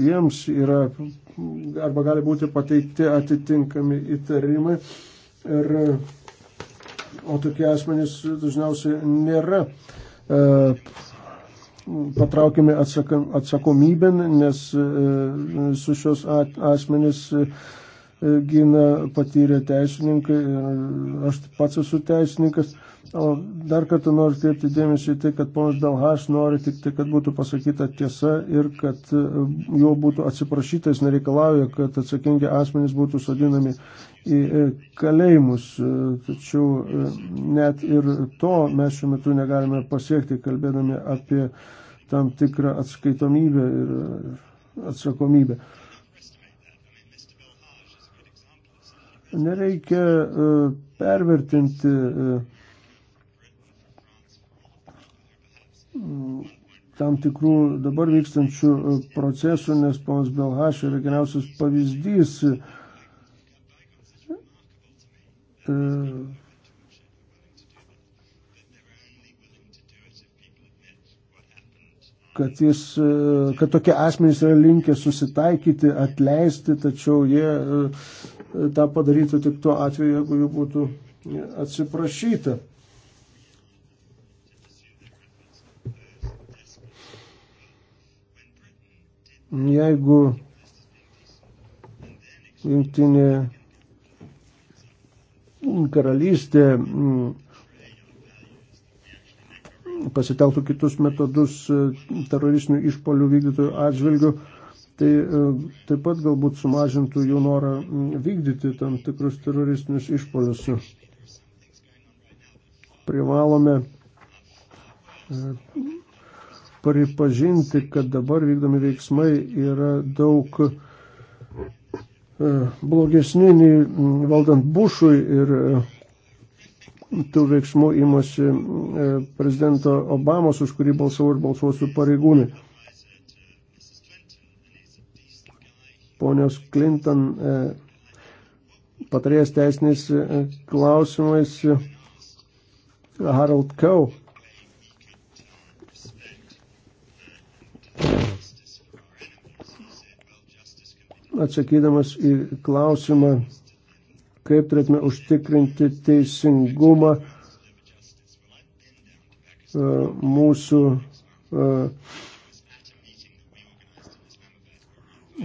Speaker 3: jiems yra arba gali būti pateikti atitinkami įtarimai. Ir, o tokie asmenys dažniausiai nėra e, patraukiami atsaka, atsakomybėn, nes e, su šios asmenys e, gina patyrę teisininkai. Aš pats esu teisininkas. E, O dar kartą noriu atkreipti dėmesį į tai, kad ponas Dalhaš nori tik tai, kad būtų pasakyta tiesa ir kad e, jo būtų atsiprašyta, jis nereikalauja, kad atsakingi asmenys būtų sodinami į e, kalėjimus. E, tačiau net ir to mes šiuo metu negalime pasiekti, kalbėdami apie tam tikrą atskaitomybę ir atsakomybę. Nereikia pervertinti uh, tam tikrų dabar vykstančių e, procesų, nes ponas Belhaš yra geriausias pavyzdys. E, kad, jis, e, kad tokie asmenys yra linkę susitaikyti, atleisti, tačiau jie tą padarytų tik tuo atveju, jeigu jų būtų atsiprašyta. Jeigu jungtinė karalystė mm, pasiteltų kitus metodus e, teroristinių išpolių vykdytojų atžvilgių, tai e, taip pat galbūt sumažintų jų norą mm, vykdyti tam tikrus teroristinius išpolius. Privalome e, pripažinti, kad dabar vykdomi veiksmai yra daug e, blogesni nei valdant Bušui ir e, tų veiksmų imasi e, prezidento Obamos, už kurį balsavau ir balsuosiu pareigūnai. Ponios Clinton patarėjas teisiniais klausimais Harold Kau atsakydamas į klausimą, kaip turėtume užtikrinti teisingumą e, mūsų e,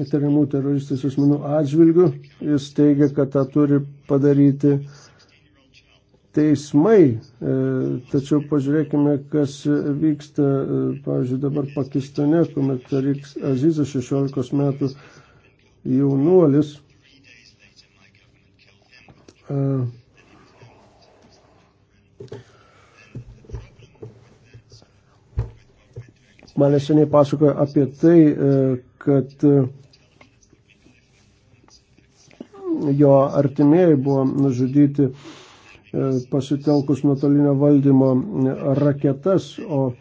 Speaker 3: įtariamų teroristais asmenų atžvilgių. Jis teigia, kad tą turi padaryti teismai. E, tačiau pažiūrėkime, kas vyksta, pavyzdžiui, dabar Pakistane, kuomet Tariks Azizas 16 metų jaunuolis man neseniai pasakojo apie tai, kad jo artimieji buvo nužudyti pasitelkus nuotolinio valdymo raketas, o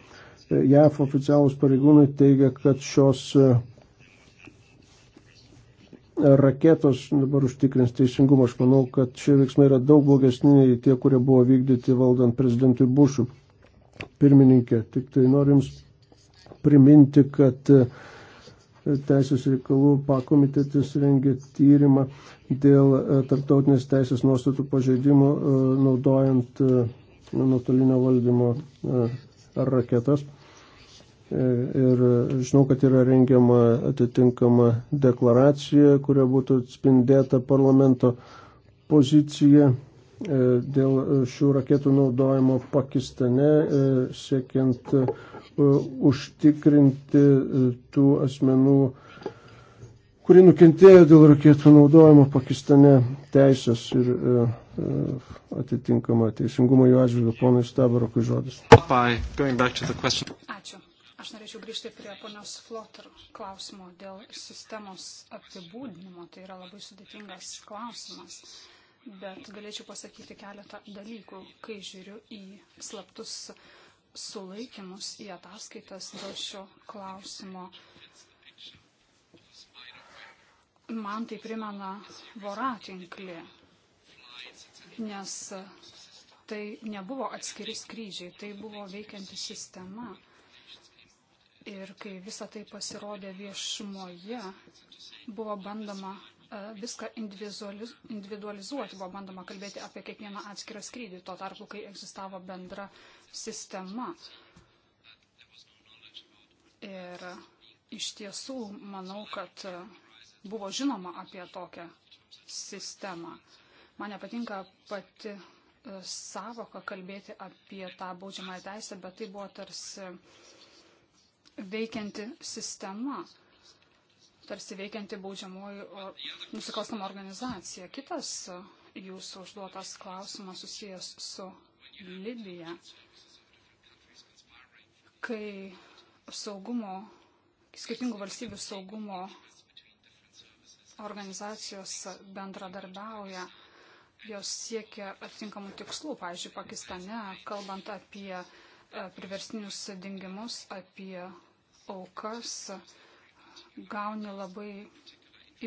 Speaker 3: JAF oficialus pareigūnai teigia, kad šios raketos dabar užtikrins teisingumą. Aš manau, kad šie veiksmai yra daug blogesni nei tie, kurie buvo vykdyti valdant prezidentui Bušui. Pirmininkė, tik tai noriu Jums priminti, kad e, Teisės reikalų pakomitetis rengia tyrimą dėl e, tarptautinės teisės nuostatų pažeidimų e, naudojant nuotolinio valdymo raketas. Ir žinau, kad yra rengiama atitinkama deklaracija, kuria būtų atspindėta parlamento pozicija e, dėl šių raketų naudojimo Pakistane, e, siekiant e, užtikrinti tų asmenų, kurie nukentėjo dėl raketų naudojimo Pakistane teisės ir atitinkamą teisingumą jų atžvilgiu. Ponai Stabarokui žodis. Ačiū.
Speaker 4: Aš norėčiau grįžti prie ponios Flotter klausimo dėl sistemos apibūdinimo. Tai yra labai sudėtingas klausimas, bet galėčiau pasakyti keletą dalykų, kai žiūriu į slaptus sulaikimus, į ataskaitas dėl šio klausimo. Man tai primena voratinklį, nes tai nebuvo atskiri skrydžiai, tai buvo veikianti sistema Ir kai visa tai pasirodė viešumoje, buvo bandoma e, viską individualizuoti, buvo bandoma kalbėti apie kiekvieną atskirą skrydį, tuo tarpu, kai egzistavo bendra sistema. Ir iš tiesų manau, kad e, buvo žinoma apie tokią sistemą. Man nepatinka pati e, savoka kalbėti apie tą baudžiamąją teisę, bet tai buvo tarsi uh, veikianti sistema, tarsi veikianti baudžiamoji nusikalstama organizacija. Kitas jūsų užduotas klausimas susijęs su Libija, kai saugumo, skirtingų valstybių saugumo organizacijos bendradarbiauja, jos siekia atitinkamų tikslų, pavyzdžiui, Pakistane, kalbant apie priversnius dingimus, apie aukas, gauni labai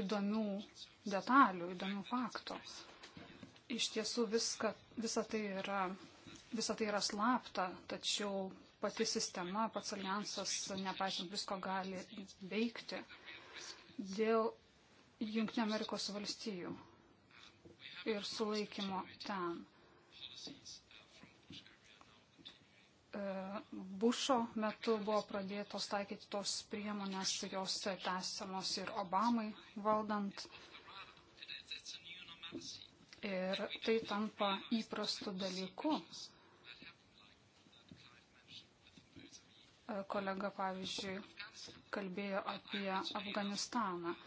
Speaker 4: įdomių detalių, įdomių faktų. Iš tiesų viską, visa, tai yra, visa tai yra slapta, tačiau pati sistema, pats alijansas, nepaisant visko, gali veikti dėl Junktinio Amerikos valstijų ir sulaikymo ten. E, Bušo metu buvo pradėtos taikyti tos priemonės, jos tęsiamos ir Obamai valdant. Ir tai tampa įprastu dalyku. E, kolega, pavyzdžiui, kalbėjo apie Afganistaną. E,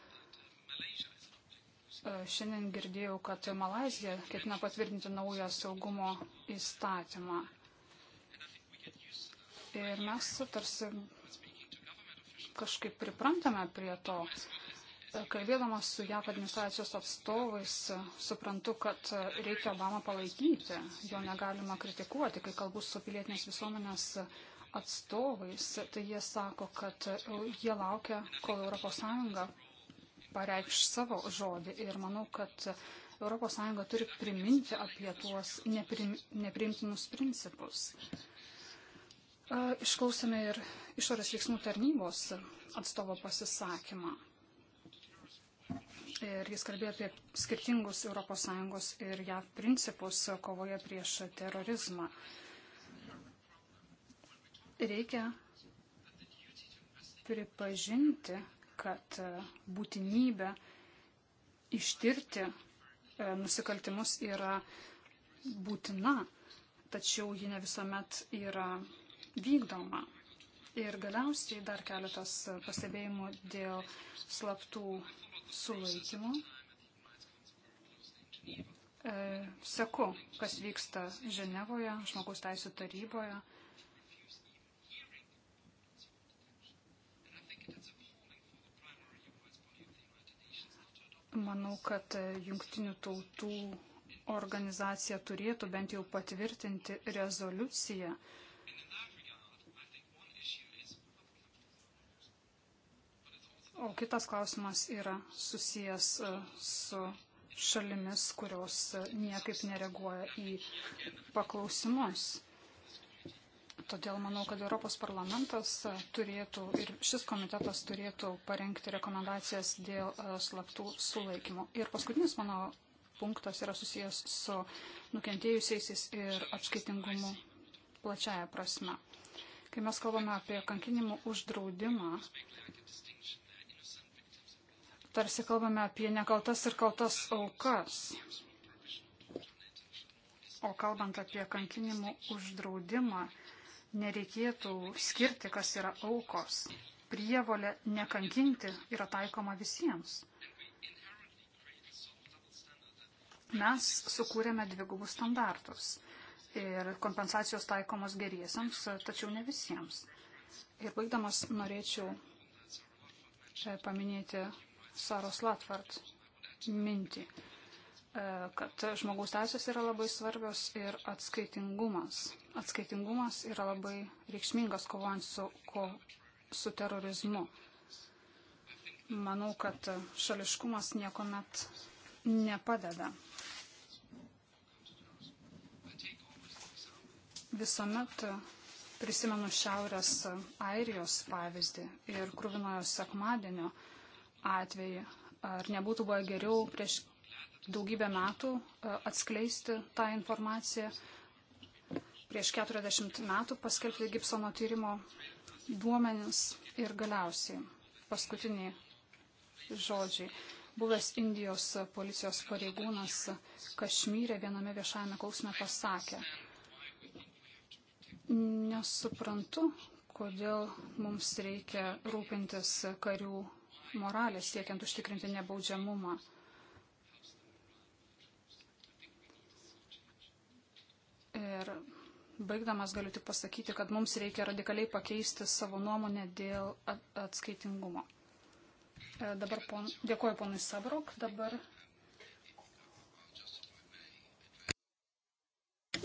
Speaker 4: šiandien girdėjau, kad Malazija ketina patvirtinti naują saugumo įstatymą. Ir mes tarsi kažkaip priprantame prie to. Kalbėdamas su JAV administracijos atstovais, suprantu, kad reikia Obamą palaikyti, jo negalima kritikuoti. Kai kalbu su pilietinės visuomenės atstovais, tai jie sako, kad jie laukia, kol ES pareikš savo žodį. Ir manau, kad ES turi priminti apie tuos neprim, neprimtinus principus. Išklausėme ir išorės veiksmų tarnybos atstovo pasisakymą. Ir jis kalbėjo apie skirtingus ES ir JAV principus kovoje prieš terorizmą. Reikia pripažinti, kad būtinybė ištirti e, nusikaltimus yra būtina, tačiau ji ne visuomet yra vykdoma. Ir galiausiai dar keletas pastebėjimų dėl slaptų sulaikymų. E, seku, kas vyksta Ženevoje, žmogaus teisų taryboje. Manau, kad jungtinių tautų organizacija turėtų bent jau patvirtinti rezoliuciją, O kitas klausimas yra susijęs e, su šalimis, kurios e, niekaip nereaguoja į paklausimus. Todėl manau, kad Europos parlamentas e, turėtų ir šis komitetas turėtų parengti rekomendacijas dėl slaptų sulaikymo. Ir paskutinis mano punktas yra susijęs su nukentėjusiais ir atskaitingumu plačiaja prasme. Kai mes kalbame apie kankinimų uždraudimą, tarsi kalbame apie nekaltas ir kaltas aukas. O kalbant apie kankinimų uždraudimą, nereikėtų skirti, kas yra aukos. Prievolė nekankinti yra taikoma visiems. Mes sukūrėme dvigubus standartus ir kompensacijos taikomos geriesiams, tačiau ne visiems. Ir baigdamas norėčiau e, paminėti Saros Latvart mintį, e, kad žmogaus teisės yra labai svarbios ir atskaitingumas. Atskaitingumas yra labai reikšmingas kovant su, ko, su terorizmu. Manau, kad šališkumas niekuomet nepadeda. Visuomet prisimenu Šiaurės Airijos pavyzdį ir Krūvinojo sekmadienio atveju. Ar nebūtų buvę geriau prieš daugybę metų e, atskleisti tą informaciją, prieš 40 metų paskelbti Gibsono tyrimo duomenis ir galiausiai paskutiniai žodžiai. Buvęs Indijos policijos pareigūnas Kašmyrė viename viešajame klausime pasakė, nesuprantu, kodėl mums reikia rūpintis karių moralės siekiant užtikrinti nebaudžiamumą. Ir baigdamas galiu tik pasakyti, kad mums reikia radikaliai pakeisti savo nuomonę dėl atskaitingumo. E, dabar pon, dėkuoju ponui Sabrok, dabar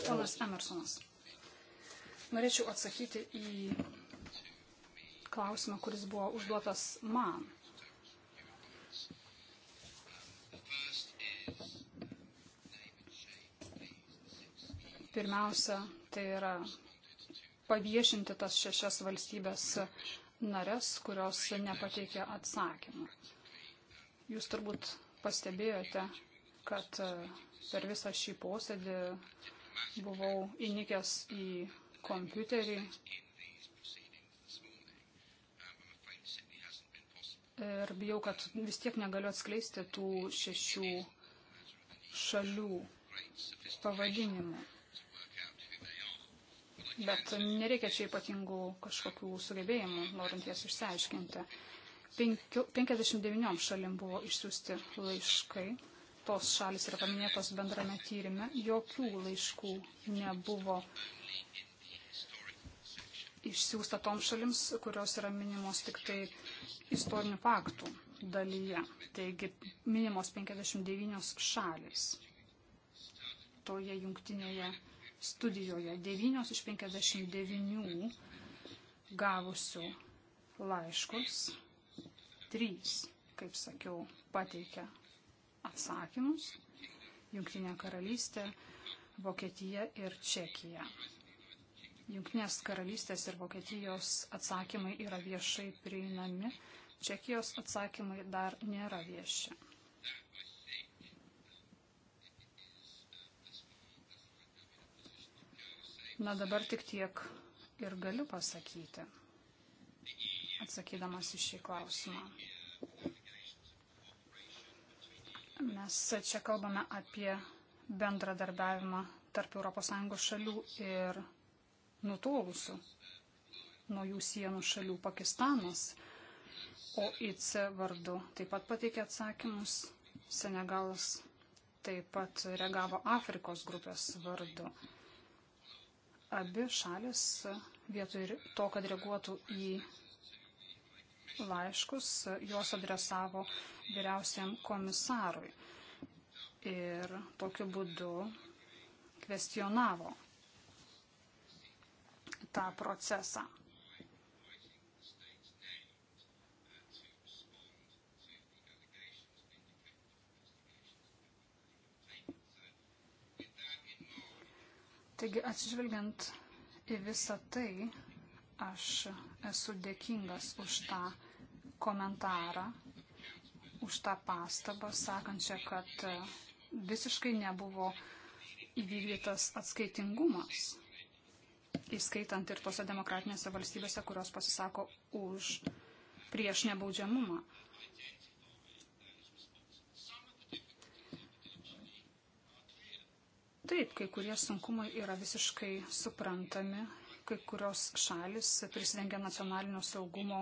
Speaker 4: Ponas Emersonas. Norėčiau atsakyti į klausimą, kuris buvo užduotas man. Pirmiausia, tai yra paviešinti tas šešias valstybės nares, kurios nepateikė atsakymą. Jūs turbūt pastebėjote, kad e, per visą šį posėdį buvau įnikęs į kompiuterį. Ir bijau, kad vis tiek negaliu atskleisti tų šešių šalių pavadinimų bet nereikia čia ypatingų kažkokių sugebėjimų, norint jas išsiaiškinti. 59 šalim buvo išsiųsti laiškai, tos šalis yra paminėtos bendrame tyrime, jokių laiškų nebuvo išsiųsta tom šalims, kurios yra minimos tik tai istorinių faktų dalyje. Taigi minimos 59 šalis toje jungtinėje studijoje. 9 iš 59 gavusių laiškus, 3, kaip sakiau, pateikia atsakymus - Junktinė karalystė, Vokietija ir Čekija. Junktinės karalystės ir Vokietijos atsakymai yra viešai prieinami, Čekijos atsakymai dar nėra vieši. Na dabar tik tiek ir galiu pasakyti, atsakydamas į šį klausimą. Mes čia kalbame apie bendradarbiavimą tarp ES šalių ir nutolusių nuo jų sienų šalių Pakistanas, o IC vardu taip pat pateikė atsakymus Senegalas, taip pat reagavo Afrikos grupės vardu abi šalis vietoj to, kad reaguotų į laiškus, juos adresavo vyriausiam komisarui. Ir tokiu būdu kvestionavo tą procesą. Taigi, atsižvelgiant į visą tai, aš esu dėkingas už tą komentarą, už tą pastabą, sakančią, kad visiškai nebuvo įvykdytas atskaitingumas, įskaitant ir tose demokratinėse valstybėse, kurios pasisako už prieš nebaudžiamumą. Taip, kai kurie sunkumai yra visiškai suprantami, kai kurios šalis prisidengia nacionalinio saugumo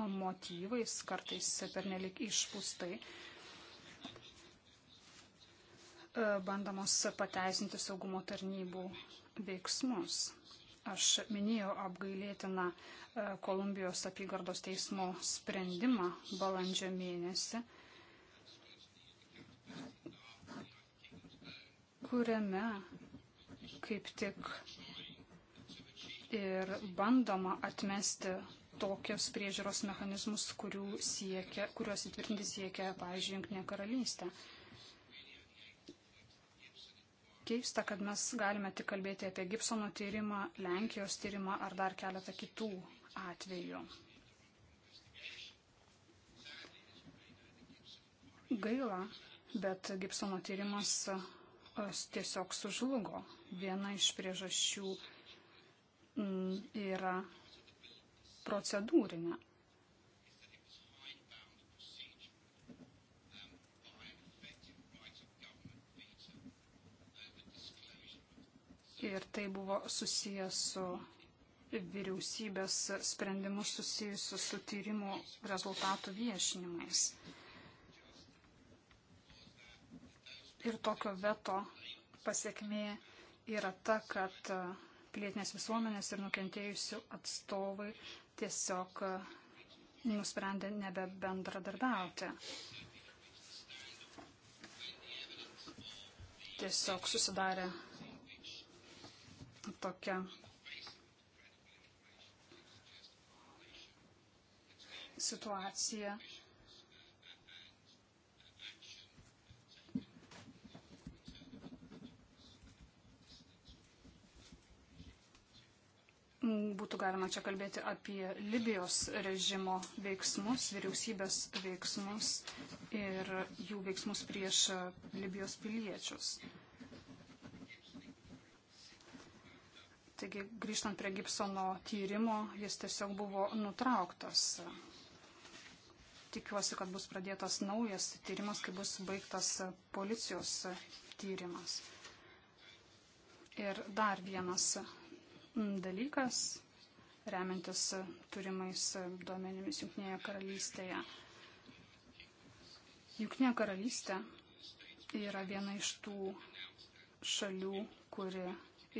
Speaker 4: e, motyvais, kartais pernelik išpūstai, e, bandamos pateisinti saugumo tarnybų veiksmus. Aš minėjau apgailėtiną e, Kolumbijos apygardos teismo sprendimą balandžio mėnesį kuriame kaip tik ir bandoma atmesti tokius priežiūros mechanizmus, siekia, kuriuos įtvirtinti siekia, pavyzdžiui, Junktinė karalystė. Keista, kad mes galime tik kalbėti apie Gibsono tyrimą, Lenkijos tyrimą ar dar keletą kitų atvejų. Gaila, bet Gibsono tyrimas tiesiog sužlugo. Viena iš priežasčių mm, yra procedūrinė. Ir tai buvo susijęs su vyriausybės sprendimus susijusius su tyrimų rezultatų viešinimais. Ir tokio veto pasiekmė yra ta, kad e, pilietinės visuomenės ir nukentėjusių atstovai tiesiog e, nusprendė nebebendradarbiauti. Tiesiog susidarė tokia situacija, Būtų galima čia kalbėti apie Libijos režimo veiksmus, vyriausybės veiksmus ir jų veiksmus prieš Libijos piliečius. Taigi, grįžtant prie Gibsono tyrimo, jis tiesiog buvo nutrauktas. Tikiuosi, kad bus pradėtas naujas tyrimas, kai bus baigtas policijos tyrimas. Ir dar vienas dalykas, remiantis turimais duomenimis Junktinėje karalystėje. Junktinė karalystė yra viena iš tų šalių, kuri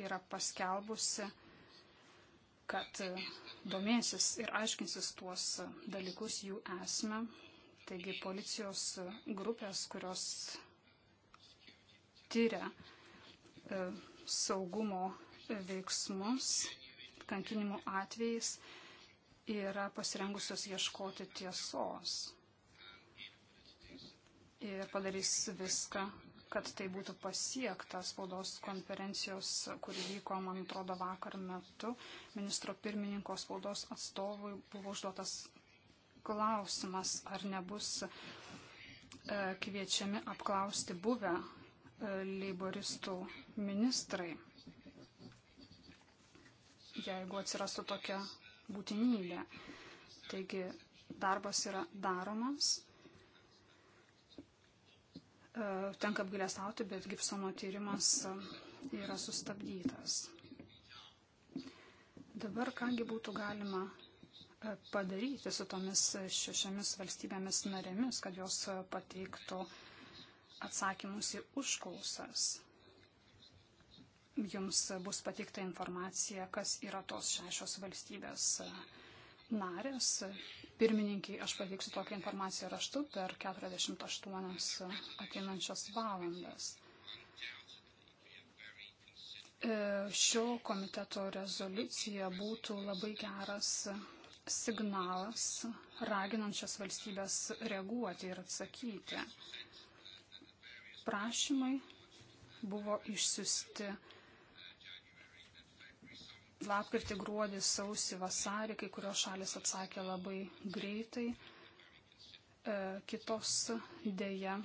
Speaker 4: yra paskelbusi, kad domėsis ir aiškinsis tuos dalykus jų esmę. Taigi policijos grupės, kurios tyria e, saugumo veiksmus kankinimų atvejais yra pasirengusios ieškoti tiesos. Ir padarys viską, kad tai būtų pasiekta spaudos konferencijos, kur vyko, man atrodo, vakar metu. Ministro pirmininko spaudos atstovui buvo užduotas klausimas, ar nebus e, kviečiami apklausti buvę e, leiboristų ministrai jeigu atsirastų tokia būtinybė. Taigi darbas yra daromas. E, tenka apgailestauti, bet Gibsono tyrimas e, yra sustabdytas. Dabar kągi būtų galima e, padaryti su tomis šešiamis valstybėmis narėmis, kad jos pateiktų atsakymus į užklausas jums bus patikta informacija, kas yra tos šešios valstybės narės. Pirmininkiai aš pateiksiu tokią informaciją raštu per 48 ateinančias valandas. E, šio komiteto rezoliucija būtų labai geras signalas raginančias valstybės reaguoti ir atsakyti. Prašymai buvo išsiusti lapkritį, gruodį, sausį, vasarį, kai kurios šalis atsakė labai greitai, e, kitos dėja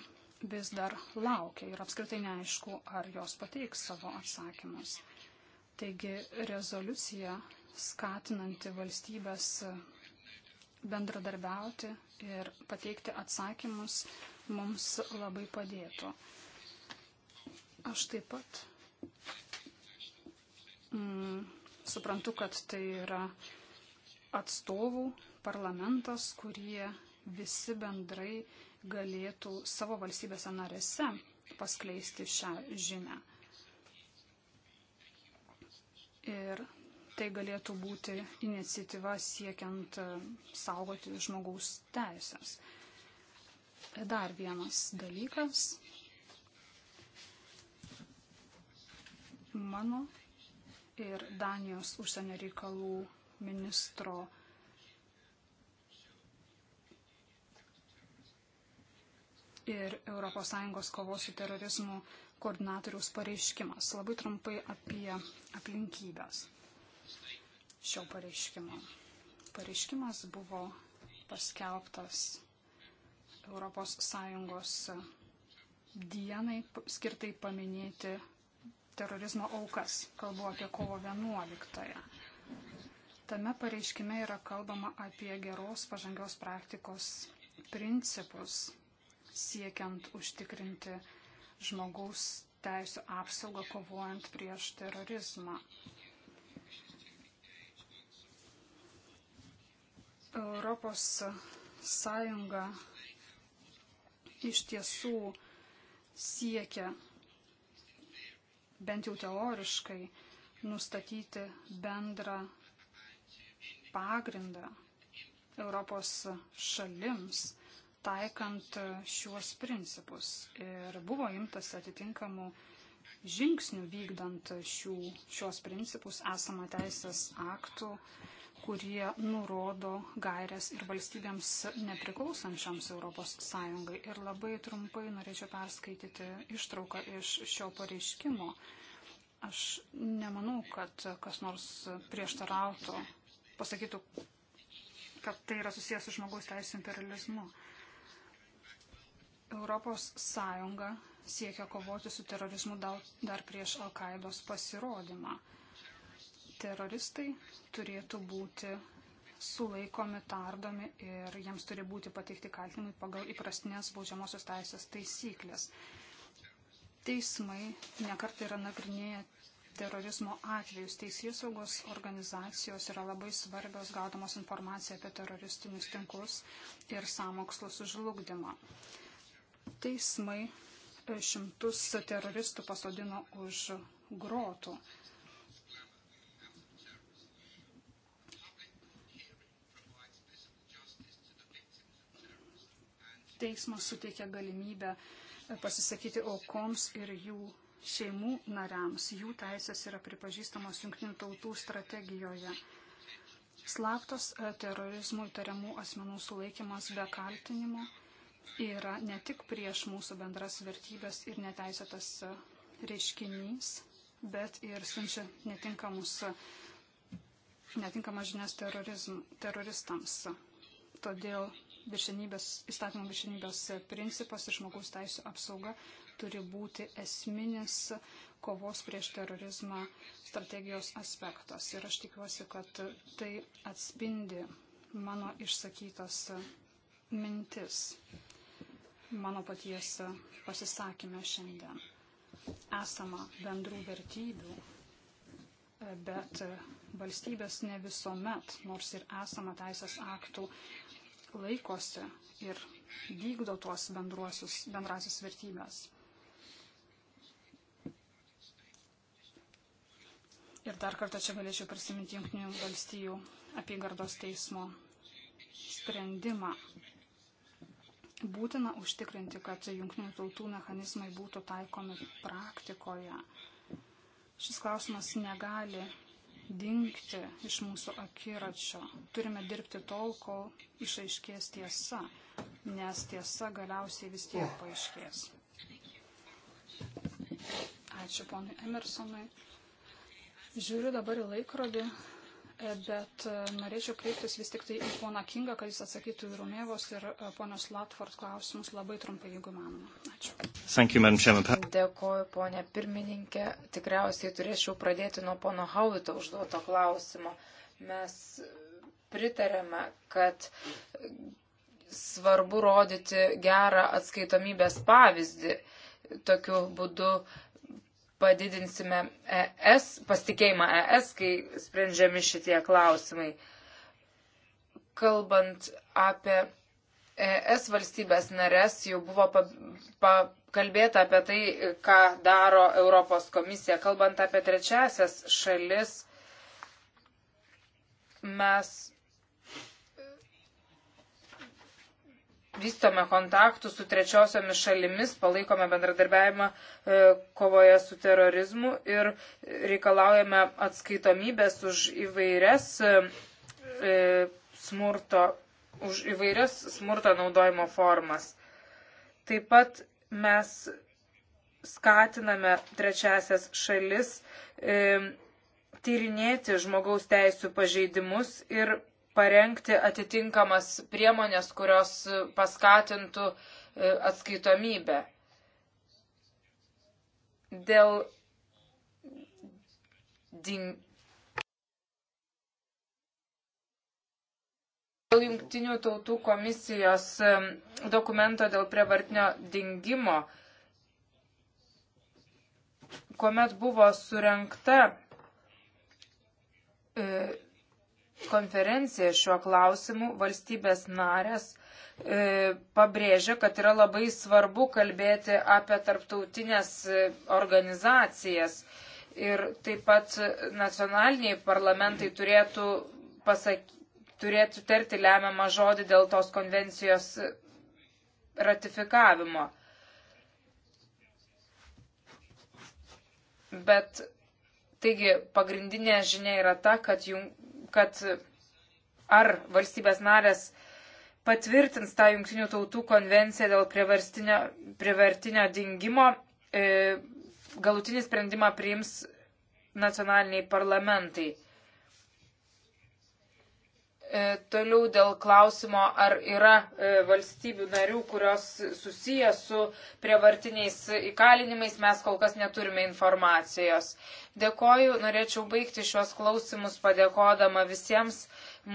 Speaker 4: vis dar laukia ir apskritai neaišku, ar jos pateiks savo atsakymus. Taigi rezoliucija skatinanti valstybės bendradarbiauti ir pateikti atsakymus mums labai padėtų. Aš taip pat mm, Suprantu, kad tai yra atstovų parlamentas, kurie visi bendrai galėtų savo valstybėse narėse paskleisti šią žinę. Ir tai galėtų būti iniciatyva siekiant e, saugoti žmogaus teisės. Dar vienas dalykas. Mano ir Danijos užsienio reikalų ministro ir ES kovos su terorizmu koordinatoriaus pareiškimas. Labai trumpai apie aplinkybės šio pareiškimo. Pareiškimas buvo paskelbtas ES dienai skirtai paminėti terorizmo aukas. Kalbu apie kovo 11-ąją. Tame pareiškime yra kalbama apie geros pažangios praktikos principus, siekiant užtikrinti žmogaus teisų apsaugą kovojant prieš terorizmą. Europos Sąjunga iš tiesų siekia bent jau teoriškai nustatyti bendrą pagrindą Europos šalims taikant šiuos principus. Ir buvo imtas atitinkamų žingsnių vykdant šių, šios principus esama teisės aktų kurie nurodo gairias ir valstybėms nepriklausančioms ES. Ir labai trumpai norėčiau perskaityti ištrauką iš šio pareiškimo. Aš nemanau, kad kas nors prieštarautų, pasakytų, kad tai yra susijęs su žmogaus teisų imperializmu. Europos Sąjunga siekia kovoti su terorizmu dar prieš Al-Qaidos pasirodymą teroristai turėtų būti sulaikomi, tardomi ir jiems turi būti pateikti kaltinimai pagal įprastinės baudžiamosios teisės taisyklės. Teismai nekart yra nagrinėję terorizmo atvejus. Teisėsaugos organizacijos yra labai svarbios gaudamos informaciją apie teroristinius tinklus ir samokslo sužlugdymą. Teismai e, šimtus teroristų pasodino už grotų. teismas suteikia galimybę e, pasisakyti aukoms ir jų šeimų nariams. Jų teisės yra pripažįstamos Junktinių tautų strategijoje. Slaptas e, terorizmų įtariamų asmenų sulaikimas be kaltinimo yra ne tik prieš mūsų bendras vertybės ir neteisėtas e, reiškinys, bet ir siunčia netinkamus, netinkamas žinias teroristams. Todėl viršenybės, įstatymų viršenybės principas ir žmogaus teisų apsauga turi būti esminis kovos prieš terorizmą strategijos aspektas. Ir aš tikiuosi, kad tai atspindi mano išsakytas mintis mano paties pasisakymę šiandien. Esama bendrų vertybių, bet valstybės ne visuomet, nors ir esama teisės aktų, laikosi ir vykdo tuos bendrasius vertybės. Ir dar kartą čia galėčiau prisiminti Junktinių valstijų apygardos teismo sprendimą. Būtina užtikrinti, kad Junktinių tautų mechanizmai būtų taikomi praktikoje. Šis klausimas negali dinkti iš mūsų akiračio. Turime dirbti tol, kol išaiškės tiesa, nes tiesa galiausiai vis tiek paaiškės. Ačiū ponui Emersonui. Žiūriu dabar į laikrodį, E, bet e, norėčiau kreiptis vis tik tai į poną Kingą, kad jis atsakytų į Rumėvos ir e, ponios Latford klausimus labai trumpai, jeigu manoma. Ačiū.
Speaker 2: Thank you,
Speaker 4: Dėkoju, ponė pirmininkė.
Speaker 2: Tikriausiai turėčiau pradėti nuo pono Hauvito užduoto klausimo. Mes pritarėme, kad svarbu rodyti gerą atskaitomybės pavyzdį. Tokiu būdu padidinsime ES, pasitikėjimą ES, kai sprendžiami šitie klausimai. Kalbant apie ES valstybės narės, jau buvo pakalbėta apie tai, ką daro Europos komisija. Kalbant apie trečiasias šalis, mes vystome kontaktų su trečiosiomis šalimis, palaikome bendradarbiavimą e, kovoje su terorizmu ir reikalaujame atskaitomybės už įvairias e, e, smurto, už įvairias smurto naudojimo formas. Taip pat mes skatiname trečiasias šalis e, tyrinėti žmogaus teisų pažeidimus ir parengti atitinkamas priemonės, kurios paskatintų e, atskaitomybę. Dėl ding... Dėl jungtinių tautų komisijos e, dokumento dėl prievartinio dingimo, kuomet buvo surenkta e, konferencija šiuo klausimu valstybės narės e, pabrėžia, kad yra labai svarbu kalbėti apie tarptautinės e, organizacijas. Ir taip pat nacionaliniai parlamentai turėtų, pasak, turėtų tarti lemiamą žodį dėl tos konvencijos ratifikavimo. Bet Taigi pagrindinė žinia yra ta, kad jung, kad ar valstybės narės patvirtins tą Junktinių tautų konvenciją dėl priverstinio, privertinio dingimo, e, galutinį sprendimą priims nacionaliniai parlamentai. E, toliau dėl klausimo, ar yra e, valstybių narių, kurios susiję su prievartiniais įkalinimais, mes kol kas neturime informacijos. Dėkoju, norėčiau baigti šios klausimus padėkodama visiems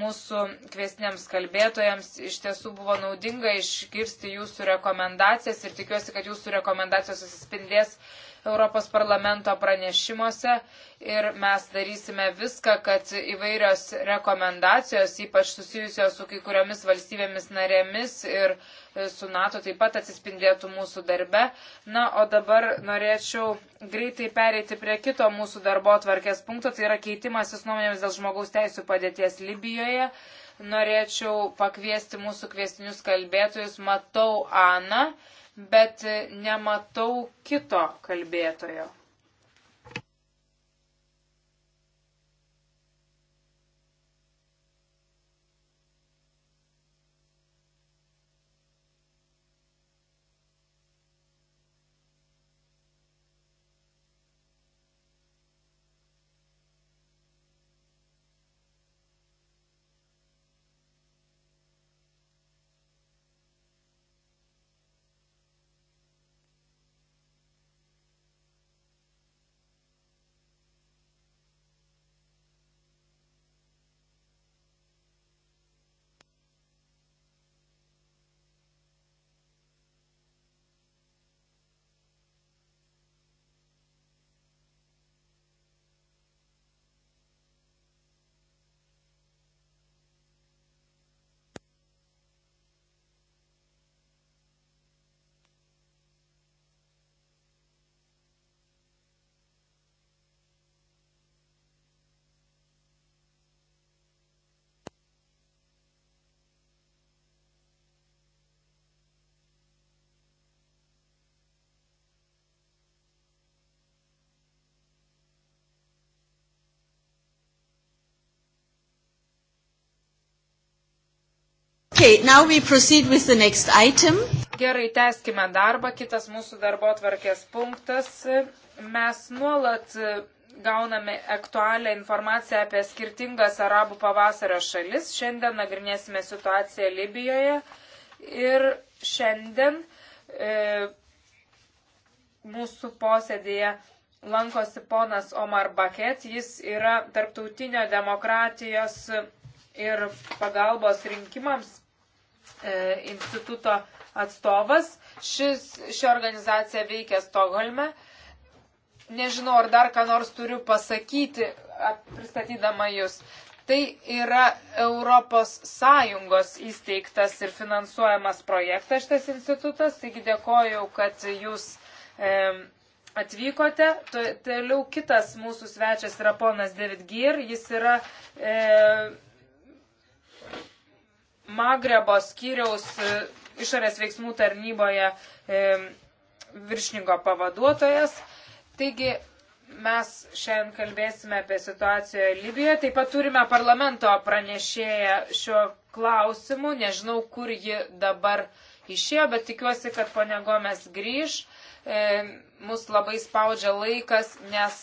Speaker 2: mūsų kviesniams kalbėtojams. Iš tiesų buvo naudinga išgirsti jūsų rekomendacijas ir tikiuosi, kad jūsų rekomendacijos atsispindės Europos parlamento pranešimuose ir mes darysime viską, kad įvairios rekomendacijos, ypač susijusios su kai kuriomis valstybėmis narėmis ir e, su NATO taip pat atsispindėtų mūsų darbe. Na, o dabar norėčiau greitai pereiti prie kito mūsų darbo tvarkės punkto, tai yra keitimasis nuomonėmis dėl žmogaus teisų padėties Libijoje. Norėčiau pakviesti mūsų kvestinius kalbėtojus. Matau Aną bet nematau kito kalbėtojo.
Speaker 1: Okay, now we proceed with the next item.
Speaker 2: Gerai, tęskime darbą. Kitas mūsų darbo atvarkės punktas. Mes nuolat gauname aktualią informaciją apie skirtingas arabų pavasario šalis. Šiandien nagrinėsime situaciją Libijoje. Ir šiandien e, mūsų posėdėje lankosi ponas Omar Baket. Jis yra tarptautinio demokratijos ir pagalbos rinkimams E, instituto atstovas. Šis, ši organizacija veikia Stokholme. Nežinau, ar dar ką nors turiu pasakyti, pristatydama jūs. Tai yra Europos Sąjungos įsteigtas ir finansuojamas projektas šitas institutas, taigi dėkoju, kad jūs e, atvykote. Toliau kitas mūsų svečias yra ponas David Gir, jis yra e, Magrebo skyriaus e, išorės veiksmų tarnyboje e, viršininko pavaduotojas. Taigi mes šiandien kalbėsime apie situaciją Libijoje. Taip pat turime parlamento pranešėją šiuo klausimu. Nežinau, kur ji dabar išėjo, bet tikiuosi, kad ponia Gomes grįž. E, mus labai spaudžia laikas, nes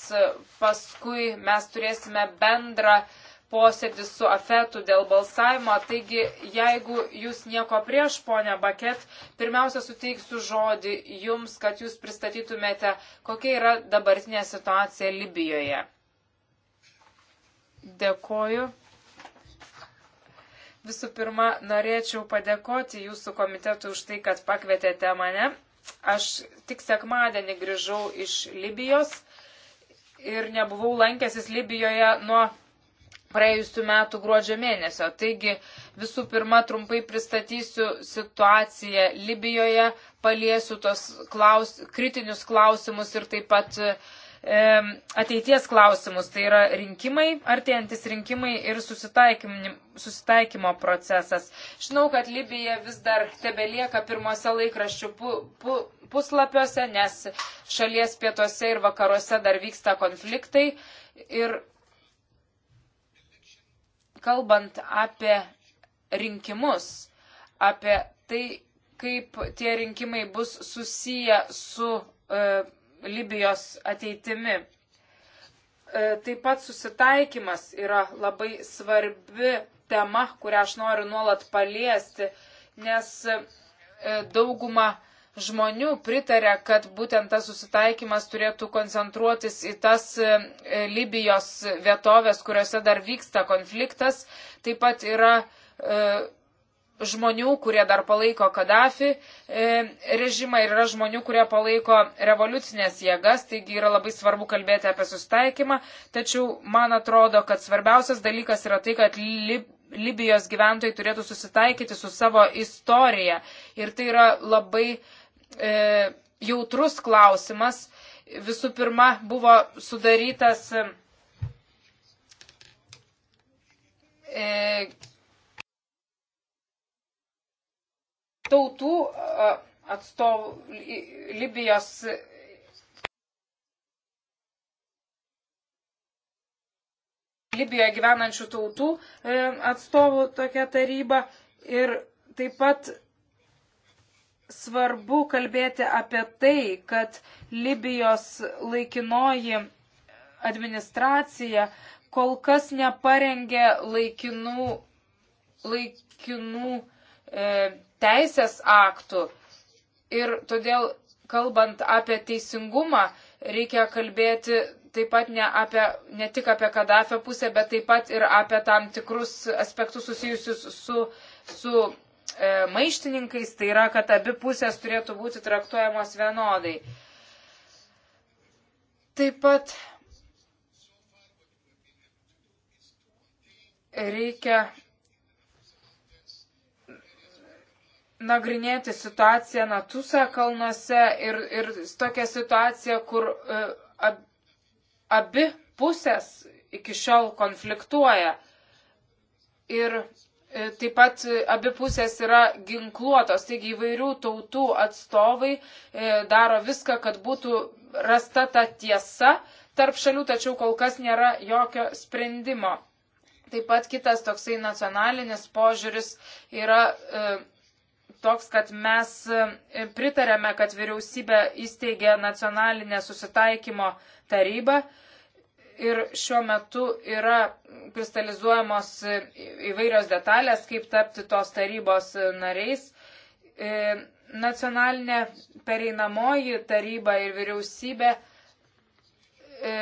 Speaker 2: paskui mes turėsime bendrą e, posėdis su afetu dėl balsavimo. Taigi, jeigu jūs nieko prieš, ponia Baket, pirmiausia suteiksiu žodį jums, kad jūs pristatytumėte, kokia yra dabartinė situacija Libijoje. Dėkoju. Visų pirma, norėčiau padėkoti jūsų komitetui už tai, kad pakvietėte mane. Aš tik sekmadienį grįžau iš Libijos ir nebuvau lankęsis Libijoje nuo praėjusių metų gruodžio mėnesio. Taigi visų pirma trumpai pristatysiu situaciją Libijoje, paliesiu tos klaus, kritinius klausimus ir taip pat e, ateities klausimus. Tai yra rinkimai, artėjantis rinkimai ir susitaikymo procesas. Žinau, kad Libija vis dar tebelieka pirmose laikraščių pu, pu, puslapiuose, nes šalies pietuose ir vakaruose dar vyksta konfliktai. Ir kalbant apie rinkimus, apie tai, kaip tie rinkimai bus susiję su e, Libijos ateitimi. E, taip pat susitaikymas yra labai svarbi tema, kurią aš noriu nuolat paliesti, nes e, dauguma žmonių pritarė, kad būtent tas susitaikymas turėtų koncentruotis į tas e, Libijos vietovės, kuriuose dar vyksta konfliktas. Taip pat yra e, žmonių, kurie dar palaiko Kadafi e, režimą ir yra žmonių, kurie palaiko revoliucinės jėgas, taigi yra labai svarbu kalbėti apie sustaikymą, tačiau man atrodo, kad svarbiausias dalykas yra tai, kad Lib Libijos gyventojai turėtų susitaikyti su savo istorija ir tai yra labai e, jautrus klausimas. Visų pirma, buvo sudarytas e, tautų e, atstovų Libijos Libijoje gyvenančių tautų e, atstovų tokia taryba ir taip pat svarbu kalbėti apie tai, kad Libijos laikinoji administracija kol kas neparengė laikinų, laikinų e, teisės aktų. Ir todėl, kalbant apie teisingumą, reikia kalbėti taip pat ne, apie, ne tik apie Kadafio pusę, bet taip pat ir apie tam tikrus aspektus susijusius su, su E, maištininkais, tai yra, kad abi pusės turėtų būti traktuojamos vienodai. Taip pat reikia nagrinėti situaciją Natusa kalnuose ir, ir tokią situaciją, kur e, ab, abi pusės iki šiol konfliktuoja. Ir E, taip pat e, abi pusės yra ginkluotos, taigi įvairių tautų atstovai e, daro viską, kad būtų rasta ta tiesa tarp šalių, tačiau kol kas nėra jokio sprendimo. Taip pat kitas toksai nacionalinis požiūris yra toks, kad mes pritarėme, kad vyriausybė įsteigė nacionalinę susitaikymo tarybą, ir šiuo metu yra kristalizuojamos įvairios detalės, kaip tapti tos tarybos nariais. E, nacionalinė pereinamoji taryba ir vyriausybė e,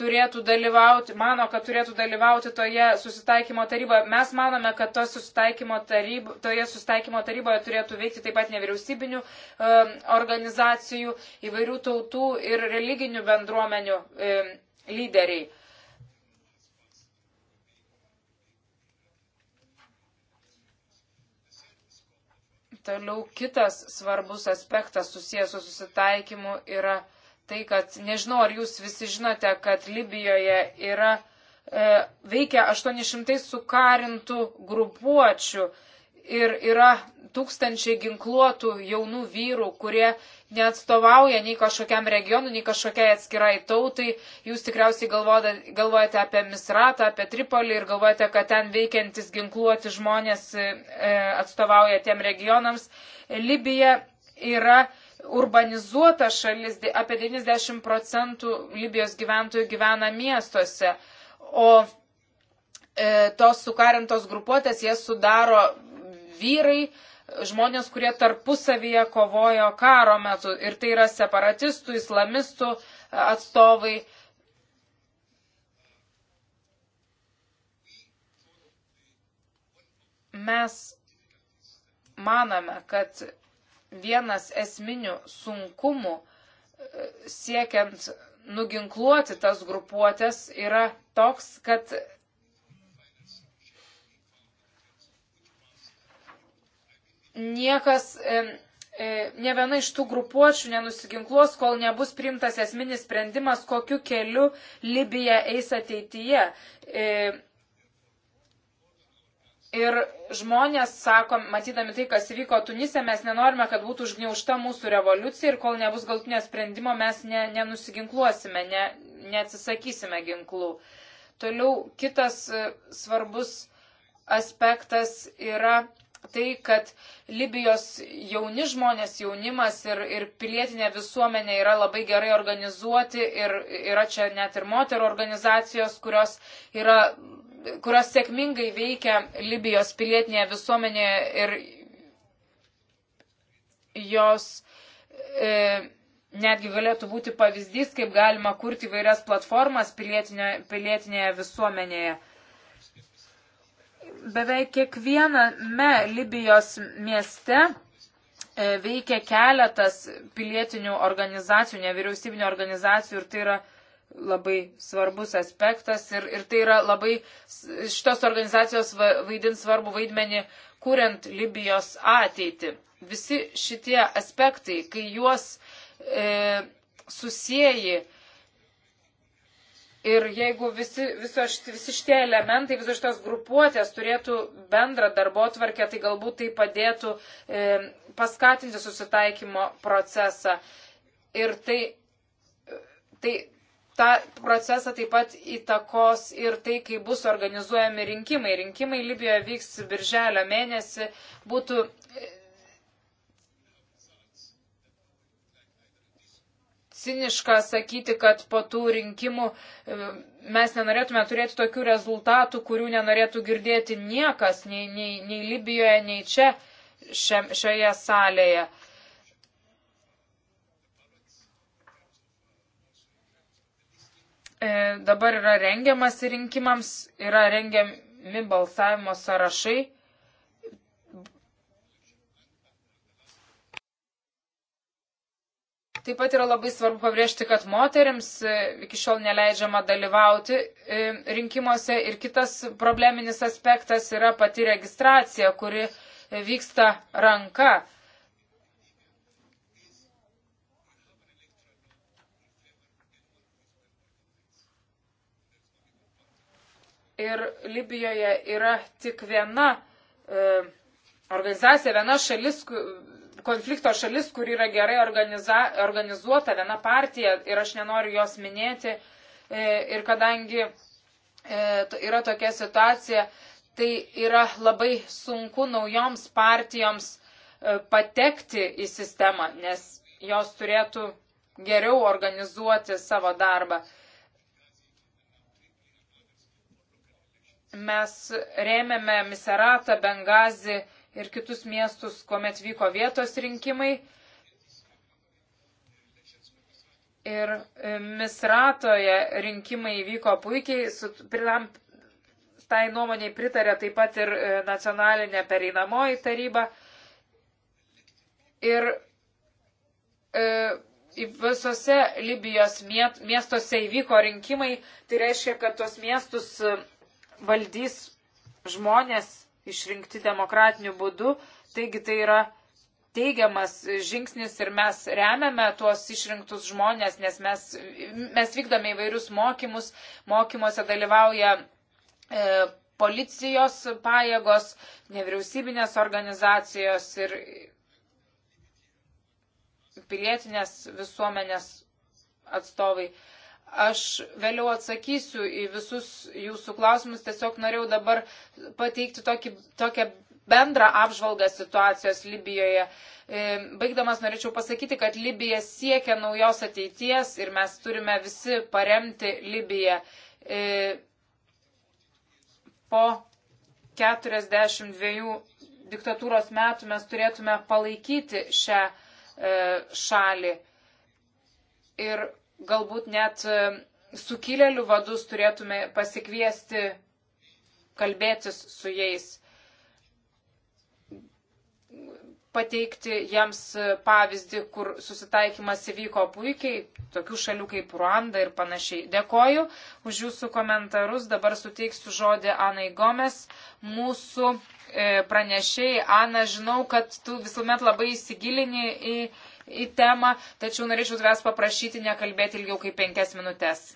Speaker 2: turėtų dalyvauti, mano, kad turėtų dalyvauti toje susitaikymo taryboje. Mes manome, kad to susitaikymo tarybo, toje susitaikymo taryboje turėtų veikti taip pat nevyriausybinių e, organizacijų, įvairių tautų ir religinių bendruomenių e, lyderiai. Toliau kitas svarbus aspektas susijęs su susitaikymu yra tai, kad nežinau, ar jūs visi žinote, kad Libijoje yra e, veikia 800 sukarintų grupuočių ir yra tūkstančiai ginkluotų jaunų vyrų, kurie neatstovauja nei kažkokiam regionui, nei kažkokiai atskirai tautai. Jūs tikriausiai galvojate apie Misratą, apie Tripolį ir galvojate, kad ten veikiantis ginkluoti žmonės e, atstovauja tiem regionams. Libija yra urbanizuota šalis, apie 90 procentų Libijos gyventojų gyvena miestuose, o e, tos sukarintos grupuotės jas sudaro vyrai, žmonės, kurie tarpusavyje kovojo karo metu. Ir tai yra separatistų, islamistų e, atstovai. Mes maname, kad vienas esminių sunkumų e, siekiant nuginkluoti tas grupuotės yra toks, kad niekas, e, e, ne viena iš tų grupuočių nenusiginkluos, kol nebus priimtas esminis sprendimas, kokiu keliu Libija eis ateityje. E, Ir žmonės sako, matydami tai, kas įvyko Tunise, mes nenorime, kad būtų užgniaužta mūsų revoliucija ir kol nebus galtinio sprendimo, mes ne, nenusiginkluosime, ne, neatsisakysime ginklų. Toliau kitas e, svarbus aspektas yra tai, kad Libijos jauni žmonės, jaunimas ir, ir pilietinė visuomenė yra labai gerai organizuoti ir yra čia net ir moterų organizacijos, kurios yra kurios sėkmingai veikia Libijos pilietinėje visuomenėje ir jos e, netgi galėtų būti pavyzdys, kaip galima kurti vairias platformas pilietinė, pilietinėje visuomenėje. Beveik kiekviename Libijos mieste e, veikia keletas pilietinių organizacijų, nevyriausybinio organizacijų ir tai yra e, labai svarbus aspektas ir, ir tai yra labai, šitos organizacijos vaidins svarbu vaidmenį, kuriant Libijos ateitį. Visi šitie aspektai, kai juos e, susijai ir jeigu visi, viso, visi šitie elementai, visos šitos grupuotės turėtų bendrą darbo tvarkę, tai galbūt tai padėtų e, paskatinti susitaikymo procesą. Ir tai, tai tą procesą taip pat įtakos ir tai, kaip bus organizuojami rinkimai. Rinkimai Libijoje vyks birželio mėnesį. Būtų ciniška sakyti, kad po tų rinkimų e, mes nenorėtume turėti tokių rezultatų, kurių nenorėtų girdėti niekas, nei, nei, nei Libijoje, nei čia šiam, šioje salėje. E, dabar yra rengiamas rinkimams, yra rengiami balsavimo sąrašai. Taip pat yra labai svarbu pabrėžti, kad moteriams e, iki šiol neleidžiama dalyvauti e, rinkimuose ir kitas probleminis aspektas yra pati registracija, kuri vyksta ranka. ir Libijoje yra tik viena e, organizacija, viena šalis, konflikto šalis, kur yra gerai organiza, organizuota, viena partija ir aš nenoriu jos minėti. E, ir kadangi e, yra tokia situacija, tai yra labai sunku naujoms partijoms e, patekti į sistemą, nes jos turėtų geriau organizuoti savo darbą. E, Mes rėmėme Miseratą, Bengazį ir kitus miestus, kuomet vyko vietos rinkimai. Ir e, Misratoje rinkimai vyko puikiai, su, prilam, tai nuomoniai pritarė taip pat ir e, nacionalinė pereinamoji taryba. Ir e, visose Libijos miestuose įvyko rinkimai, tai reiškia, kad tos miestus valdys žmonės išrinkti demokratiniu būdu, taigi tai yra teigiamas žingsnis ir mes remiame tuos išrinktus žmonės, nes mes, mes vykdome įvairius mokymus, mokymuose dalyvauja e, policijos pajėgos, nevyriausybinės organizacijos ir pilietinės visuomenės atstovai. E, Aš vėliau atsakysiu į visus jūsų klausimus, tiesiog norėjau dabar pateikti tokį, tokią bendrą apžvalgą situacijos Libijoje. E, baigdamas norėčiau pasakyti, kad Libija siekia naujos ateities ir mes turime visi paremti Libiją. E, po 42 diktatūros metų mes turėtume palaikyti šią e, šalį. Ir galbūt net e, sukilėlių vadus turėtume pasikviesti kalbėtis su jais, pateikti jiems pavyzdį, kur susitaikymas įvyko puikiai, tokių šalių kaip Ruanda ir panašiai. Dėkoju už jūsų komentarus. Dabar suteiksiu žodį Anai Gomes, mūsų e, pranešėjai. Ana, žinau, kad tu visuomet labai įsigilini į į temą, tačiau norėčiau tavęs paprašyti nekalbėti ilgiau kaip penkias minutės.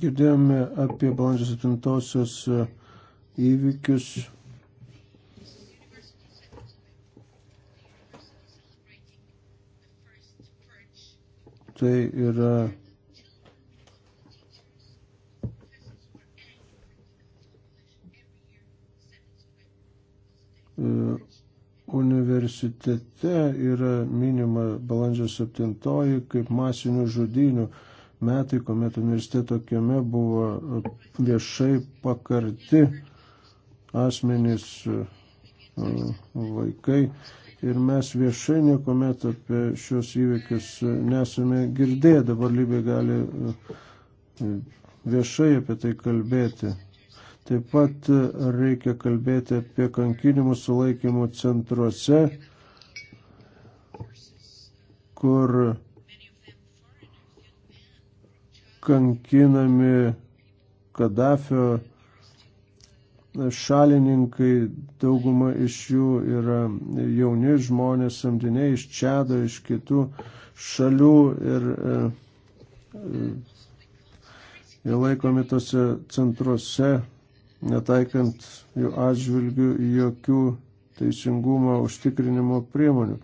Speaker 3: Girdėjome apie balandžio 7-osios e, įvykius. Tai yra universitete yra minima balandžio 7 kaip masinių žudynių metai, kuomet universiteto kieme buvo viešai pakarti asmenys e, vaikai. Ir mes viešai niekuomet apie šios įvykius nesame girdėję, dabar Libija gali e, viešai apie tai kalbėti. Taip pat reikia kalbėti apie kankinimų sulaikymų centruose, kur kankinami Kadafio šalininkai, dauguma iš jų yra jauni žmonės, samdiniai iš Čado, iš kitų šalių ir e, e, jie laikomi tose centruose netaikant jų atžvilgių jokių teisingumo užtikrinimo priemonių.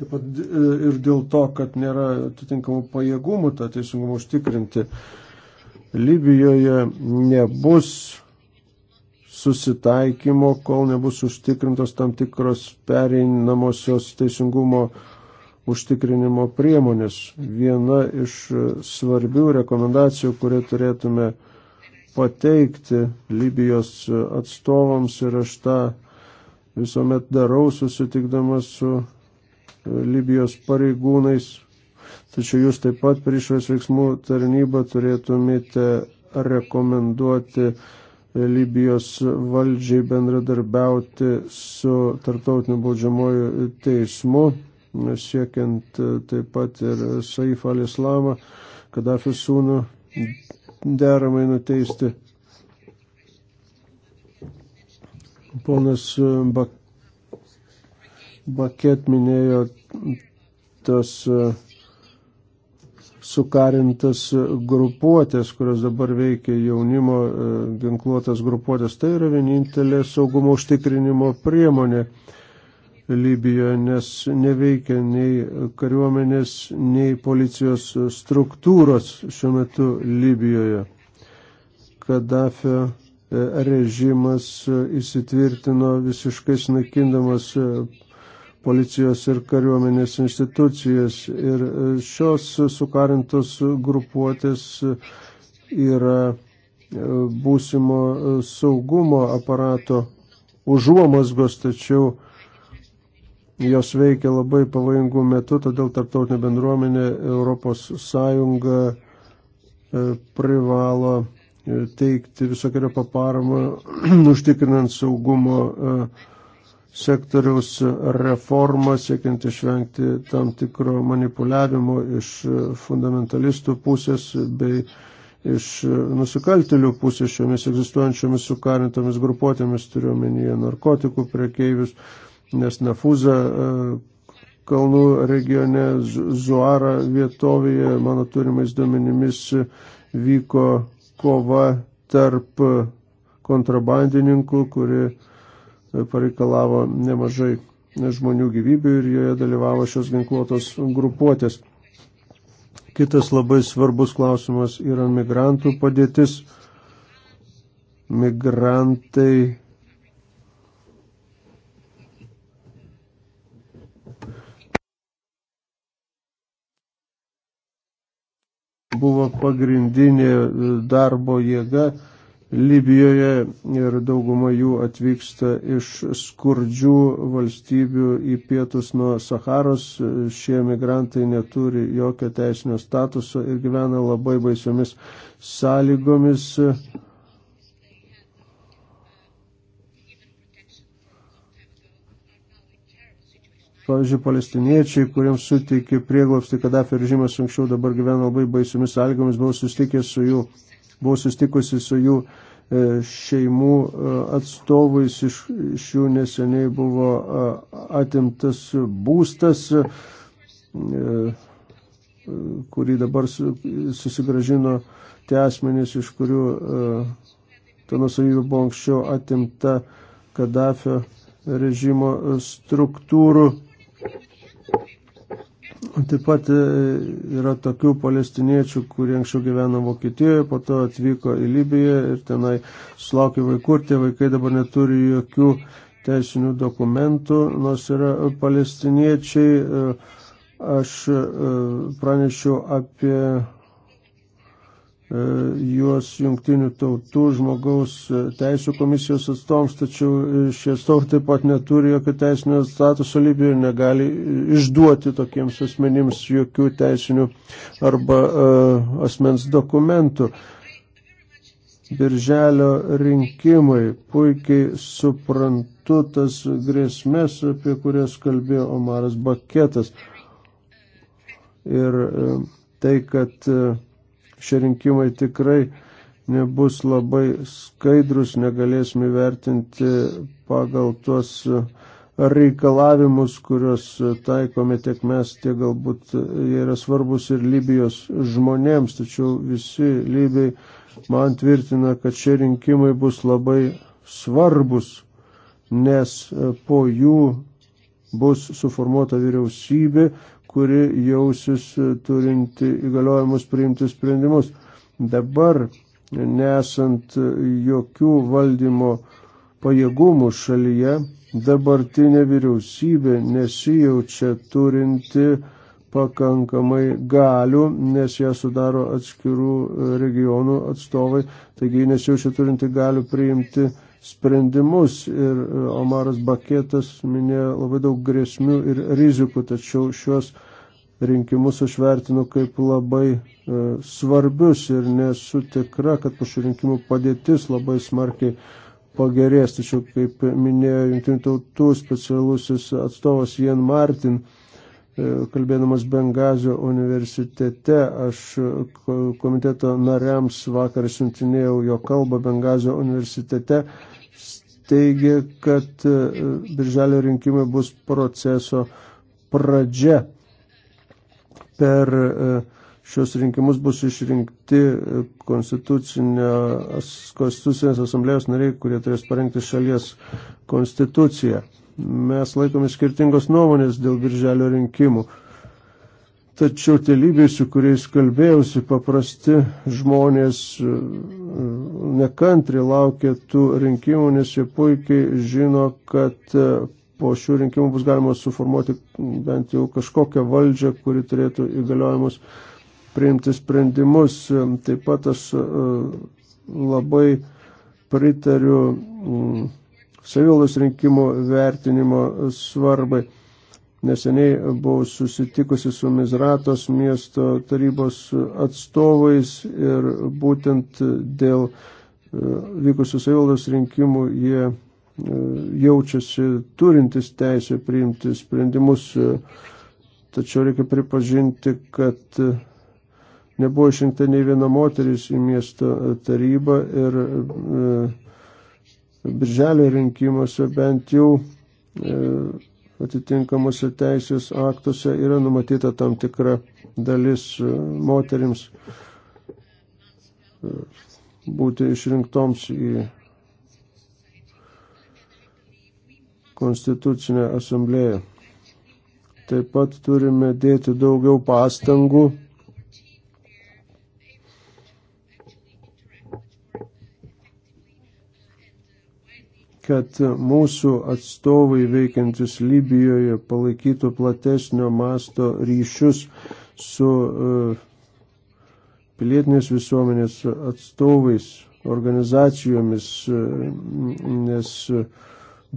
Speaker 3: Taip pat e, ir dėl to, kad nėra atitinkamų pajėgumų tą teisingumą užtikrinti, Libijoje nebus susitaikymo, kol nebus užtikrintos tam tikros pereinamosios teisingumo užtikrinimo priemonės. Viena iš svarbių rekomendacijų, kurią turėtume pateikti Libijos atstovams ir aš tą visuomet darau susitikdamas su e, Libijos pareigūnais. Tačiau jūs taip pat priešvės veiksmų tarnybą turėtumėte rekomenduoti e, Libijos valdžiai bendradarbiauti su tarptautiniu baudžiamoju teismu siekiant e, taip pat ir Saif al-Islamą, Kadafio sūnų deramai nuteisti. Ponas e, Bak Baket minėjo tas e, sukarintas grupuotės, kurios dabar veikia jaunimo ginkluotas grupuotės. Tai yra vienintelė saugumo užtikrinimo priemonė Libijoje, nes neveikia nei kariuomenės, nei policijos struktūros šiuo metu Libijoje. Kadafio e, režimas e, įsitvirtino visiškai sunaikindamas e, policijos ir kariuomenės institucijas. Ir šios sukarintos grupuotės yra būsimo saugumo aparato užuomasgos, tačiau Jos veikia labai pavojingų metų, todėl tarptautinė bendruomenė Europos Sąjunga e, privalo e, teikti visokiojo paparamą, užtikrinant saugumo e, sektoriaus reformą, siekiant išvengti tam tikro manipuliavimo iš fundamentalistų pusės bei iš nusikaltelių pusės šiomis egzistuojančiomis sukarintomis grupuotėmis, turiuomenyje narkotikų priekeivius, nes Nafuza e, kalnų regione Zuara vietovėje, mano turimais duomenimis, vyko kova tarp kontrabandininkų, kuri e, pareikalavo nemažai žmonių gyvybių ir joje dalyvavo šios ginkluotos grupuotės. Kitas labai svarbus klausimas yra migrantų padėtis. Migrantai buvo pagrindinė e, darbo jėga Libijoje ir dauguma jų atvyksta iš skurdžių valstybių į pietus nuo Saharos. E, šie migrantai neturi jokio teisinio statuso ir gyvena labai baisiomis sąlygomis. Pavyzdžiui, palestiniečiai, kuriems suteikė prieglobstį Kadafio režimas anksčiau dabar gyvena labai baisiomis sąlygomis, buvau susitikęs su jų, buvau susitikusi su jų e, šeimų e, atstovais, iš, iš jų neseniai buvo e, atimtas būstas, kurį dabar susigražino tie asmenys, iš kurių ta nusavybė buvo anksčiau atimta Kadafio režimo struktūrų Taip pat e, yra tokių palestiniečių, kurie anksčiau gyveno Vokietijoje, po to atvyko į Libiją ir tenai sulaukė vaikų ir tie vaikai dabar neturi jokių teisinių dokumentų, nors yra palestiniečiai. E, aš e, pranešiau apie E, juos jungtinių tautų žmogaus e, teisų komisijos atstovams, tačiau e, šie atstovai taip pat neturi jokio teisinio statuso Libijoje ir negali išduoti tokiems asmenims jokių teisinių arba uh, asmens dokumentų. Birželio rinkimai puikiai suprantu tas grėsmės, apie kurias kalbėjo Omaras Baketas. Ir uh, tai, kad uh, šie rinkimai tikrai nebus labai skaidrus, negalėsime vertinti pagal tuos reikalavimus, kuriuos taikome tiek mes, tiek galbūt jie yra svarbus ir Libijos žmonėms, tačiau visi Libijai man tvirtina, kad šie rinkimai bus labai svarbus, nes po jų bus suformuota vyriausybė, kuri jausis e, turinti įgaliojimus priimti sprendimus. Dabar, nesant e, jokių valdymo pajėgumų šalyje, dabartinė vyriausybė nesijaučia turinti pakankamai galių, nes ją sudaro atskirų e, regionų atstovai, taigi nesijaučia turinti galių priimti sprendimus sprendimus ir e, Omaras Baketas minėjo labai daug grėsmių ir rizikų, tačiau šios rinkimus aš vertinu kaip labai e, svarbius ir nesu tikra, kad po šių rinkimų padėtis labai smarkiai pagerės. Tačiau, kaip minėjo Junktinių tautų specialusis atstovas Jan Martin, E, kalbėdamas Bengazio universitete. Aš e, komiteto nariams vakar siuntinėjau jo kalbą Bengazio universitete. Teigia, kad e, birželio rinkimai bus proceso pradžia. Per šios rinkimus bus išrinkti konstitucinės asamblėjos nariai, kurie turės parengti šalies konstituciją mes laikomės skirtingos nuomonės dėl birželio rinkimų. Tačiau tie lygiai, su kuriais kalbėjausi, paprasti žmonės nekantri laukia tų rinkimų, nes jie puikiai žino, kad e, po šių rinkimų bus galima suformuoti bent jau kažkokią valdžią, kuri turėtų įgaliojimus priimti sprendimus. Taip pat aš e, labai pritariu savivaldos rinkimų vertinimo svarbai. Neseniai buvau susitikusi su Mizratos miesto tarybos atstovais ir būtent dėl e, vykusių savivaldos rinkimų jie e, jaučiasi turintis teisę priimti sprendimus, e, tačiau reikia pripažinti, kad nebuvo išrinkta nei viena moteris į miesto tarybą ir e, birželio rinkimuose bent jau e, atitinkamuose teisės aktuose yra numatyta tam tikra dalis e, moterims e, būti išrinktoms į konstitucinę asamblėją. Taip pat turime dėti daugiau pastangų kad mūsų atstovai veikiantis Libijoje palaikytų platesnio masto ryšius su e, pilietinės visuomenės atstovais, organizacijomis, e, nes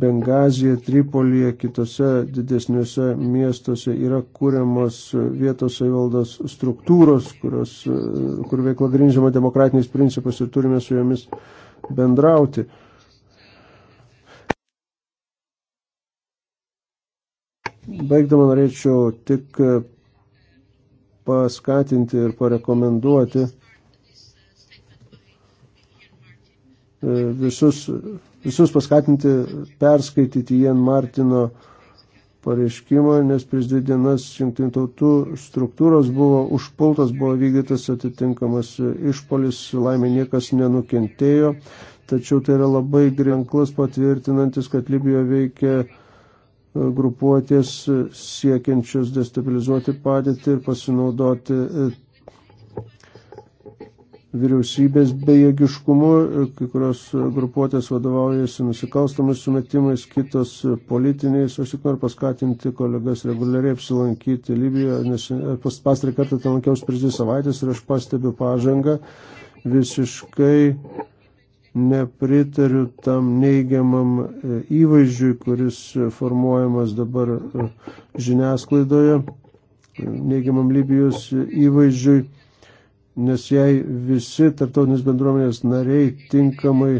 Speaker 3: Bengazija, Tripolija, kitose didesniuose miestuose yra kūriamos vietos savivaldos struktūros, kurios, e, kur veikla grindžiama demokratiniais principais ir turime su jomis bendrauti. Baigdama norėčiau tik e, paskatinti ir parekomenduoti e, visus, visus paskatinti perskaityti Jan Martino pareiškimą, nes prieš dvi dienas jungtinių tautų struktūros buvo užpultas, buvo vykdytas atitinkamas išpolis, laimė niekas nenukentėjo, tačiau tai yra labai grenklas patvirtinantis, kad Libijoje veikia grupuotės siekiančios destabilizuoti padėtį ir pasinaudoti e, vyriausybės bejėgiškumu, kai kurios grupuotės vadovaujasi nusikalstamus sumetimais, kitos politiniais. Aš tik noriu paskatinti kolegas reguliariai apsilankyti Libijoje, nes e, pas, pastarį kartą ten lankiausi prieš dvi savaitės ir aš pastebiu pažangą visiškai nepritariu tam neigiamam e, įvaizdžiui, kuris formuojamas dabar e, žiniasklaidoje, neigiamam Libijos įvaizdžiui, nes jei visi tarptautinės bendruomenės nariai tinkamai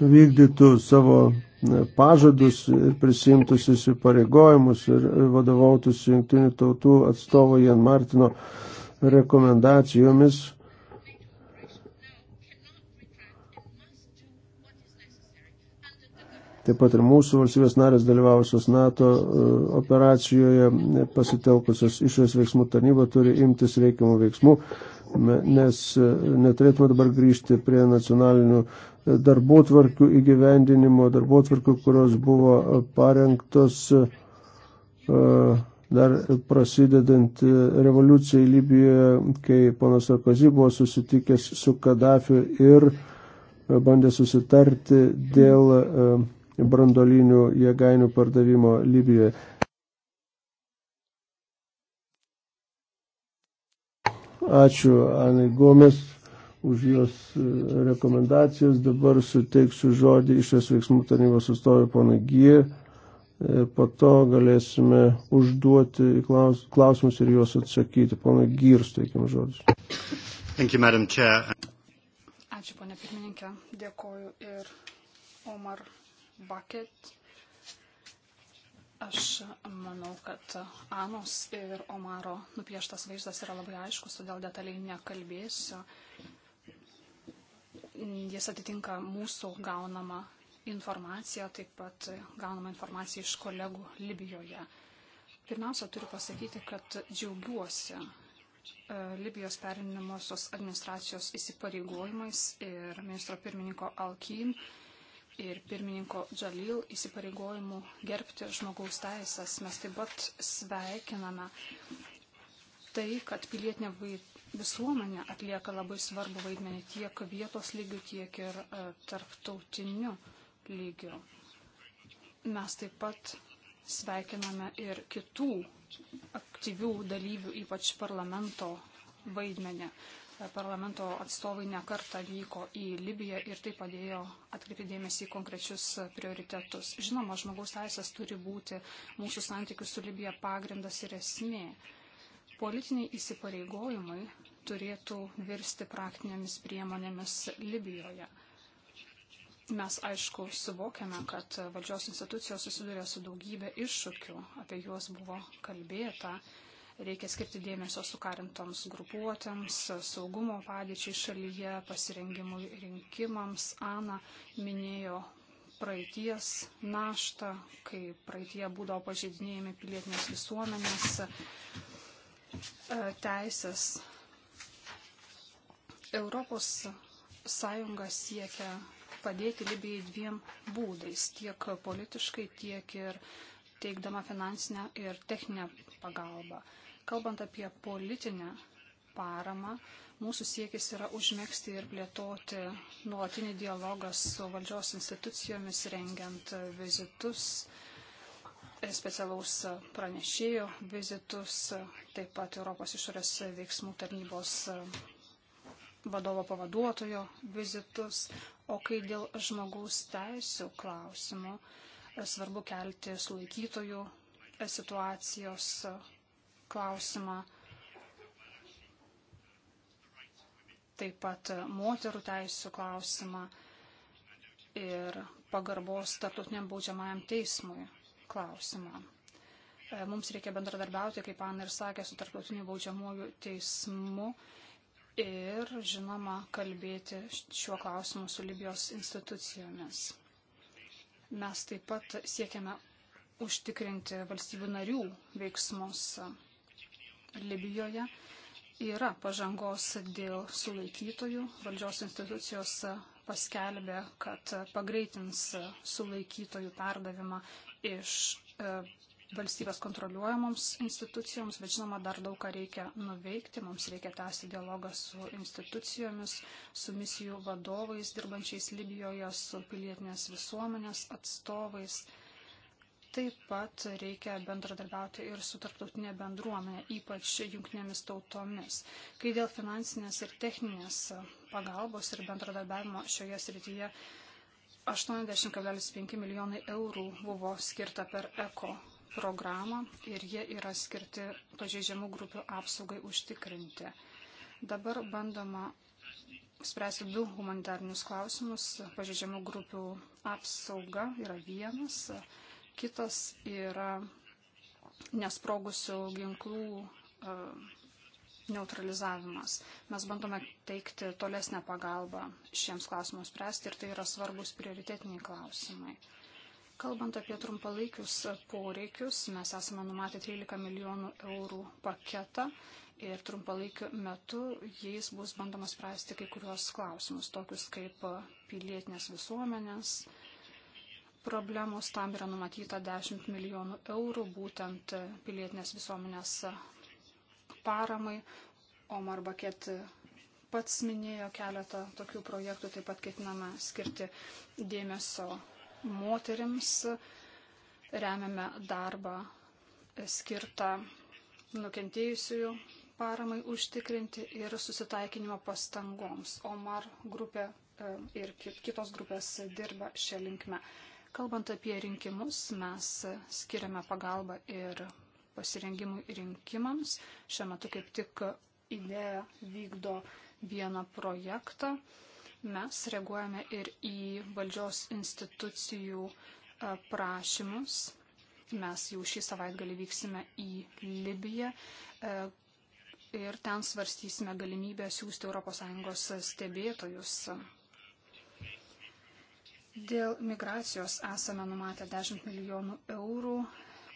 Speaker 3: vykdytų savo e, pažadus ir prisimtus įsipareigojimus ir vadovautųsi jungtinių tautų atstovo Jan Martino rekomendacijomis, Taip pat ir mūsų valstybės narės dalyvavusios NATO e, operacijoje pasitelkusios išorės veiksmų tarnybą turi imtis reikiamų veiksmų, nes e, neturėtume dabar grįžti prie nacionalinių e, darbų tvarkių įgyvendinimo, darbų tvarkių, kurios buvo parengtos dar prasidedant revoliucijai Libijoje, kai ponas Sarkozy buvo susitikęs su Kadafiu ir bandė susitarti dėl brandolinių jėgainių pardavimo Libijoje. Ačiū Anai Gomes už jos e, rekomendacijas. Dabar suteiksiu žodį iš jos veiksmų tarnybos atstovė pana Gie. E, po to galėsime užduoti klaus, klausimus ir juos atsakyti. Pana Gyr, suteikim žodžius.
Speaker 1: Thank you, Madam Chair.
Speaker 4: Ačiū, ponė pirmininkė. Dėkoju ir Omar Bucket. Aš manau, kad Anos ir Omaro nupieštas vaizdas yra labai aiškus, todėl detaliai nekalbėsiu. Jis atitinka mūsų gaunamą informaciją, taip pat gaunamą informaciją iš kolegų Libijoje. Pirmiausia, turiu pasakyti, kad džiaugiuosi e, Libijos perinimosios administracijos įsipareigojimais ir ministro pirmininko Alkym ir pirmininko Džalil įsipareigojimų gerbti žmogaus teisės. Mes taip pat sveikiname tai, kad pilietinė visuomenė atlieka labai svarbu vaidmenį tiek vietos lygių, tiek ir e, tarptautiniu lygiu. Mes taip pat sveikiname ir kitų aktyvių dalyvių, ypač parlamento vaidmenį parlamento atstovai nekarta vyko į Libiją ir tai padėjo atkreipti dėmesį į konkrečius prioritetus. Žinoma, žmogaus teisės turi būti mūsų santykių su Libija pagrindas ir esmė. Politiniai įsipareigojimai turėtų virsti praktinėmis priemonėmis Libijoje. Mes aišku suvokiame, kad valdžios institucijos susiduria su daugybė iššūkių, apie juos buvo kalbėta Reikia skirti dėmesio sukarintoms grupuotėms, saugumo padėčiai šalyje, pasirengimui rinkimams. Ana minėjo praeities naštą, kai praeitie būdavo pažeidinėjami pilietinės visuomenės e, teisės. Europos Sąjunga siekia padėti Libijai dviem būdais - tiek politiškai, tiek ir teikdama finansinę ir techninę pagalbą. Kalbant apie politinę paramą, mūsų siekis yra užmėgsti ir plėtoti nuolatinį dialogą su valdžios institucijomis, rengiant vizitus, specialaus pranešėjo vizitus, taip pat Europos išorės veiksmų tarnybos vadovo pavaduotojo vizitus, o kai dėl žmogaus teisų klausimų svarbu kelti sulaikytojų situacijos klausimą, taip pat moterų teisų klausimą ir pagarbos tarptautiniam baudžiamajam teismui klausimą. Mums reikia bendradarbiauti, kaip Anna ir sakė, su tarptautiniu baudžiamuoju teismu ir, žinoma, kalbėti šiuo klausimu su Libijos institucijomis. Mes taip pat siekiame užtikrinti valstybių narių veiksmus Libijoje yra pažangos dėl sulaikytojų. Valdžios institucijos paskelbė, kad pagreitins sulaikytojų perdavimą iš e, valstybės kontroliuojamoms institucijoms, bet žinoma, dar daug ką reikia nuveikti. Mums reikia tęsti dialogą su institucijomis, su misijų vadovais dirbančiais Libijoje, su pilietinės visuomenės atstovais. Taip pat reikia bendradarbiauti ir su tarptautinė bendruomenė, ypač jungtinėmis tautomis. Kai dėl finansinės ir techninės pagalbos ir bendradarbiavimo šioje srityje 80,5 milijonai eurų buvo skirta per ECO programą ir jie yra skirti pažeidžiamų grupių apsaugai užtikrinti. Dabar bandoma spręsti du humanitarinius klausimus. Pažeidžiamų grupių apsauga yra vienas Kitas yra nesprogusių ginklų e, neutralizavimas. Mes bandome teikti tolesnę pagalbą šiems klausimams spręsti ir tai yra svarbus prioritetiniai klausimai. Kalbant apie trumpalaikius poreikius, mes esame numatę 13 milijonų eurų paketą ir trumpalaikiu metu jais bus bandoma spręsti kai kuriuos klausimus, tokius kaip pilietinės visuomenės, uh, problemos, tam yra numatyta 10 milijonų eurų būtent pilietinės visuomenės paramai. Omar Baket pats minėjo keletą tokių projektų, taip pat ketiname skirti dėmesio moterims, remiame darbą skirtą nukentėjusiųjų paramai užtikrinti ir susitaikinimo pastangoms. Omar grupė e, ir kitos grupės dirba šią linkmę. Kalbant apie rinkimus, mes skiriame pagalbą ir pasirengimui rinkimams. Šiuo metu kaip tik idėja vykdo vieną projektą. Mes reaguojame ir į valdžios institucijų e, prašymus. Mes jau šį savaitgalį vyksime į Libiją e, ir ten svarstysime galimybę siūsti ES stebėtojus Dėl migracijos esame numatę 10 milijonų eurų,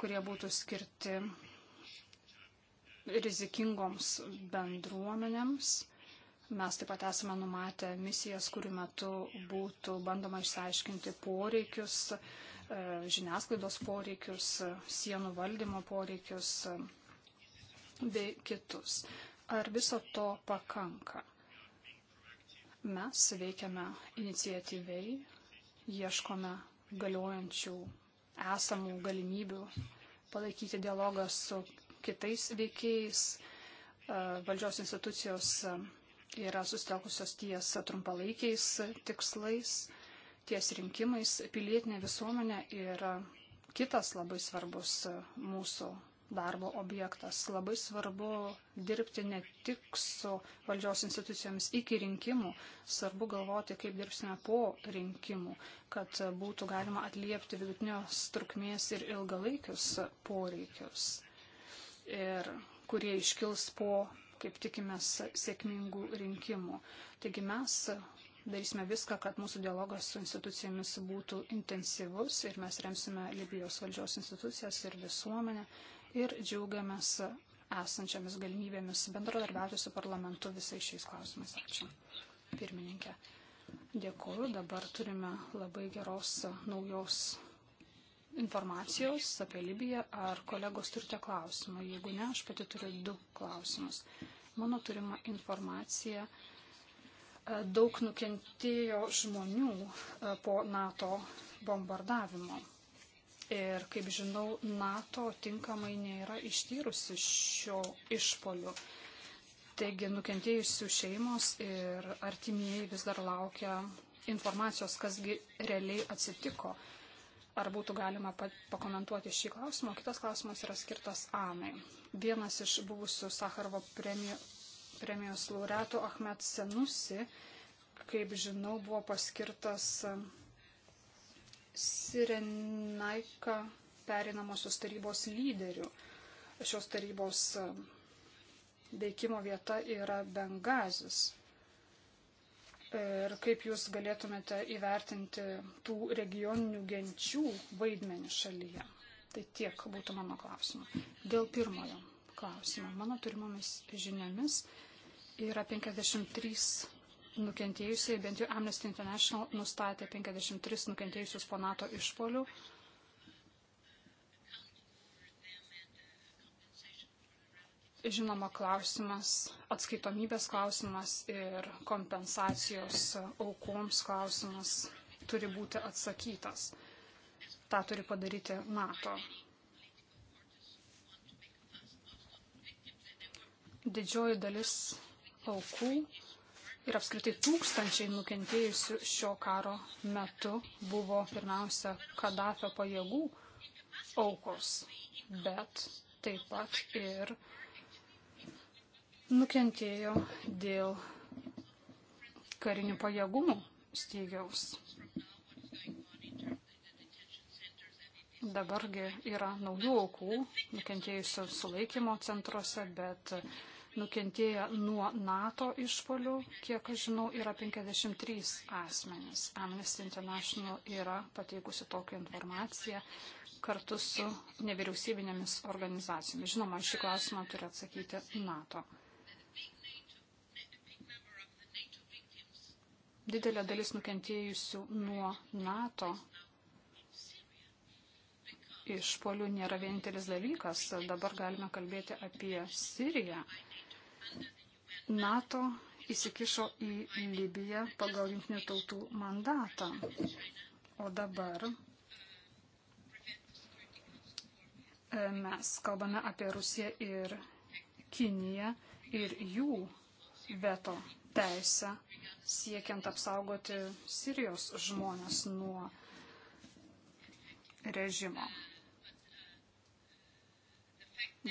Speaker 4: kurie būtų skirti rizikingoms bendruomenėms. Mes taip pat esame numatę misijas, kurių metu būtų bandoma išsiaiškinti poreikius, e, žiniasklaidos poreikius, sienų valdymo poreikius e, bei kitus. Ar viso to pakanka? Mes veikiame iniciatyviai, ieškome galiojančių esamų galimybių palaikyti dialogą su kitais veikėjais. E, valdžios institucijos e, yra sustelkusios ties trumpalaikiais tikslais, ties rinkimais. Pilietinė visuomenė yra kitas labai svarbus e, mūsų darbo objektas. Labai svarbu dirbti ne tik su valdžios institucijomis iki rinkimų, svarbu galvoti, kaip dirbsime po rinkimų, kad būtų galima atliepti vidutinios trukmės ir ilgalaikius poreikius, ir kurie iškils po, kaip tikimės, sėkmingų rinkimų. Taigi mes darysime viską, kad mūsų dialogas su institucijomis būtų intensyvus ir mes remsime Libijos valdžios institucijas ir visuomenę, ir džiaugiamės esančiamis galimybėmis bendradarbiauti su parlamentu visais šiais klausimais. Ačiū. Pirmininkė. Dėkuoju. Dabar turime labai geros naujos informacijos apie Libiją. Ar kolegos turite klausimą? Jeigu ne, aš pati turiu du klausimus. Mano turima informacija. E, daug nukentėjo žmonių e, po NATO bombardavimo. Ir kaip žinau, NATO tinkamai nėra ištyrusi šio išpolių. Taigi nukentėjusių šeimos ir artimieji vis dar laukia informacijos, kasgi realiai atsitiko. Ar būtų galima pakomentuoti šį klausimą? Kitas klausimas yra skirtas Anai. Vienas iš buvusių Sakarvo premijos laureatų Ahmed Senusi, kaip žinau, buvo paskirtas Sirenaika perinamosios tarybos lyderių. Šios tarybos e, veikimo vieta yra Bengazis. Ir kaip jūs galėtumėte įvertinti tų regioninių genčių vaidmenį šalyje? Tai tiek būtų mano klausimų. Dėl pirmojo klausimo. Mano turimomis žiniomis yra 53 nukentėjusiai, bent jau Amnesty International nustatė 53 nukentėjusius po NATO išpolių. Žinoma, klausimas, atskaitomybės klausimas ir kompensacijos aukoms klausimas turi būti atsakytas. Ta turi padaryti NATO. Didžioji dalis aukų ir apskritai tūkstančiai nukentėjusių šio karo metu buvo pirmiausia Kadafio pajėgų aukos, bet taip pat ir nukentėjo dėl karinių pajėgumų stygiaus. Dabargi yra naujų aukų, nukentėjusių sulaikymo centruose, bet nukentėję nuo NATO išpolių, kiek aš žinau, yra 53 asmenys. Amnesty International yra pateikusi tokią informaciją kartu su nevyriausybinėmis organizacijomis. Žinoma, šį klausimą turi atsakyti NATO. Didelė dalis nukentėjusių nuo NATO išpolių nėra vienintelis dalykas. Dabar galime kalbėti apie Siriją, NATO įsikišo į Libiją pagal jungtinių tautų mandatą. O dabar e, mes kalbame apie Rusiją ir Kiniją ir jų veto teisę siekiant apsaugoti Sirijos žmonės nuo režimo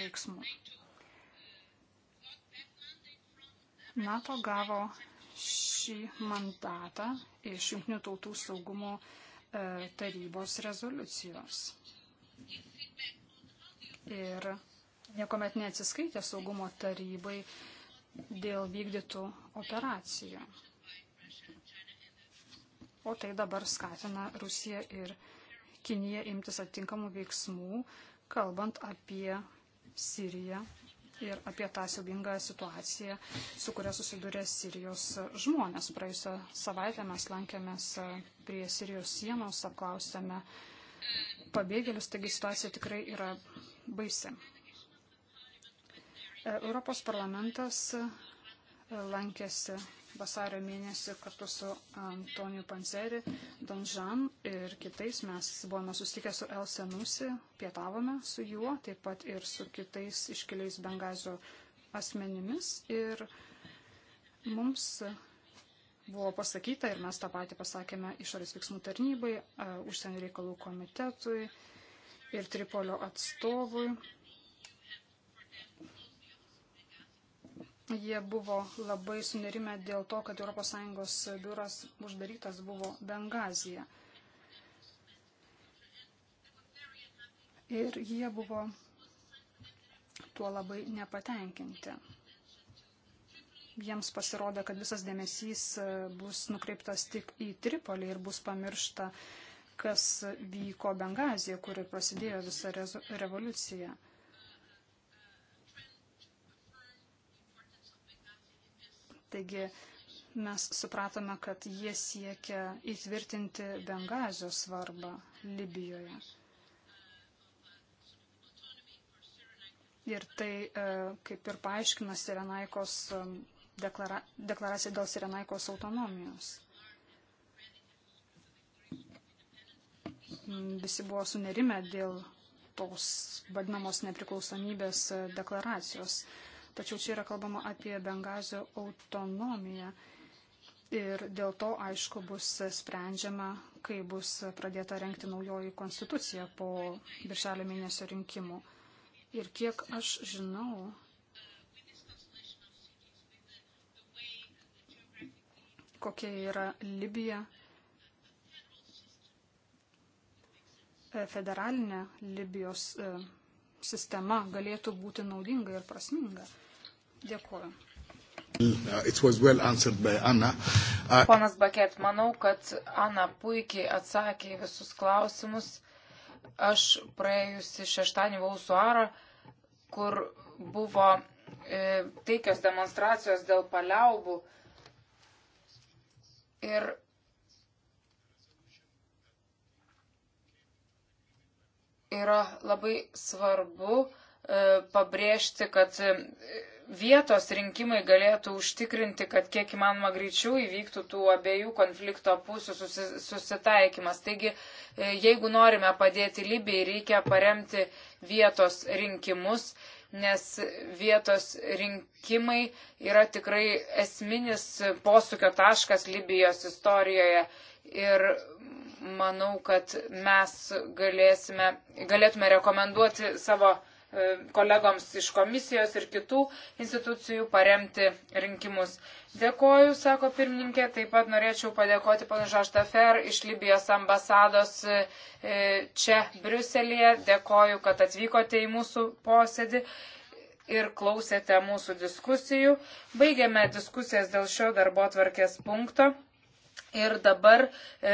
Speaker 4: veiksmų. NATO gavo šį mandatą iš Junktinių tautų saugumo e, tarybos rezoliucijos. Ir niekuomet neatsiskaitė saugumo tarybai dėl vykdytų operacijų. O tai dabar skatina Rusija ir Kinija imtis atitinkamų veiksmų, kalbant apie Siriją ir apie tą siubingą situaciją, su kuria susidūrė Sirijos žmonės. Praėjusią savaitę mes lankėmės prie Sirijos sienos, apklausėme pabėgėlius, taigi situacija tikrai yra baisi. Europos parlamentas lankėsi vasario mėnesį kartu su Antoniju Panseri, Donžan ir kitais. Mes buvome susitikę su Elsa Nusi, pietavome su juo, taip pat ir su kitais iškeliais Bengazio asmenimis. Ir mums buvo pasakyta ir mes tą patį pasakėme išorės veiksmų tarnybai, užsienio reikalų komitetui ir Tripolio atstovui. Jie buvo labai sunerime dėl to, kad ES biuras uždarytas buvo Bengazija. Ir jie buvo tuo labai nepatenkinti. Jiems pasirodė, kad visas dėmesys e, bus nukreiptas tik į Tripolį ir bus pamiršta, kas vyko Bengazijoje, kuri prasidėjo visa revoliucija. Rezo Taigi mes supratome, kad jie siekia įtvirtinti Bengazio svarbą Libijoje. Ir tai, e, kaip ir paaiškina Sirenaikos e, deklara, deklaracija dėl Sirenaikos autonomijos. Visi buvo sunerime dėl tos vadinamos nepriklausomybės e, deklaracijos. Tačiau čia yra kalbama apie Bengazio autonomiją. Ir dėl to, aišku, bus sprendžiama, kai bus pradėta renkti naujoji konstitucija po viršelio mėnesio rinkimų. Ir kiek aš žinau, kokia yra Libija, federalinė Libijos e, sistema galėtų būti naudinga ir prasminga. Dėkuoju.
Speaker 1: Uh, well
Speaker 3: I... Uh,
Speaker 2: Ponas Baket, manau, kad Ana puikiai atsakė į visus klausimus. Aš praėjusi šeštadienį buvau su Ara, kur buvo e, taikios demonstracijos dėl paliaubų. Ir yra labai svarbu e, pabrėžti, kad e, vietos rinkimai galėtų užtikrinti, kad kiek įmanoma greičiau įvyktų tų abiejų konflikto pusių susitaikymas. Taigi, e, jeigu norime padėti Libijai, reikia paremti vietos rinkimus, nes vietos rinkimai yra tikrai esminis posūkio taškas Libijos istorijoje. Ir manau, kad mes galėsime, galėtume rekomenduoti savo e, kolegoms iš komisijos ir kitų institucijų paremti rinkimus. Dėkoju, sako pirmininkė, taip pat norėčiau padėkoti panu Žaštafer iš Libijos ambasados e, čia Briuselėje. Dėkoju, kad atvykote į mūsų posėdį ir klausėte mūsų diskusijų. Baigėme diskusijas dėl šio darbo tvarkės punkto. Ir dabar e,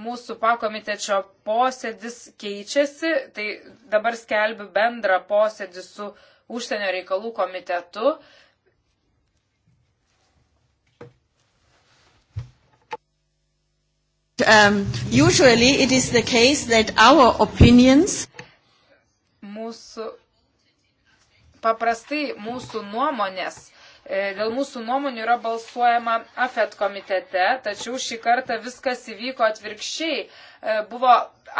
Speaker 2: mūsų pakomitečio posėdis keičiasi, tai dabar skelbiu bendrą posėdį su užsienio reikalų komitetu.
Speaker 1: Um, usually it is the case that our opinions
Speaker 2: mūsų, paprastai mūsų nuomonės E, dėl mūsų nuomonių yra balsuojama AFET komitete, tačiau šį kartą viskas įvyko atvirkščiai. E, buvo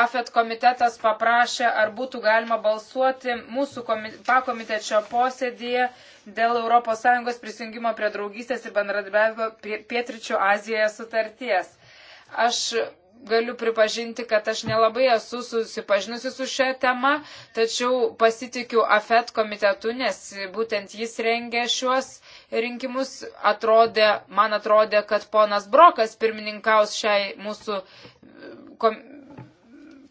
Speaker 2: AFET komitetas paprašė, ar būtų galima balsuoti mūsų pakomitečio posėdėje dėl ES prisijungimo prie draugystės ir bendradarbiavimo Pietričių Azijoje sutarties. Aš galiu pripažinti, kad aš nelabai esu susipažinusi su šią temą, tačiau pasitikiu AFET komitetu, nes būtent jis rengia šiuos rinkimus, atrodė, man atrodė, kad ponas Brokas pirmininkaus šiai mūsų e, kom...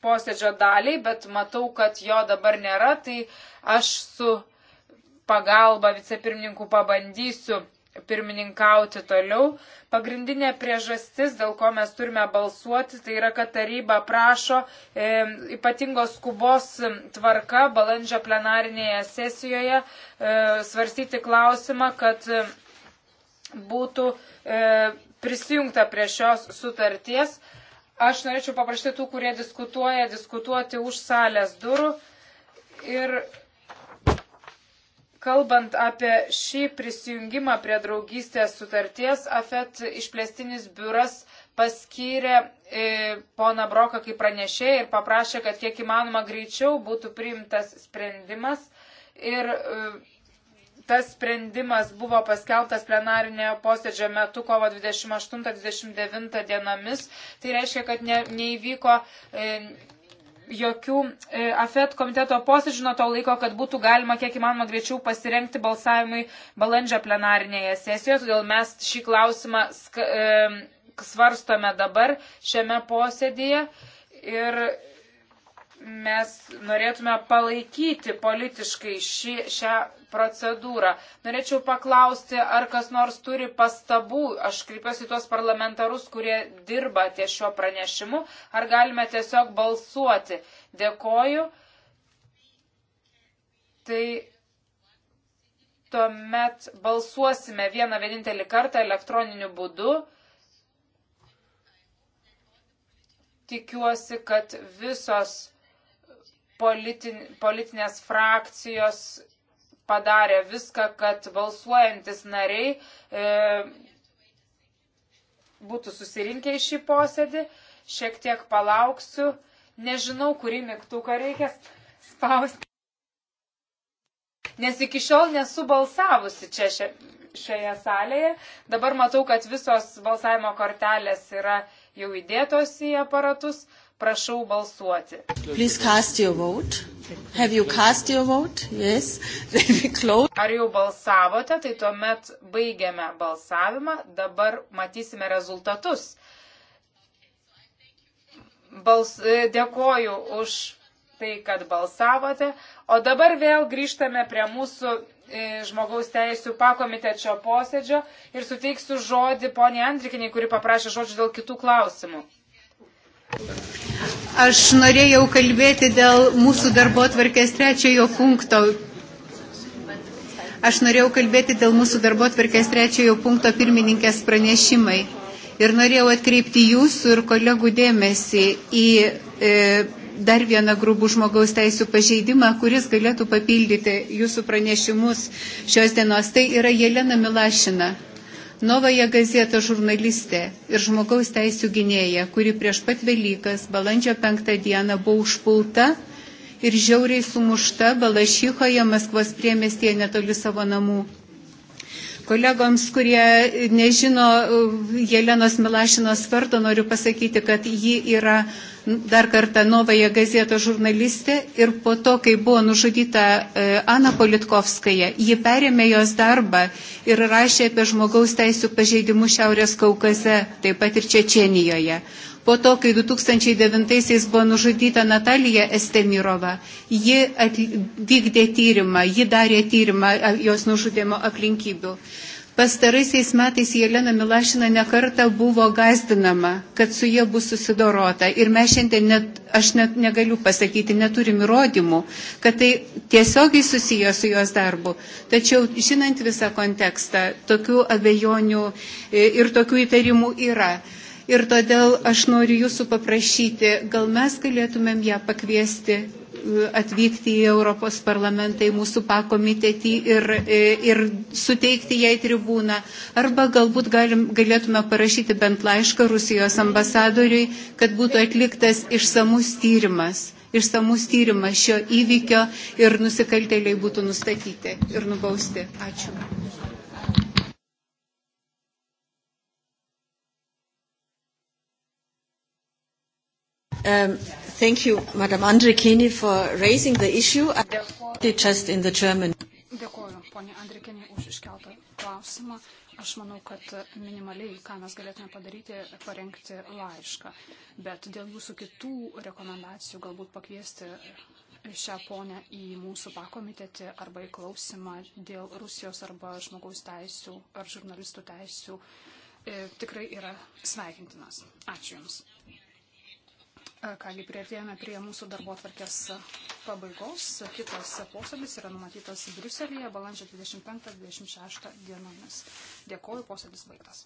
Speaker 2: posėdžio daliai, bet matau, kad jo dabar nėra, tai aš su pagalba vicepirmininkų pabandysiu pirmininkauti toliau. Pagrindinė priežastis, dėl ko mes turime balsuoti, tai yra, kad taryba prašo e, ypatingos skubos tvarka balandžio plenarinėje sesijoje e, svarstyti klausimą, kad e, būtų e, prisijungta prie šios sutarties. Aš norėčiau paprašyti tų, kurie diskutuoja, diskutuoti už salės durų. Ir Kalbant apie šį prisijungimą prie draugystės sutarties, AFET išplėstinis biuras paskyrė e, pona Broką kaip pranešėją ir paprašė, kad kiek įmanoma greičiau būtų priimtas sprendimas. Ir e, tas sprendimas buvo paskeltas plenarinėje posėdžio metu kovo 28-29 dienomis. Tai reiškia, kad ne, neįvyko. E, jokių e, AFET komiteto posėdžių nuo to laiko, kad būtų galima kiek įmanoma greičiau pasirenkti balsavimui balandžio plenarinėje sesijoje, todėl mes šį klausimą e, svarstome dabar šiame posėdėje. Ir mes norėtume palaikyti politiškai šį, šią procedūrą. Norėčiau paklausti, ar kas nors turi pastabų, aš kreipiuosi tuos parlamentarus, kurie dirba ties šio pranešimu, ar galime tiesiog balsuoti. Dėkoju. Tai tuomet balsuosime vieną vienintelį kartą elektroniniu būdu. Tikiuosi, kad visos politin, politinės frakcijos padarė viską, kad balsuojantis nariai e, būtų susirinkę į šį posėdį. Šiek tiek palauksiu. Nežinau, kurį mygtuką reikia spausti. Nes iki šiol nesu balsavusi čia šia, šioje salėje. Dabar matau, kad visos balsavimo kortelės yra jau įdėtos į aparatus. Prašau balsuoti.
Speaker 1: Please cast your vote. Have you cast your vote? Yes. Then we close.
Speaker 2: Ar jau balsavote, tai tuomet baigiame balsavimą, dabar matysime rezultatus. Bals, e, dėkoju už tai, kad balsavote, o dabar vėl grįžtame prie mūsų e, žmogaus teisų pakomitečio posėdžio ir suteiksiu žodį poniai Andrikiniai, kuri paprašė žodžių dėl kitų klausimų.
Speaker 5: Aš norėjau kalbėti dėl mūsų darbo atvarkės trečiojo punkto. Aš norėjau kalbėti dėl mūsų darbo atvarkės trečiojo punkto pirmininkės pranešimai. Ir norėjau atkreipti jūsų ir kolegų dėmesį į e, dar vieną grubų žmogaus teisų pažeidimą, kuris galėtų papildyti jūsų pranešimus šios dienos. Tai yra Jelena Milašina. Novaja gazeta žurnalistė ir žmogaus teisų gynėja, kuri prieš pat Velykas balandžio penktą dieną buvo užpulta ir žiauriai sumušta Balašyhoje Maskvos priemestėje netoli savo namų. Kolegoms, kurie nežino uh, Jelenos Milašinos vardo, noriu pasakyti, kad ji yra dar kartą Novoje gazeto žurnalistė ir po to, kai buvo nužudyta uh, Ana Politkovskaja, ji perėmė jos darbą ir rašė apie žmogaus teisų pažeidimus Šiaurės Kaukaze, taip pat ir Čečenijoje po to, kai 2009-aisiais buvo nužudyta Natalija Estemirova, ji vykdė tyrimą, ji darė tyrimą jos nužudimo aplinkybių. Pastaraisiais metais Jelena Milašina nekarta buvo gazdinama, kad su jie bus susidorota. Ir mes šiandien, net, aš net negaliu pasakyti, neturim įrodymų, kad tai tiesiogiai susiję su jos darbu. Tačiau, žinant visą kontekstą, tokių abejonių e, ir tokių įtarimų yra ir todėl aš noriu jūsų paprašyti, gal mes galėtumėm ją pakviesti e, atvykti į Europos parlamentą, į mūsų pakomitetį ir, e, ir suteikti jai tribūną. Arba galbūt galim, galėtume parašyti bent laišką Rusijos ambasadoriui, kad būtų atliktas išsamus tyrimas. Išsamus tyrimas šio įvykio ir nusikaltėliai būtų nustatyti ir nubausti. Ačiū.
Speaker 1: Um, thank you, Madam Andrikini, for raising the issue. Dėkuoju. Just in the German.
Speaker 4: Dėkuoju, ponė Andrikini, už iškeltą klausimą. Aš manau, kad minimaliai, ką mes galėtume padaryti, parengti laišką. Bet dėl jūsų kitų rekomendacijų galbūt pakviesti šią ponę į mūsų pakomitetį arba į klausimą dėl Rusijos arba žmogaus teisų ar žurnalistų teisų e, tikrai yra sveikintinas. Ačiū Jums. E, kągi prieartėjame prie mūsų darbo atvarkės pabaigos. Kitas posėdis yra numatytas Briuselėje balandžio 25-26 dienomis. Dėkoju, posėdis baigtas.